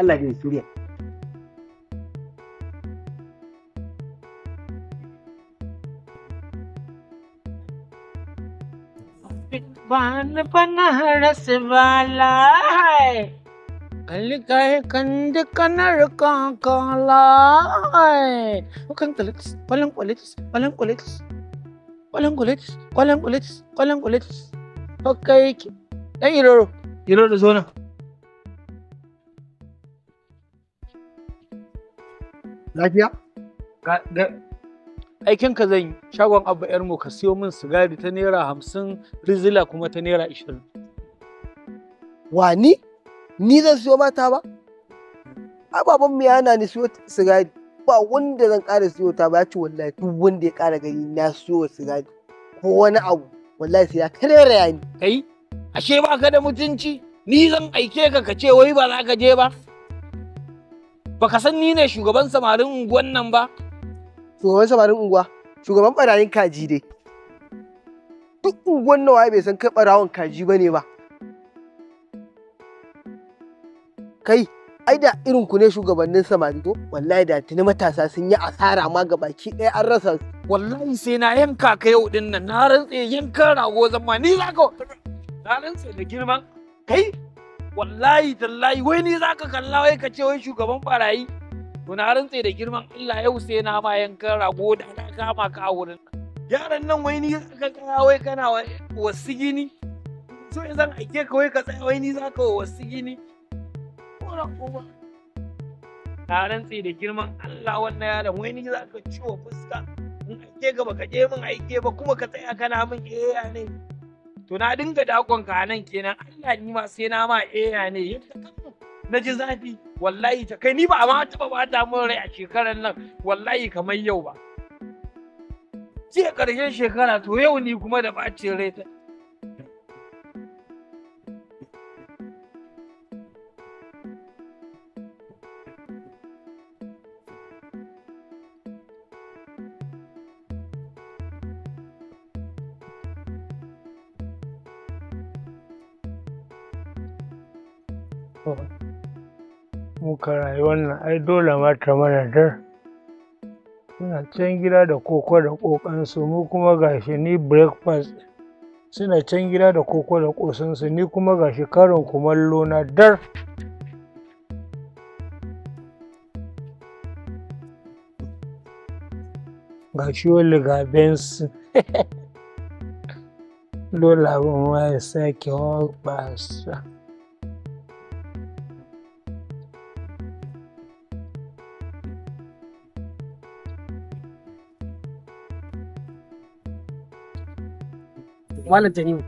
Allah zai shirya बाण बनहरस kwalitis kwalitis kwalitis kwalitis kwalitis iroro iroro zo nan Lafiya? Aikin ka zan shagon abba yar mu ka siyo min sigari ta naira hamsin rizila kuma ta naira ishirin. Wani? Ni zan siyo mata ba? Ababen mu yana ni siyo sigari. Ba wanda zan ƙara siyo ta ba ya ci wallahi duk wanda ya ƙara gani na siyo sigari ko wani abu wallahi sai ya karera ya ni. Kai? Ashe ba ka da mutunci? Ni zan aike ka ka ce wai ba za ka je ba? baka san ni ne shugaban samarin unguwan nan ba shugaban samarin unguwa shugaban barayin kaji dai duk unguwan nawa bai san kai barawon kaji ba ne ba kai ai da irin ku ne shugabannin samari ko wallahi da tuni matasa sun yi asara ma ga baki ɗaya an rasa wallahi sai na yanka ka yau din nan na rantse yankan rago zan ma ni za ka na rantse da girman kai wallahi tallahi wai ni za ka kalla wai ka ce wai shugaban farayi. to na rantse da girman Allah yau sai na ma yankan rago da na kama ka a wurin yaran nan wai ni ka kaya wai kana wasu gini so in zan aike ka wai ka tsaya wai ni za ka wasu gini na rantse da girman Allah wannan yaron wai ni za ka ciwo fuska in aike ka baka je min aike ba kuma ka tsaya kana min eh ne to na dinga dakon ka nan kenan Allah ni ma sai na ma eya ne na ji zafi wallahi ta kai ni ba ma taba bata mun rai a shekarar nan wallahi kamar yau ba jiya karshen shekara to yau ni kuma da ɓacin rai muka rayuwar nan ai dole ma ta mana dar suna can gida da koko da kokansu mu kuma gashi ni breakfast suna can gida da koko da kosansu ni kuma gashi karin kumallo na dar gashi wani gabensu dole abin ma ya sake wa ba malam Tanimu.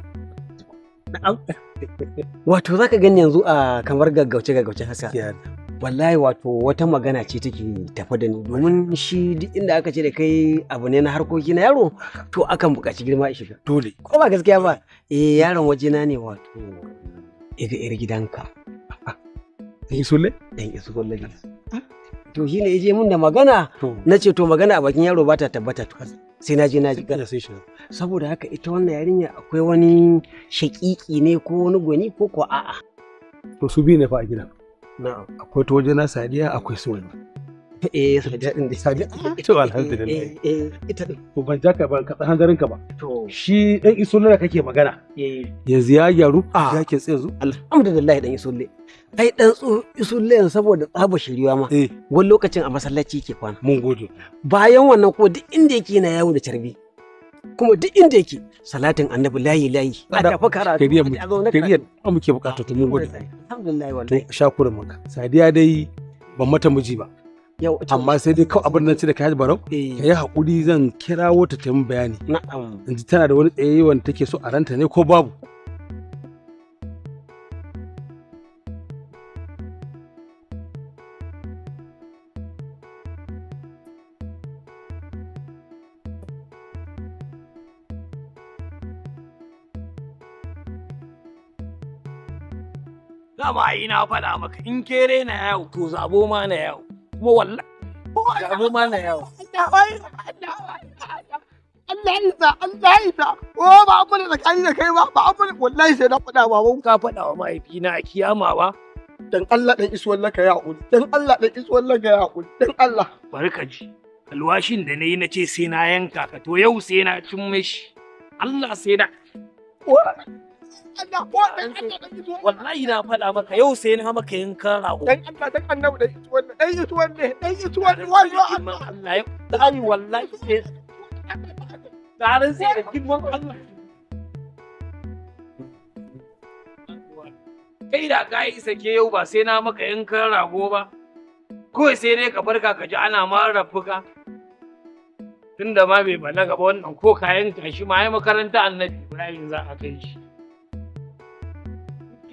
Wato za ka gani yanzu a kamar gaggauce gaggauce haka. Wallahi wato wata magana ce take tafa da ni domin shi duk inda aka ce da kai abu ne na harkoki na yaro to akan buƙaci girma shiga. Dole. Ko ba gaskiya ba eh yaron wajena ne wato iga iri gidanka. Ah. iso le? Dan iso le. to shi ne ya je mun da magana na ce to magana a bakin yaro ba ta tabbata sai na je na ji kana sai shiga saboda haka ita wannan yarinya akwai wani shakiki ne ko wani gwani ko ko a'a to su biyu ne fa a gidan na'am akwai to waje na sadiya akwai su wani eh sadiya din da sadiya to alhamdulillah eh, eh, eh ita din ko ban jaka ban ka hanzarin ka ba to shi dan isolle kake magana eh. yanzu ya gyaru ah. ya ke tsaye zu alhamdulillah dan isolle kai dan isullen saboda tsaba shiriwa ma eh. wani lokacin a masallaci yake kwana mun gode bayan wannan ko duk inda yake na yawo da carbi kuma duk inda yake salatin annabi layi layi a tafi karatu kariyar ba muke bukata to mun gode alhamdulillah wallahi to shakurin maka sadiya dai ban mata miji ba amma sai dai kawai abin nan ce da kaji barau eh. ka yi haƙuri zan kirawo ta ta bayani in ji tana da wani tsaye take so a ranta ne ko babu dama ai ina faɗa maka in kere na yawo to zabo ma na yawo kuma wallahi zabo ma na yawo Allah ya sa Allah ya sa oh ba abun da kai da kai ba ba abun wallahi sai na faɗa ba mun ka faɗa wa mahaifina a kiyama ba dan Allah dan isuwan wallaka ya hakuri dan Allah dan isuwan wallaka ya hakuri dan Allah bari ka ji alwashin da nayi nace sai na yanka ka to yau sai na cin mishi Allah sai na Allah ko faɗa maka yau sai na maka yankan rago sai da ran sai da yau ba sai na maka rago ba kawai sai ne ka farka ka ji ana ma rafuka tunda ma bai balaga ba wannan ko kayan kashi ma ya makaranta annabi Ibrahim za a kai shi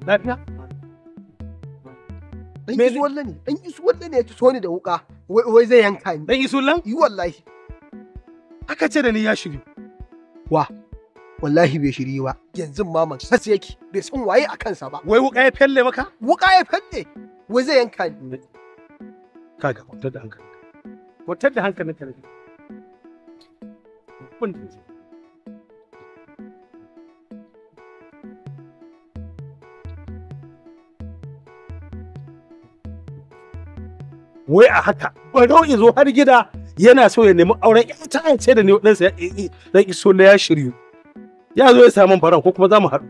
Lafiya? Dan isu wallan ne, ya tuso ni da wuka, wai zai yanka ni. Dan isu wallan? Yi wallahi. Aka ce da ni ya shiryu. Wa, wallahi bai shiryu ba, yanzu maman sas yake, bai san waye a kansa ba. Wai wuka ya felle maka? Wuka ya felle, wai zai yanka ni. Kaga, mutar da hankali. Mutar da hankali ta rage. Kun wai a haka barau zo har gida yana so ya nemi auren ya ya ce da ni ɗansa ya dan iso na ya shiryu ya zo ya samu faran ko kuma za mu haɗu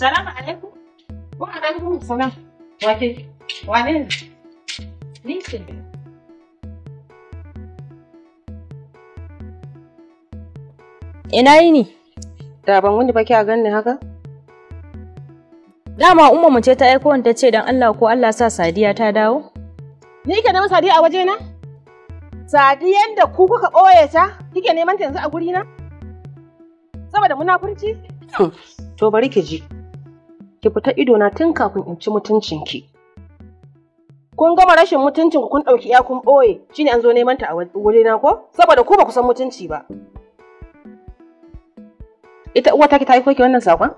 Salamu alaikum. Wa alaikum salam. Wa ke? Wa ne? Ni ce. Ina yini? Da ban wani ba kya ganin haka? Dama umma mu ce ta aiko ta ce dan Allah ko Allah sa Sadiya ta dawo? Ni ke neman Sadiya a waje na? Sadiyan da ku kuka ɓoye ta, kike neman ta yanzu a guri na? Saboda munafurci? To bari ki ji. Ki fita ido na tun kafin in ci mutuncinki. Kun gama rashin mutuncin ku kun ɗauki ya kun ɓoye, shine an zo neman ta a wuri na ko? Saboda ku ba ku san mutunci ba. ita uwa take ta aiko ki wannan sakon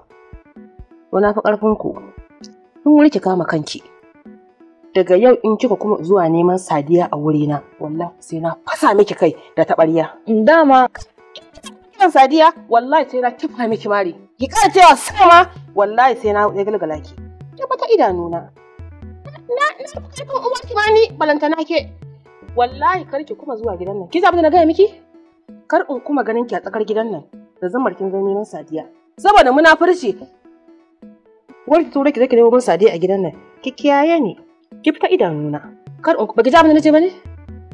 wani na fi karfin ku kun wuri ki kama kanki daga yau in kika kuma zuwa neman sadiya a wurina wallahi sai na fasa miki kai da In dama kan sadiya wallahi sai na kifa miki mari ki kara cewa sama wallahi sai na galgala ki ki bata idanu na na kafin uwar ki bani balantana ke wallahi kar ki kuma zuwa gidan nan ki zabi na gaya miki kar in kuma ganin ki a tsakar gidan nan da zamar kin zo neman sadiya saboda muna farce. wani tura ki zaki nemo min sadiya a gidan nan ki kiyaye ni ki fita idanuna kar in ba Baki ja mun nace bane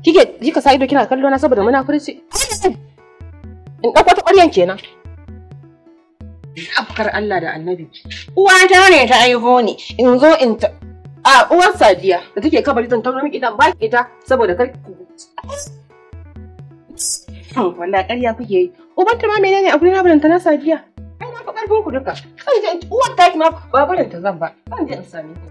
kike ka sa ido kina kallo na saboda farce? in dauko ta ƙwaryan kenan afkar Allah da Annabi uwata ne ta aiho ne in zo in ta a uwar sadiya da take kabari zan tauro miki idan ba ki ita saboda kar ku. Hmm, Wannan ƙarya kuke yi Uban ta ma menene a gurin labarin ta na Sadiya? Ai na fa karfin ku duka. Zan je uwar ta ma ba barin ta zan ba. Zan je in same ta.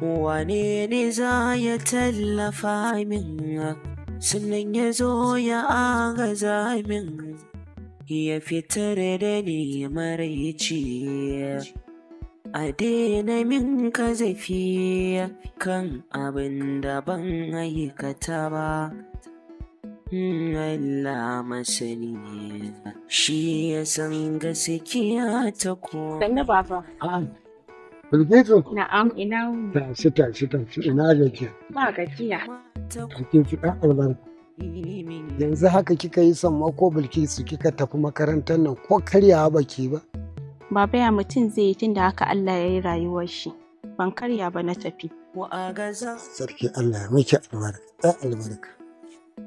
Kan wane ne za ya tallafa min sannan ya zo ya agaza min ya fitar da ni maraici. A daina min zafi kan abin da ban aikata ba, Allah masani shi ya san gaskiya ta ko. Sannu baba. Ah, Bilgetu? Na'am, ina wuni. Tashi, tashi, tashi, ina gajiya. Ba gajiya. Kake ki ɗan albarka. Yanzu haka kika yi sammako Bilkisu kika tafi makarantar nan ko karyawa baki ba. Baba ya mutum zai yi da haka Allah ya yi rayuwar shi. Ban karya ba na tafi. Sarki Allah muke albarka, ta albarka.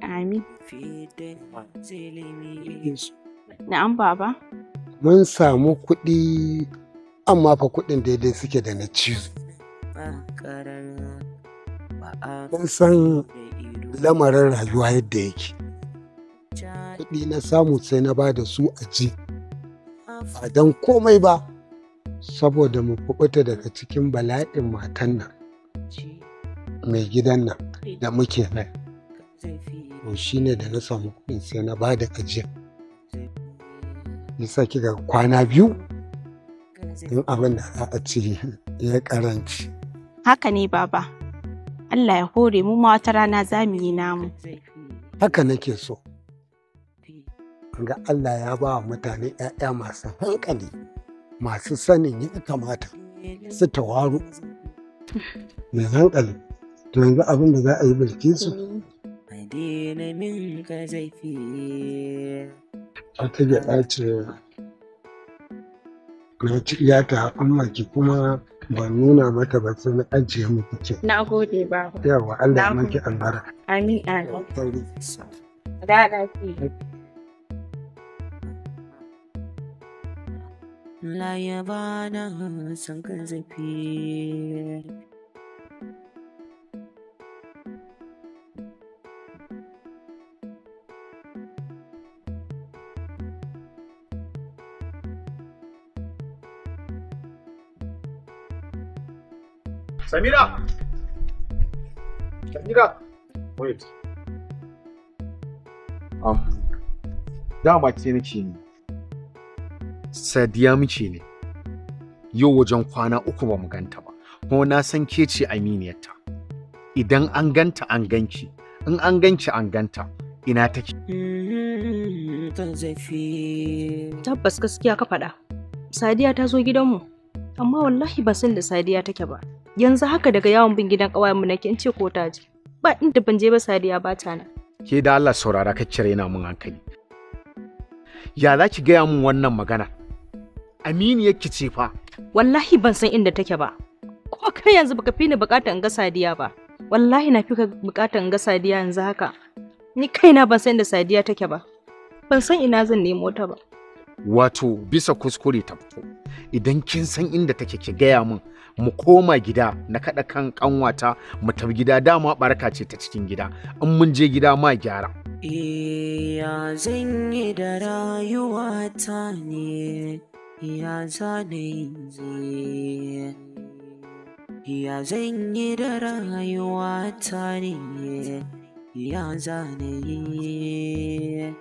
Amin. Na'am baba. Mun samu kuɗi amma fa kuɗin daidai suke da na cizo. Mun san lamarin rayuwa yadda yake. Kuɗi na samu sai na ba da su a ji. ba don komai ba saboda mu kubuta daga cikin bala'in matan nan mai gidan nan da muke nan to shi da na samu kuɗin sai na ba da ajiya nisa kika kwana biyu in abin da za a ce ya karanci haka ne baba Allah ya hore mu ma wata rana za mu yi namu haka nake so ga Allah ya ba wa mutane 'ya'ya masu hankali masu sanin ya kamata su tawaru mai hankali to yanzu abin da za a yi bilki su ta ta na ci ya ta haƙun kuma ba nuna mata ba sai na ajiye mu ce. Na gode ba. Yawa Allah ya maki albara Amin amin. Da lafiya. laye bana san ka zafi Samira! Samira! Wait. Da dama ce nake ne. sadiya mice ne yau wajen kwana uku ba mu ganta ba kuma na san ke ce aminiyarta idan an ganta an ganki in an ganki an ganta ina take hmm, tabbas gaskiya ka faɗa sadiya ta zo gidanmu amma wallahi ba san da sadiya take ba yanzu haka daga yawon bin gidan ƙawayenmu nake in ce ko ta je ba inda ban je ba sadiya ba ta nan ke da Allah saurara ka cire na mun hankali ya za ki gaya mun wannan magana aminu yake ce fa wallahi ban san inda take ba ko kai yanzu baka fi ni bukatar in ga sadiya ba wallahi na fi ka bukatar in ga sadiya yanzu haka ni kaina ban san inda sadiya take ba ban san ina zan nemo ta ba wato bisa kuskure ta fito idan kin san inda take ki gaya min mu koma gida na kaɗa kan ƙanwata mu tafi gida dama ɓarka ce ta cikin gida in mun je gida ma gyara Iya eh, zan yi da rayuwata ne ya za na yi ya zan yi da rayuwa ta ne ya za yi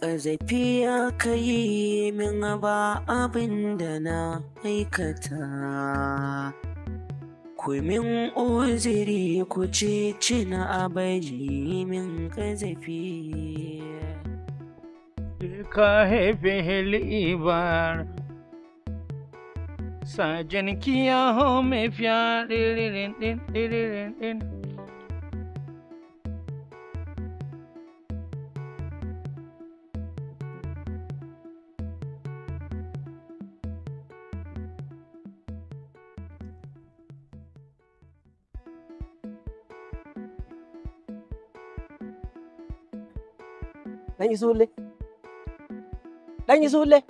ƙazafi aka yi min ba abin da na aikata ku min uziri ku ce cina abaji min ƙazafi देखा है पहली बार साजन की आहों में प्यार नहीं सूर ले Dan yi sulle.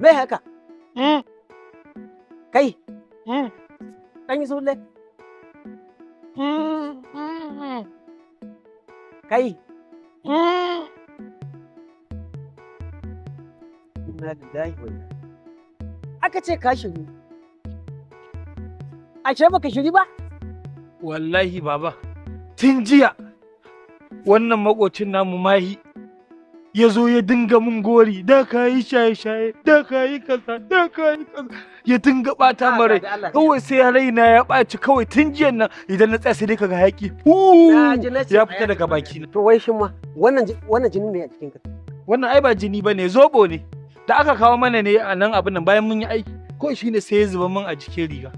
Me haka? Eh. Kai. Eh. Dan yi sulle. Kai. Ina da Aka ce ka shiru. Ashe baka shiri ba? Wallahi baba, tun jiya wannan makocin namu mahi ya zo ya dinga mun gori da ka yi shaye-shaye da ka yi kasa da ka yi kasa ya dinga bata ah, mara kawai sai raina ya ɓaci kawai tun jiyan nan idan na tsaya sai dai kaga hayaki ya fita daga baki na to wai shin ma wannan wannan jini ne a cikin ka wannan ai ba jini bane zobo ne da aka kawo mana ne a nan abin nan bayan mun yi aiki ko shine sai ya zuba min a cikin riga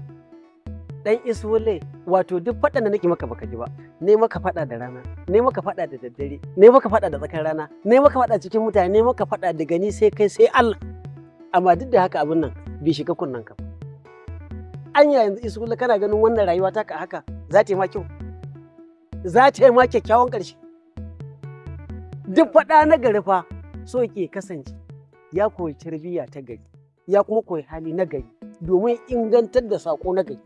dan iswale wato duk faɗan da nake maka baka ji ba ne maka faɗa da rana ne maka faɗa da daddare ne maka faɗa da tsakar rana ne maka faɗa cikin mutane ne maka faɗa da gani sai kai sai Allah amma duk da haka abin nan bai shiga kunnan ka anya yanzu isu kana ganin wannan rayuwa ta ka haka za ta yi ma kyau za ta yi ma kyakkyawan ƙarshe duk faɗa na gari fa so ke kasance ya koyi tarbiyya ta gari ya kuma koyi hali na gari domin ingantar da sako na gari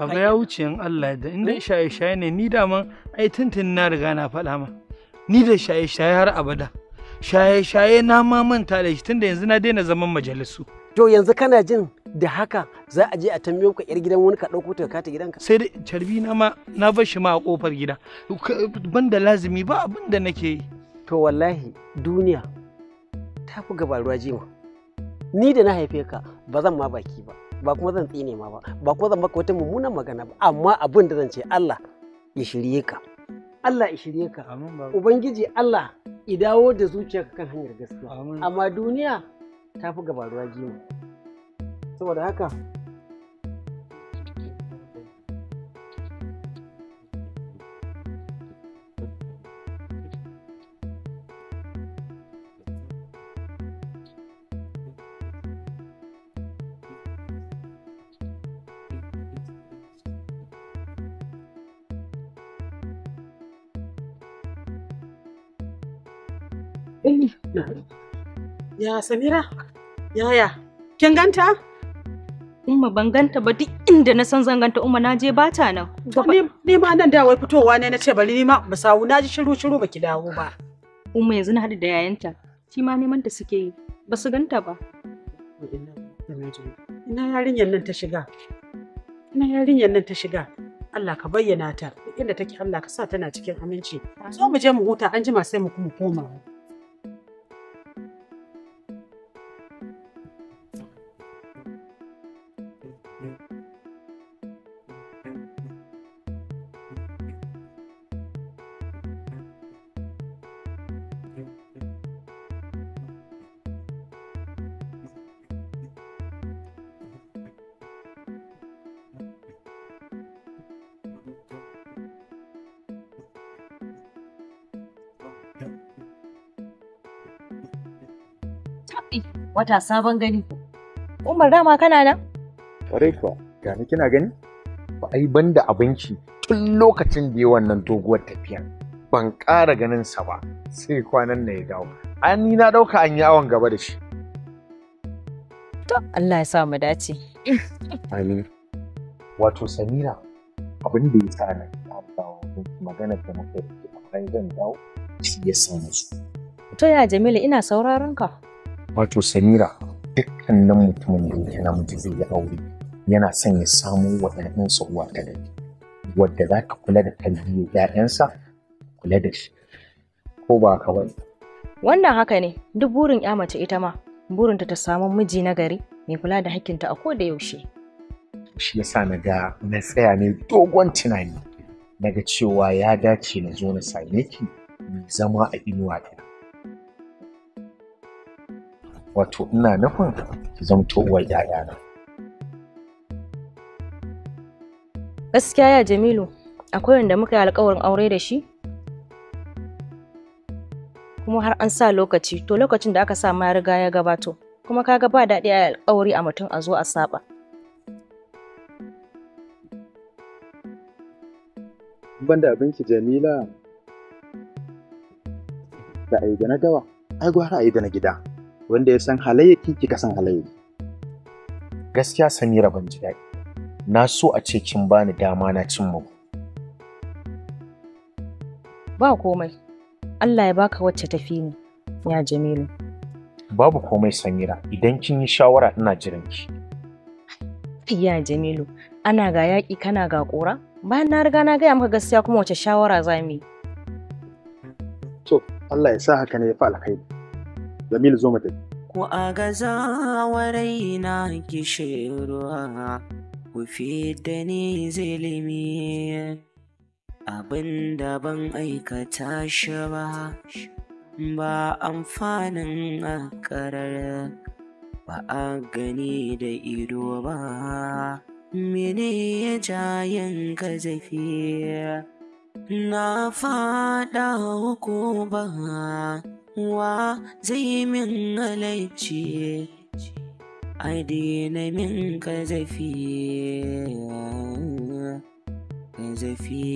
Baba ya wuce in Allah da inda eh? shaye-shaye ne ni dama ai tuntun na riga na faɗa ma. Ni da shaye-shaye har abada. Shaye-shaye na ma manta da shi tunda yanzu na daina zaman majalisu. To yanzu kana jin da haka za a je a tambayo ka 'yar gidan wani ka ɗauko ta kata gidanka. Sai dai carbi na ma na bar shi ma a ƙofar gida. Ban da lazimi ba abin da nake yi. To wallahi duniya ta fi gabaruwa jiwa Ni da na haife ka ba zan ma baki ba. ba kuma zan tsine ma ba ba kuma zan maka wata mummunan magana ba amma abin da zan ce Allah ya shirye ka Allah ya shirye ka ubangiji Allah ya dawo da zuciyarka kan hanyar gaskiya amma duniya ta fi gaba ruwa saboda haka Ya Samira? Yaya? Kin ganta? Umma ban ganta ba duk inda na san zan ganta Umma na je ba ta nan. Ni ma nan da wai fitowa ne na ce bari ni ma ba sawu na ji shiru shiru baki dawo ba. Umma yanzu na hadu da yayanta. Shi ma neman ta suke yi. Ba su ganta ba. Ina yarinyar nan ta shiga. Ina yarinyar nan ta shiga. Allah ka bayyana ta. Inda take Allah ka sa tana cikin aminci. Zo mu je mu huta an jima sai mu kuma koma. wata sabon gani. Umar dama kana nan? Kwarai kuwa, gani kina gani? Ba ai ban da abinci tun lokacin da yi wannan doguwar tafiya Ban ƙara ganin sa ba, sai kwanan na ya dawo. An yi na ɗauka an yi awon gaba da shi. To, Allah ya sa mu dace. Amin. Wato Samira, abin da ya sa na magana da muka yi a zan dawo, shi ya sa su. To ya Jamilu ina sauraron ka. wato samira dukkanin mutumin da yake namiji zai yi aure yana son ya samu waɗannan tsohuwa ta da wadda za ka kula da tarbiyyar ‘ya'yansa kula da shi ko ba kawai wannan haka ne duk burin ya mace ita ma burinta ta samu miji na gari mai kula da hakkinta a ko da yaushe shi yasa na ga na tsaya ne dogon tunani na cewa ya dace na zo na same ki zama a inuwa ta wato ina nufin ki zamto uwar ƴaƴana Gaskiya ya Jamilu, akwai wanda muka yi alƙawarin aure da shi? Kuma har an sa lokaci, to lokacin da aka sa ma riga ya gabato, kuma kaga ba daɗi a alƙawari a mutum a zo a saba. Banda abinki Jamila, da ai na gawa, ai gwara ai da na gida. wanda ya san halayyaki kika san halayya. gaskiya samira ban ji daɗi na so a ce kin bani dama na cin mu ba komai Allah ya baka wacce tafi ni ya Jamilu babu komai samira idan kin yi shawara ina jiran ki ya Jamilu ana ga yaƙi kana ga ƙora bayan na riga na gaya maka gaskiya kuma wacce shawara za mu yi to Allah ya sa haka ne ya fi alkhairi Jamilu zo Ku a gazawaraina raina kishirwa, ku da ni zilimi, abin da ban aikata shi ba, ba amfanin a ba a gani da ido ba. mene ya jayen ka zafi na fada hukuma wa zai min halarci ai daina min ka zafi ka zafi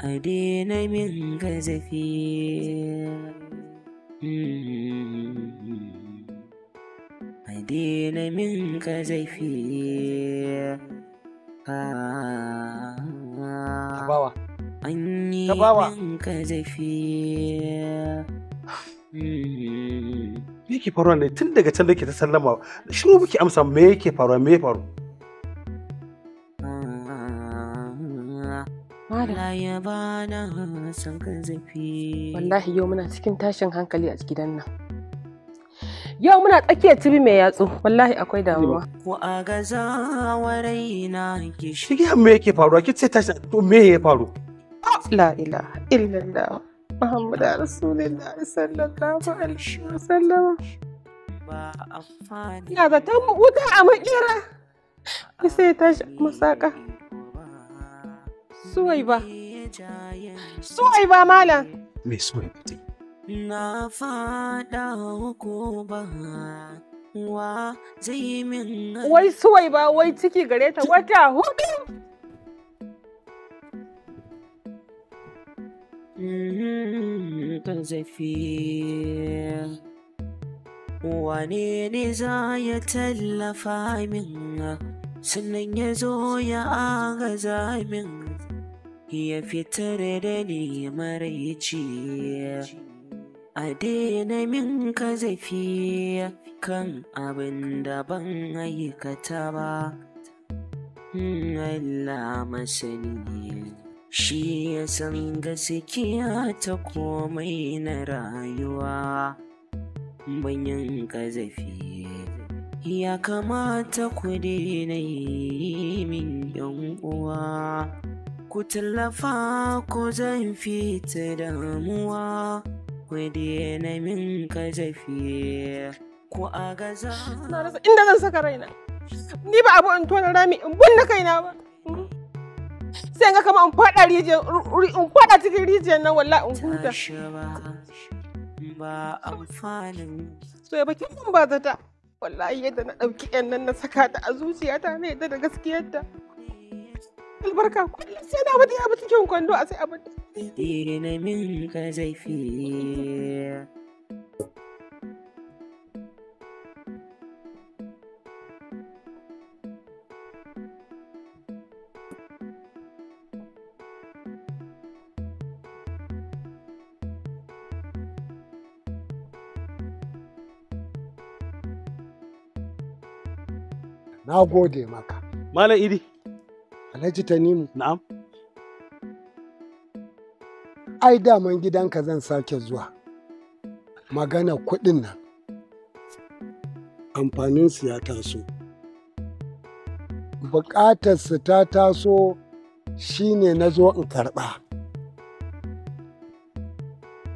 a daina min ka zafi a daina min ka zafi ka. an yi ka zafi me yake faruwa ne tun daga can da ke ta sallama shiru muke amsa me yake faruwa me ya faru ya Wallahi yau muna cikin tashin hankali a gidan nan. Yau muna tsakiyar tibi mai yatsu, wallahi akwai damuwa. Ku a gaza wa raina ke shi. me yake faruwa? Ki ce tashin to me ya faru? لا إله إلا الله محمد رسول الله صلى الله عليه وسلم zaton wuta a makera sai ya tashi masaka suwai ba malam fada ko ba wa zai wai Suwaiba wai ciki gare ta wata hudu Mmm, kan wane ne za ya tallafa min sannan ya zo ya agaza min ya fitar da ni maraici a daina min ka zafi kan abin da ban aikata ba hmm, Allah masani shi ya san gaskiya ta komai na rayuwa banyan ƙazafi ya kamata ku na yi min yan uwa ku tallafa ko zan fi ta damuwa ku daina min ƙazafi ku gaza inda zan saka raina ni ba abu in tona rami in bunna kaina ba sai ga kama in fada rijiyar cikin rijiyar nan wallahi in huta ba amfanin so ya bakin mun ba zata wallahi yadda na ɗauki yan nan na saka ta a zuciyata na yadda da gaskiyarta albarka kullum sai na wata ya bi cikin kwando a sai abin da na min ka zaifi gode maka malam idi alhaji tanimu na'am ai daman gidanka zan sake zuwa magana kuɗin nan amfaninsu ya taso buƙatarsu ta taso shine na zo in karɓa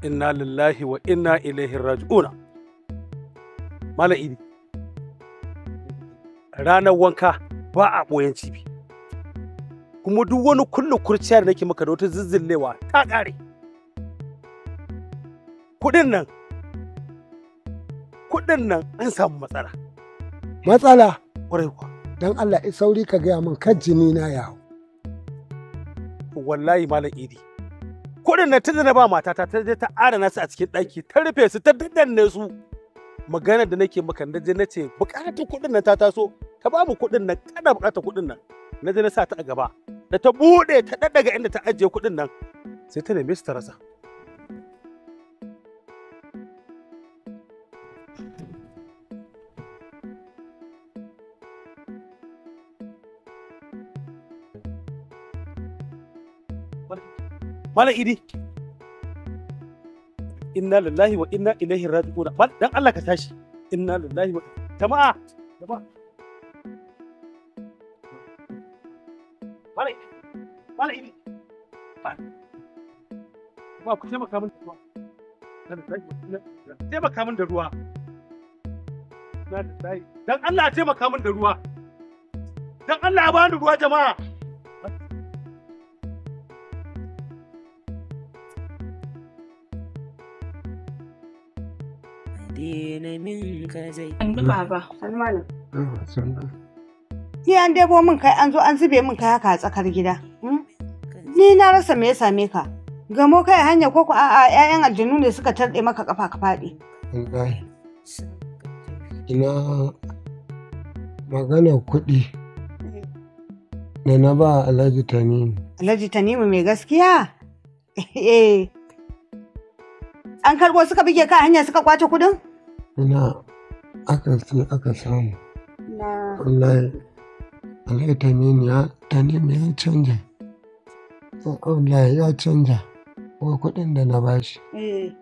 inna lillahi wa inna ilaihi raji'una Malam idi ranar wanka ba a ɓoyen cibi kuma duk wani kullum kurciya da nake maka da wata zizzillewa ta ƙare kuɗin nan kuɗin nan an samu matsala matsala ƙwarai kuwa don Allah in sauri ka gaya min kan jini na yawo wallahi malam idi kuɗin nan tun da na ba matata ta je ta adana su a cikin ɗaki ta rufe su ta daddanne su magana da nake maka na je nace bukatar kuɗin nan ta taso ka ba mu kuɗin nan kana bukatar kuɗin nan na je na sa ta a gaba da ta buɗe ta daddaga inda ta ajiye kuɗin nan sai ta neme su ta rasa Idi, inna lillahi wa inna ilaihi raji'un dan Allah ka tashi inna lillahi wa jama'a jama'a Malik Malik ini Ba ku taimaka min da ruwa taimaka min da ruwa dan Allah taimaka min da ruwa dan Allah ya bani ruwa jama'a ka zai. An yi baba. An malam. Ni an debo min kai an zo an zube min kai haka a tsakar gida. Hmm? Ni na rasa me ya same ka. Gamo kai hanya ko ku a'a 'ya'yan aljanu ne suka tarɗe maka kafa ka faɗi. Ina magana kuɗi da na ba Alhaji Tanimu. Alhaji Tanimu mai gaskiya? Eh. An karɓo suka bige ka hanya suka kwace kuɗin? Ina. aka ce aka samu wallahi alai tamimi ya ta tamimi ya canja wallahi ya canja ko kudin da na bashi eh.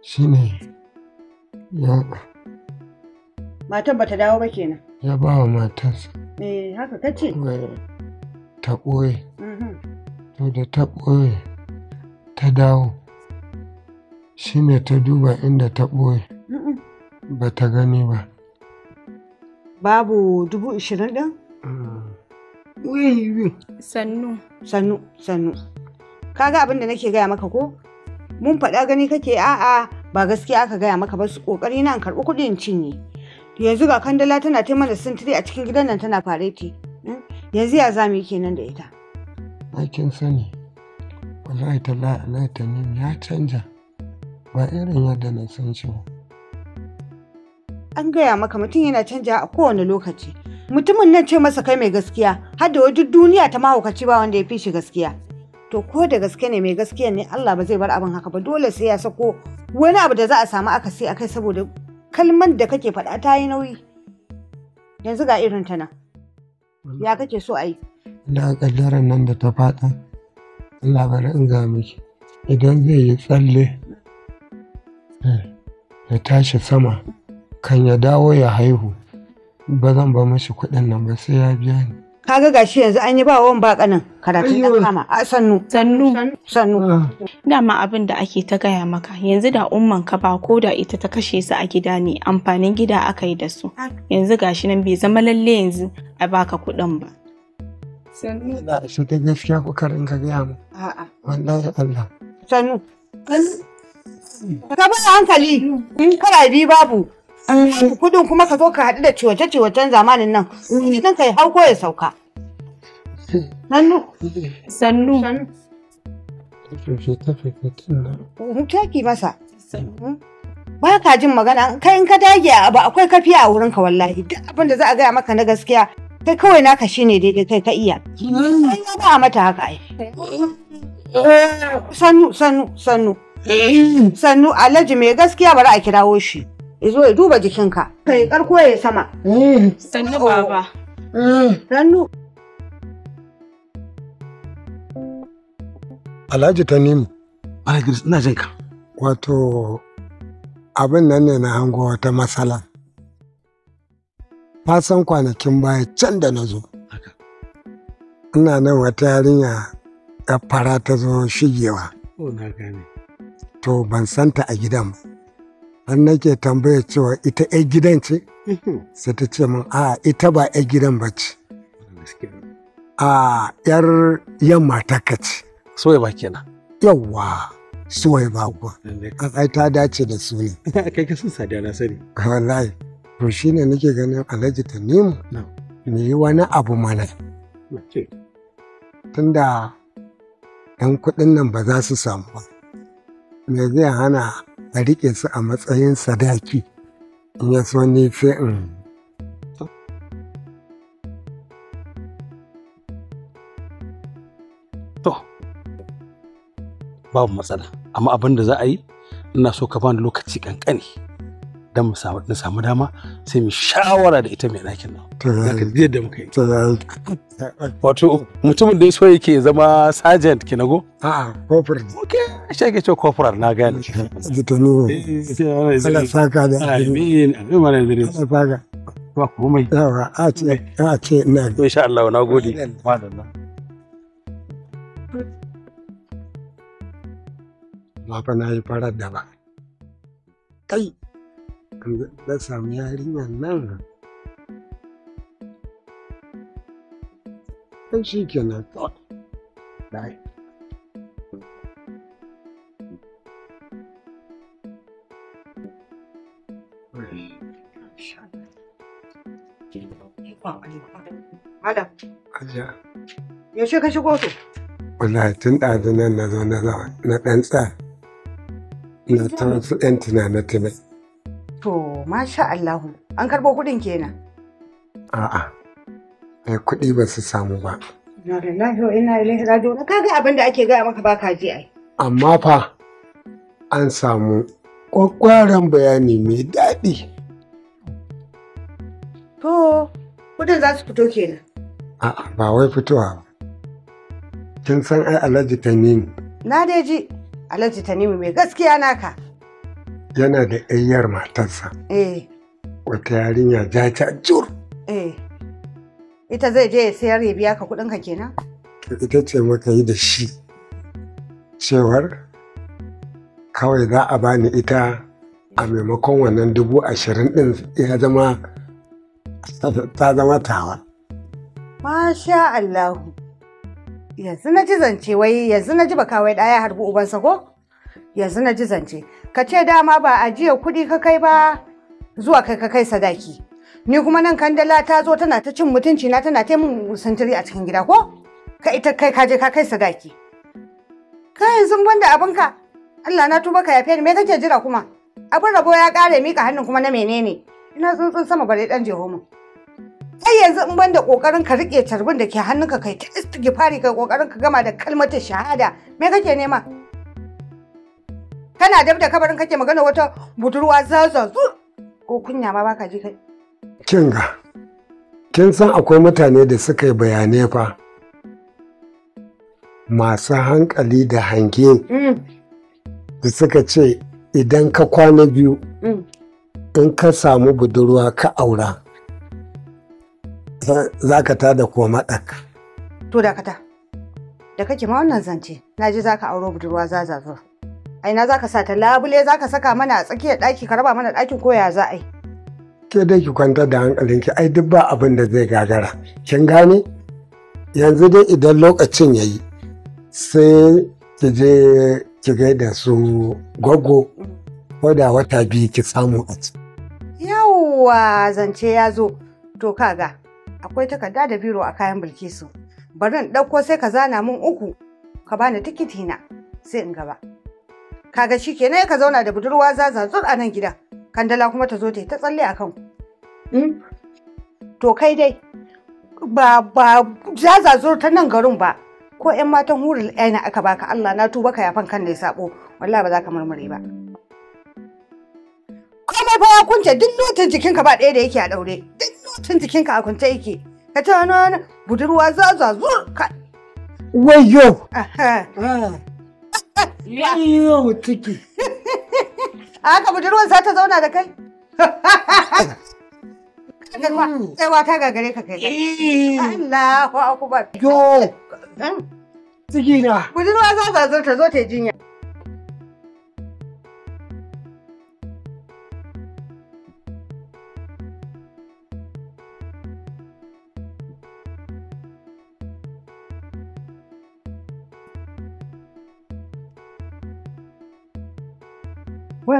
shi ne ya matan ba ta dawo ba kenan ya ba wa matarsa eh haka kace ta ɓoye mhm. to da ta ɓoye ta dawo ne ta duba inda ta ɓoye ba ta gani ba babu dubu ishirin ɗin? Mm. sannu sannu sannu kaga abin da nake gaya maka ko mun faɗa gani kake a'a ba gaskiya aka gaya maka ba su ƙoƙari na karɓi kuɗin cinye yanzu ga kandala tana taimaka sintiri a cikin gidan nan tana fareti mm. yanzu ya zami kenan da ita aikin sani wallahi tallahi alaihi ya canja ba irin yadda na san shi An gaya maka mutum yana canja a kowane lokaci. Mutumin nan ce masa kai mai gaskiya, har da wajen duniya ta mahaukaci ba wanda ya fi shi gaskiya. To ko da gaske ne mai gaskiya ne Allah ba zai bar abin haka ba dole sai ya sako wani abu da za a samu akasi akai saboda kalmar da kake faɗa ta yi nauyi. Yanzu ga irin ta nan. Ya kake so a yi? Da kaddaran nan da ta faɗa. Allah bari in ga miki. Idan zai yi tsalle ya tashi sama kan ya dawo ya haihu ba zan ba mashi kuɗin nan ba sai ya biya ni. Kaga gashi yanzu an yi ba wan ba karatun ɗan kama a sannu. Sannu. Sannu. Ah. Dama abin da ake ta gaya maka yanzu da umman ka ba ko da ita ta kashe su a gida ne amfanin gida aka yi da su. Yanzu gashi nan bai zama lalle yanzu a baka kuɗin ba. Sannu. sai ta gaskiya karin ka gaya mu. A'a. Wallahi Allah. Sannu. Ka bada hankali in kana babu. Kudin kuma ka zo ka haɗu da ciwace-ciwacen zamanin nan. Nan ka yi hauko ya sauka. Sannu. Sannu. mutaki masa. Ba ka jin magana kai in ka dage abu akwai kafiya a wurinka wallahi duk abin da za a gaya maka na gaskiya kai kawai naka shine daidai kai ka iya. Kai ba mata haka ai. Sannu sannu sannu. Eh. sannu alhaji mai gaskiya bari a kirawo shi izo ya duba jikinka kai karko ya sama eh. sannu baba eh. sannu alhaji tanimu alhaji ina jin ka wato abin nan ne na hango wata matsala fasan kwanakin baya can da na zo ina nan wata yarinya ya fara ta zo shigewa. Oh, na gane. to ban santa a gidan ba har nake tambaya cewa ita 'yar gidan ce mhm. sai ta ce min a ita ba 'yar gidan ba ce a 'yar yamma ta kace soya ba kenan yawwa suwai ba kuwa ai ta dace da su ne kai ka sun sada na sani wallahi to shine nake ganin alhaji tanimu Me yi wani abu mana tunda ɗan kuɗin nan ba za su samu ba me zai hana a riƙe su a matsayin sadaki in ya so ni sai in to babu matsala amma abin da za a yi ina so ka bani lokaci kankani don mu samu dama sai mu shawara da ita mai ɗakin nan zaka ji da muka yi wato mutumin da ya so yake zama sergeant ki nago a'a corporal ok shi ake cewa corporal na gani. gane zutanu ala saka da amin amin mana yanzu ala saka ba komai yawa a ce a ce na insha Allah na gode madalla ba fa na yi farar da ba kai na samu yarinyar nan sai shi kenan kawai Adam. Aja. Yaushe ka shigo to? Wala tun ɗazu nan na zo na ɗan tsaya. Na ta wasu 'yan tunanin tunai. To, masha Allahu, an karɓo kuɗin kenan. A'a, ai kuɗi ba su samu ba. Na lillahi wa inna ilaihi raji'un. Kaga abin da ake gaya maka baka ji ai. Amma fa an samu kwakwaran bayani mai daɗi. To, kuɗin za su fito kenan. A'a, ba wai fitowa ba. Kin san ai Alhaji Tanimu. Na dai ji Alhaji Tanimu mai gaskiya naka. yana da yayyar matarsa eh. wata yarinya ja ta jur eh. ita zai je ya sayar ya biya ka kuɗin ka kenan ita ce muka yi da shi cewar kawai za a bani ita a maimakon wannan dubu ashirin din ya zama ta zama tawa masha Allahu yanzu na ji zance wai yanzu na ji baka wai ɗaya harbi ubansa ko yanzu na ji zance ka ce dama ba ajiyar kuɗi ka kai ba zuwa kai ka kai sadaki ni kuma nan kandala ta zo tana ta cin mutunci na tana ta min santiri a cikin gida ko ka ita kai ka je ka kai sadaki ka yanzu ban da ka. Allah na tuba ka yafe ni me kake jira kuma abin rabo ya kare mika hannun kuma na menene ina tsuntsun sama bare dan jeho mu kai yanzu in ban da kokarin ka rike carbin da ke hannunka kai ta fari kai kokarin ka gama da kalmar shahada me kake nema kana dab da kabarin kake magana wata budurwa zaza zu? ko kunya ma baka ji kai kin ga kin san akwai mutane da suka yi bayane fa masu hankali da hange mm. da suka ce idan ka kwana biyu mm. in ka samu budurwa ka aura za ka da koma ɗaka. To dakata, da kake ma wannan zance, na ji za ka auro budurwa za zuwa. aina za ka sa ta labule za ka saka mana a tsakiyar ɗaki ka raba mana ɗakin koya za a yi. Ke dai ki kwantar da hankalinki ai duk ba abin da zai gagara. Kin gane? Yanzu dai idan lokacin ya yi sai ki je ki gaida su gwaggo ko da wata biyu ki samu a ci. Yawwa zance ya zo to kaga akwai takarda da biro a kayan bilkisu. Bari in ɗauko sai ka zana mun uku ka bani tikiti na sai in gaba. kaga shi ke ka zauna da budurwa za zur a nan gida? kandala kuma ta zo ta yi ta tsalle a kan hmm? to kai dai ba ba za zur ta nan garin ba ko 'yan matan hurul 'yana aka baka Allah na tuba ka yafan kan da sabo wallahi ba za ka murmure ba komai fa ya kunce duk lotin jikinka ba ɗaya da yake a ɗaure duk lotin jikinka a kunce yake ka ce wani budurwa za za zur ka wayo Yau ciki. Haka budurwar za ta zauna da kai? Tsawa mm. ta gagare ka kai. Mm. Allahu akbar. Yo. Mm. Ciki Budurwa za ta zo ta zo ta jinya.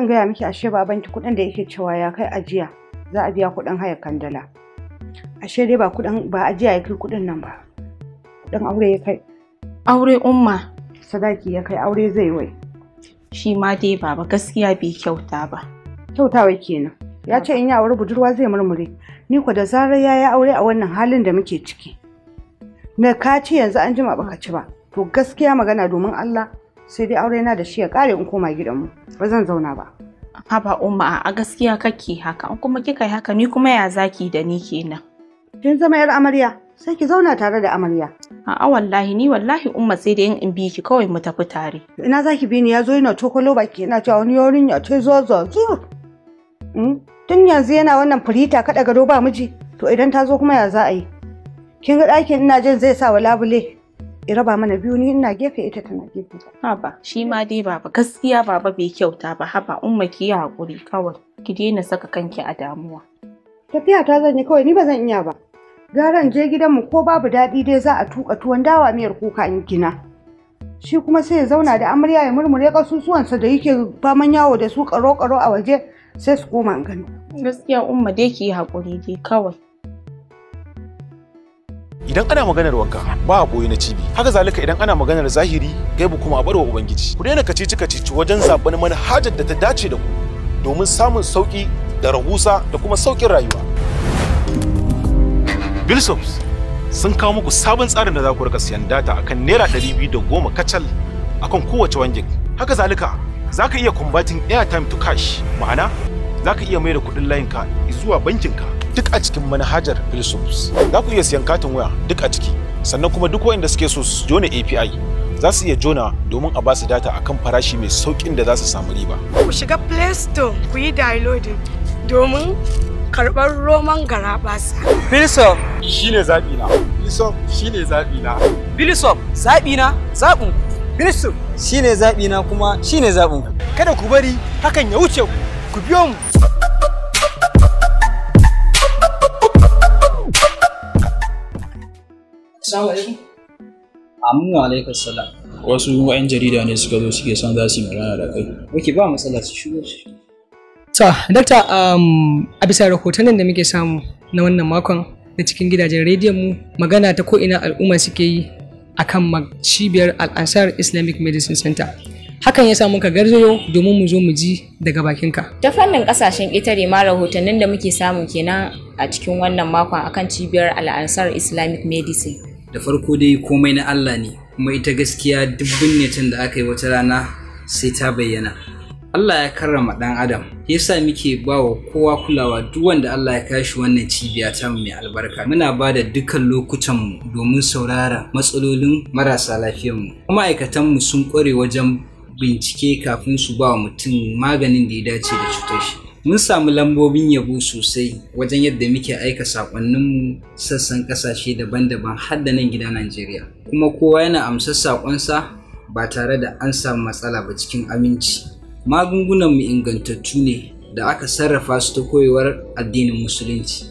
zan gaya miki ashe babanki kuɗin da yake cewa ya kai ajiya za a biya kuɗin hayar kandala ashe dai ba kuɗin ba ajiya ya kai kuɗin nan ba kuɗin aure ya kai aure umma sadaki ya kai aure zai wai shi ma dai baba gaskiya bai kyauta ba kyautawa kenan ya ce in ya aure budurwa zai murmure ni ko da zarar ya yi aure a wannan halin da muke ciki na ka ce yanzu an jima baka ci ba to gaskiya magana domin Allah sai dai aure na da shi ya kare in koma gidanmu ba zan zauna ba Papa Umma a gaskiya kake haka in kuma kika yi haka ni kuma ya zaki da ni kenan kin zama yar amarya sai ki zauna tare da amarya a'a wallahi ni wallahi umma sai dai in bi ki kawai mu tafi tare ina zaki bi ni ya zo yana tokolo baki yana cewa wani yorin ya ce zo zo zo hmm? tun yanzu yana wannan firita kada gado ba miji to idan ta zo kuma ya za a yi kin ga ɗakin ina jin zai sa wa labule ya raba mana biyu ni ina gefe ita tana gefe haba shi ma dai baba gaskiya baba bai kyauta ba haba umma ki yi hakuri kawai ki daina saka kanki a damuwa tafiya ta zan yi kawai ni ba zan iya ba garan je gidanmu ko babu daɗi dai za a tuka tuwon dawa miyar kuka in gina shi kuma sai ya zauna da amarya ya murmure kasusuwansa da yake faman yawo da su karo-karo a waje sai su koma gani gaskiya umma dai ki yi hakuri dai kawai idan ana maganar wanka ba a boye na cibi haka zalika idan ana maganar zahiri gaibu kuma a barwa ubangiji ku daina kacici kacici wajen zaɓen manhajar da ta dace da ku domin samun sauƙi da rahusa da kuma sauƙin rayuwa bilsops sun kawo muku sabon tsarin da za ku rika siyan data akan naira ɗari biyu da goma kacal akan kowace wangin haka zalika za ka iya kumbatin airtime to cash ma'ana za ka iya mai da kuɗin layinka zuwa bankinka duk a cikin manhajar Philosophes. Za ku iya siyan katin waya duk a ciki, sannan kuma duk waɗanda suke so su jona API za su iya jona domin a ba su data akan farashi mai sauƙin da za su samu riba. Ku shiga Play Store ku yi downloading domin karɓar roman gara basa. Philosoph shine zaɓi na. Philosoph shine zaɓi na. Philosoph zaɓi na zaɓin. Philosoph shine zaɓi na kuma shine zaɓin. Kada ku bari hakan ya wuce ku. ku biyo mu Assalamu alaikum. Aminu alaikum salam. Wasu 'yan jarida ne suka zo suke son za su yi magana da kai. Wake ba matsala su shigo su. To, dakta a bisa rahotannin da muke samu na wannan makon na cikin gidajen rediyon mu magana ta ko'ina al'umma suke yi akan cibiyar Al-Ansar Islamic Medicine Center. hakan ya sa muka garzayo domin mu zo mu ji daga bakinka. Ta fannin kasashen ƙetare ma rahotannin da muke samu kenan a cikin wannan makon akan cibiyar al'ansar Islamic Medicine. Da farko dai komai na Allah ne, kuma ita gaskiya duk tun da aka yi wata rana sai ta bayyana. Allah ya karrama ɗan Adam, ya sa muke ba wa kowa kulawa duk wanda Allah ya kashi wannan cibiya ta mai albarka. Muna ba da dukkan lokutanmu domin saurara matsalolin marasa lafiyanmu. Ma'aikatanmu sun kware wajen bincike kafin su ba mutum maganin da ya dace da cutar shi mun samu lambobin yabo sosai wajen yadda muke aika sakonninmu sassan ƙasashe daban-daban har da nan gida najeriya kuma kowa yana amsa sakonsa ba tare da an samu matsala ba cikin aminci magungunanmu ingantattu ne da aka sarrafa su ta koyewar addinin musulunci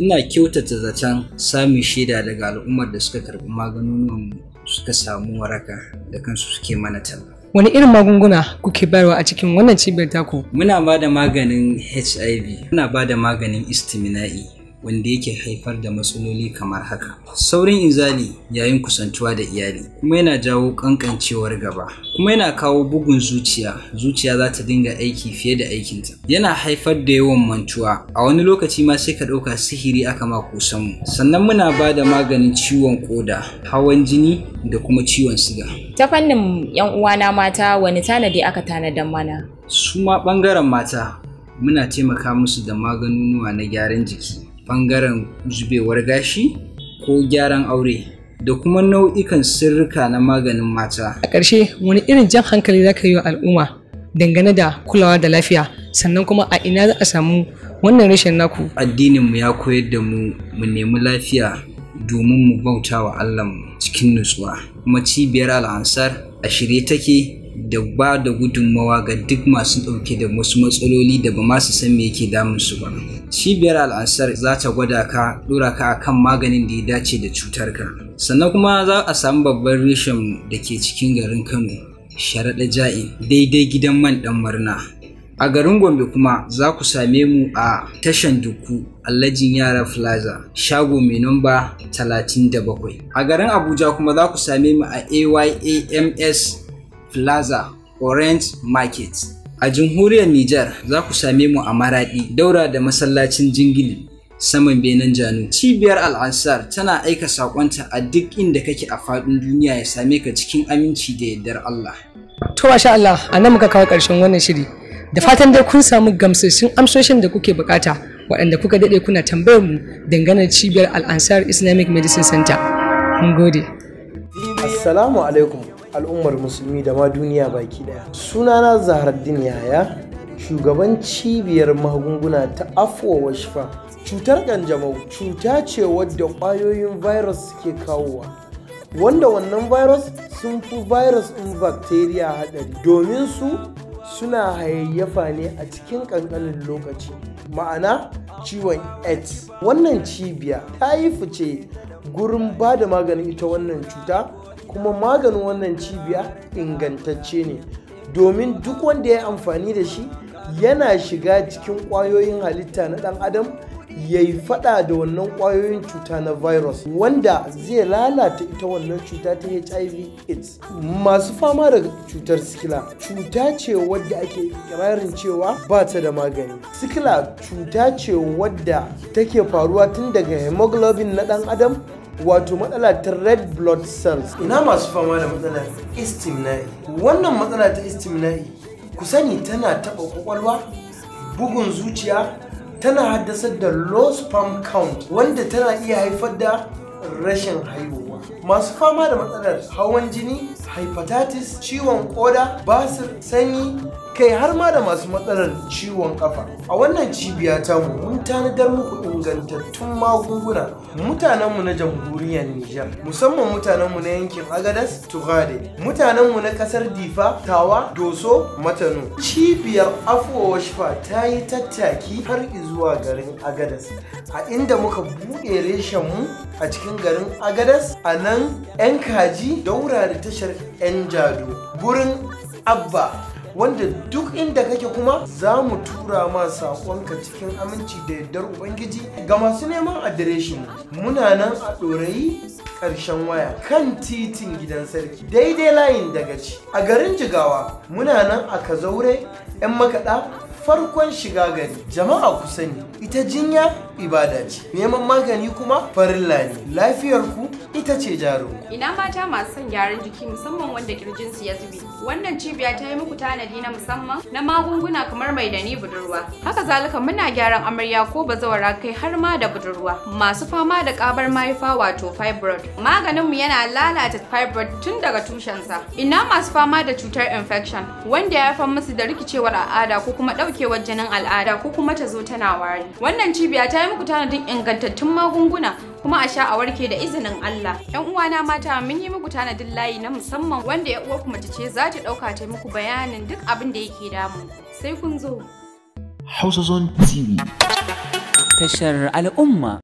ina kyautata zaton samun shaida daga al'ummar da suka karɓi maganunan suka samu waraka da kansu suke mana talla wani irin magunguna kuke bayarwa a cikin wannan cibiyar taku muna ba da maganin hiv muna ba da maganin istimina'i wanda yake haifar da matsaloli kamar haka saurin inzali yayin kusantuwa da iyali kuma yana jawo kankancewar gaba kuma yana kawo bugun zuciya zuciya za ta dinga aiki fiye da aikinta yana haifar da yawan mantuwa a wani lokaci ma sai ka ɗauka sihiri aka ma kusan mu sannan muna ba da maganin ciwon koda hawan jini da kuma ciwon siga ta fannin yan uwana mata wani tanadi aka tanadar mana su ma ɓangaren mata muna taimaka musu da maganunuwa na gyaran jiki Bangaren zubewar gashi ko gyaran aure da kuma nau'ikan sirrika na maganin mata. A ƙarshe wani irin jan hankali za ka yi wa al'umma dangane da kulawa da lafiya sannan kuma a ina za a samu wannan rashin naku. Addininmu ya koyar da mu mu nemi lafiya domin mu bauta wa Allahnmu cikin nutsuwa kuma cibiyar al'ansar a shirye take da ba da gudunmawa ga duk masu ɗauke da wasu matsaloli da ba masu san me yake damun su ba. Cibiyar al'ansar za ta gwada ka ɗora ka akan maganin da ya dace da cutar ka. Sannan kuma za a samu babban reshen da ke cikin garin Kano, Sharaɗa Ja'i, daidai gidan man ɗan murna. A garin Gombe kuma za ku same mu a tashan Dukku Allajin Yara Plaza, shago mai namba 37. A garin Abuja kuma za ku same mu a AYAMS plaza orange market a jamhuriyar Nijar, za ku same mu a Maraɗi daura da masallacin jingili saman benin janu cibiyar al'ansar tana aika saƙonta a duk inda kake a faɗin duniya ya same ka cikin aminci da yardar allah to masha allah a nan muka kawo ƙarshen wannan shiri da fatan dai kun samu gamsashin amsoshin da kuke bukata waɗanda kuka daɗe kuna tambayar mu dangane cibiyar al'ansar islamic medicine center mun gode assalamu alaikum al'ummar musulmi da ma duniya baki daya sunana zahardin yaya shugaban cibiyar magunguna ta afuwa washfa cutar ƙanjamau cuta ce wadda ƙwayoyin virus suke kawowa wanda wannan virus sun fi virus ɗin bacteria haɗari domin su suna hayayyafa ne a cikin ƙanƙanin lokaci ma'ana ciwon aids wannan cibiya ta yi fice gurin ba da maganin ita wannan cuta kuma maganin wannan cibiya ingantacce ne domin duk wanda ya amfani da shi yana shiga cikin ƙwayoyin halitta na ɗan adam ya yi faɗa da wannan ƙwayoyin cuta na virus wanda zai lalata ita wannan cuta ta hiv aids masu fama da cutar sikila cuta ce wadda ake kirarin cewa ba ta da magani sikila cuta ce wadda take faruwa tun daga hemoglobin na ɗan adam wato matsala ta red blood cells ina masu fama da matsalar istimna'i wannan matsala ta istimna'i ku sani tana taɓa kwakwalwa bugun zuciya tana haddasa da low sperm count wanda tana iya haifar da rashin haihuwa masu fama da matsalar hawan jini hepatitis ciwon koda basir sanyi kai har ma da masu matsalar ciwon kafa a wannan cibiya ta mu mun tanadar muku ingantattun magunguna mutanenmu na jamhuriyar Nijar musamman mutanen mu na yankin Agadas Tugade mutanenmu na kasar Difa Tawa Doso Matano cibiyar Afuwa Shifa ta yi tattaki har zuwa garin Agadas a inda muka buɗe reshen mu a cikin garin Agadas a nan 'yan kaji daura da tashar 'yan jado gurin Abba wanda duk inda kake kuma za mu tura ma saƙonka cikin aminci da yardar ubangiji ga masu neman adireshin muna nan a ɗorayi ƙarshen waya kan titin gidan sarki daidai layin daga ci a garin jigawa muna nan a kazaure 'yan makaɗa farkon shiga gari jama'a ku sani ita jinya ibada ce neman magani kuma farilla ne lafiyar ku ita ce jaro ina mata masu son gyaran jiki musamman wanda kirjin su ya zube wannan cibiya ta yi muku tanadi na musamman na magunguna kamar mai da ni budurwa haka zalika muna gyaran amarya ko bazawara kai har ma da budurwa masu fama da kabar mahaifa wato fibroid maganin mu yana lalata fibroid tun daga tushensa ina masu fama da cutar infection wanda ya haifar musu da rikicewar al'ada ko kuma daukewar jinin al'ada ko kuma ta zo tana wari Wannan cibiya ta yi muku tanadin ingantattun magunguna kuma a sha a warke da izinin Allah. Yan uwana mata mun yi muku tanadin layi na musamman wanda ya uwarku mace ce za ta ɗauka ta muku bayanin duk abin da yake damu. Sai kun zo. Hausa Zone TV. Tashar al'umma.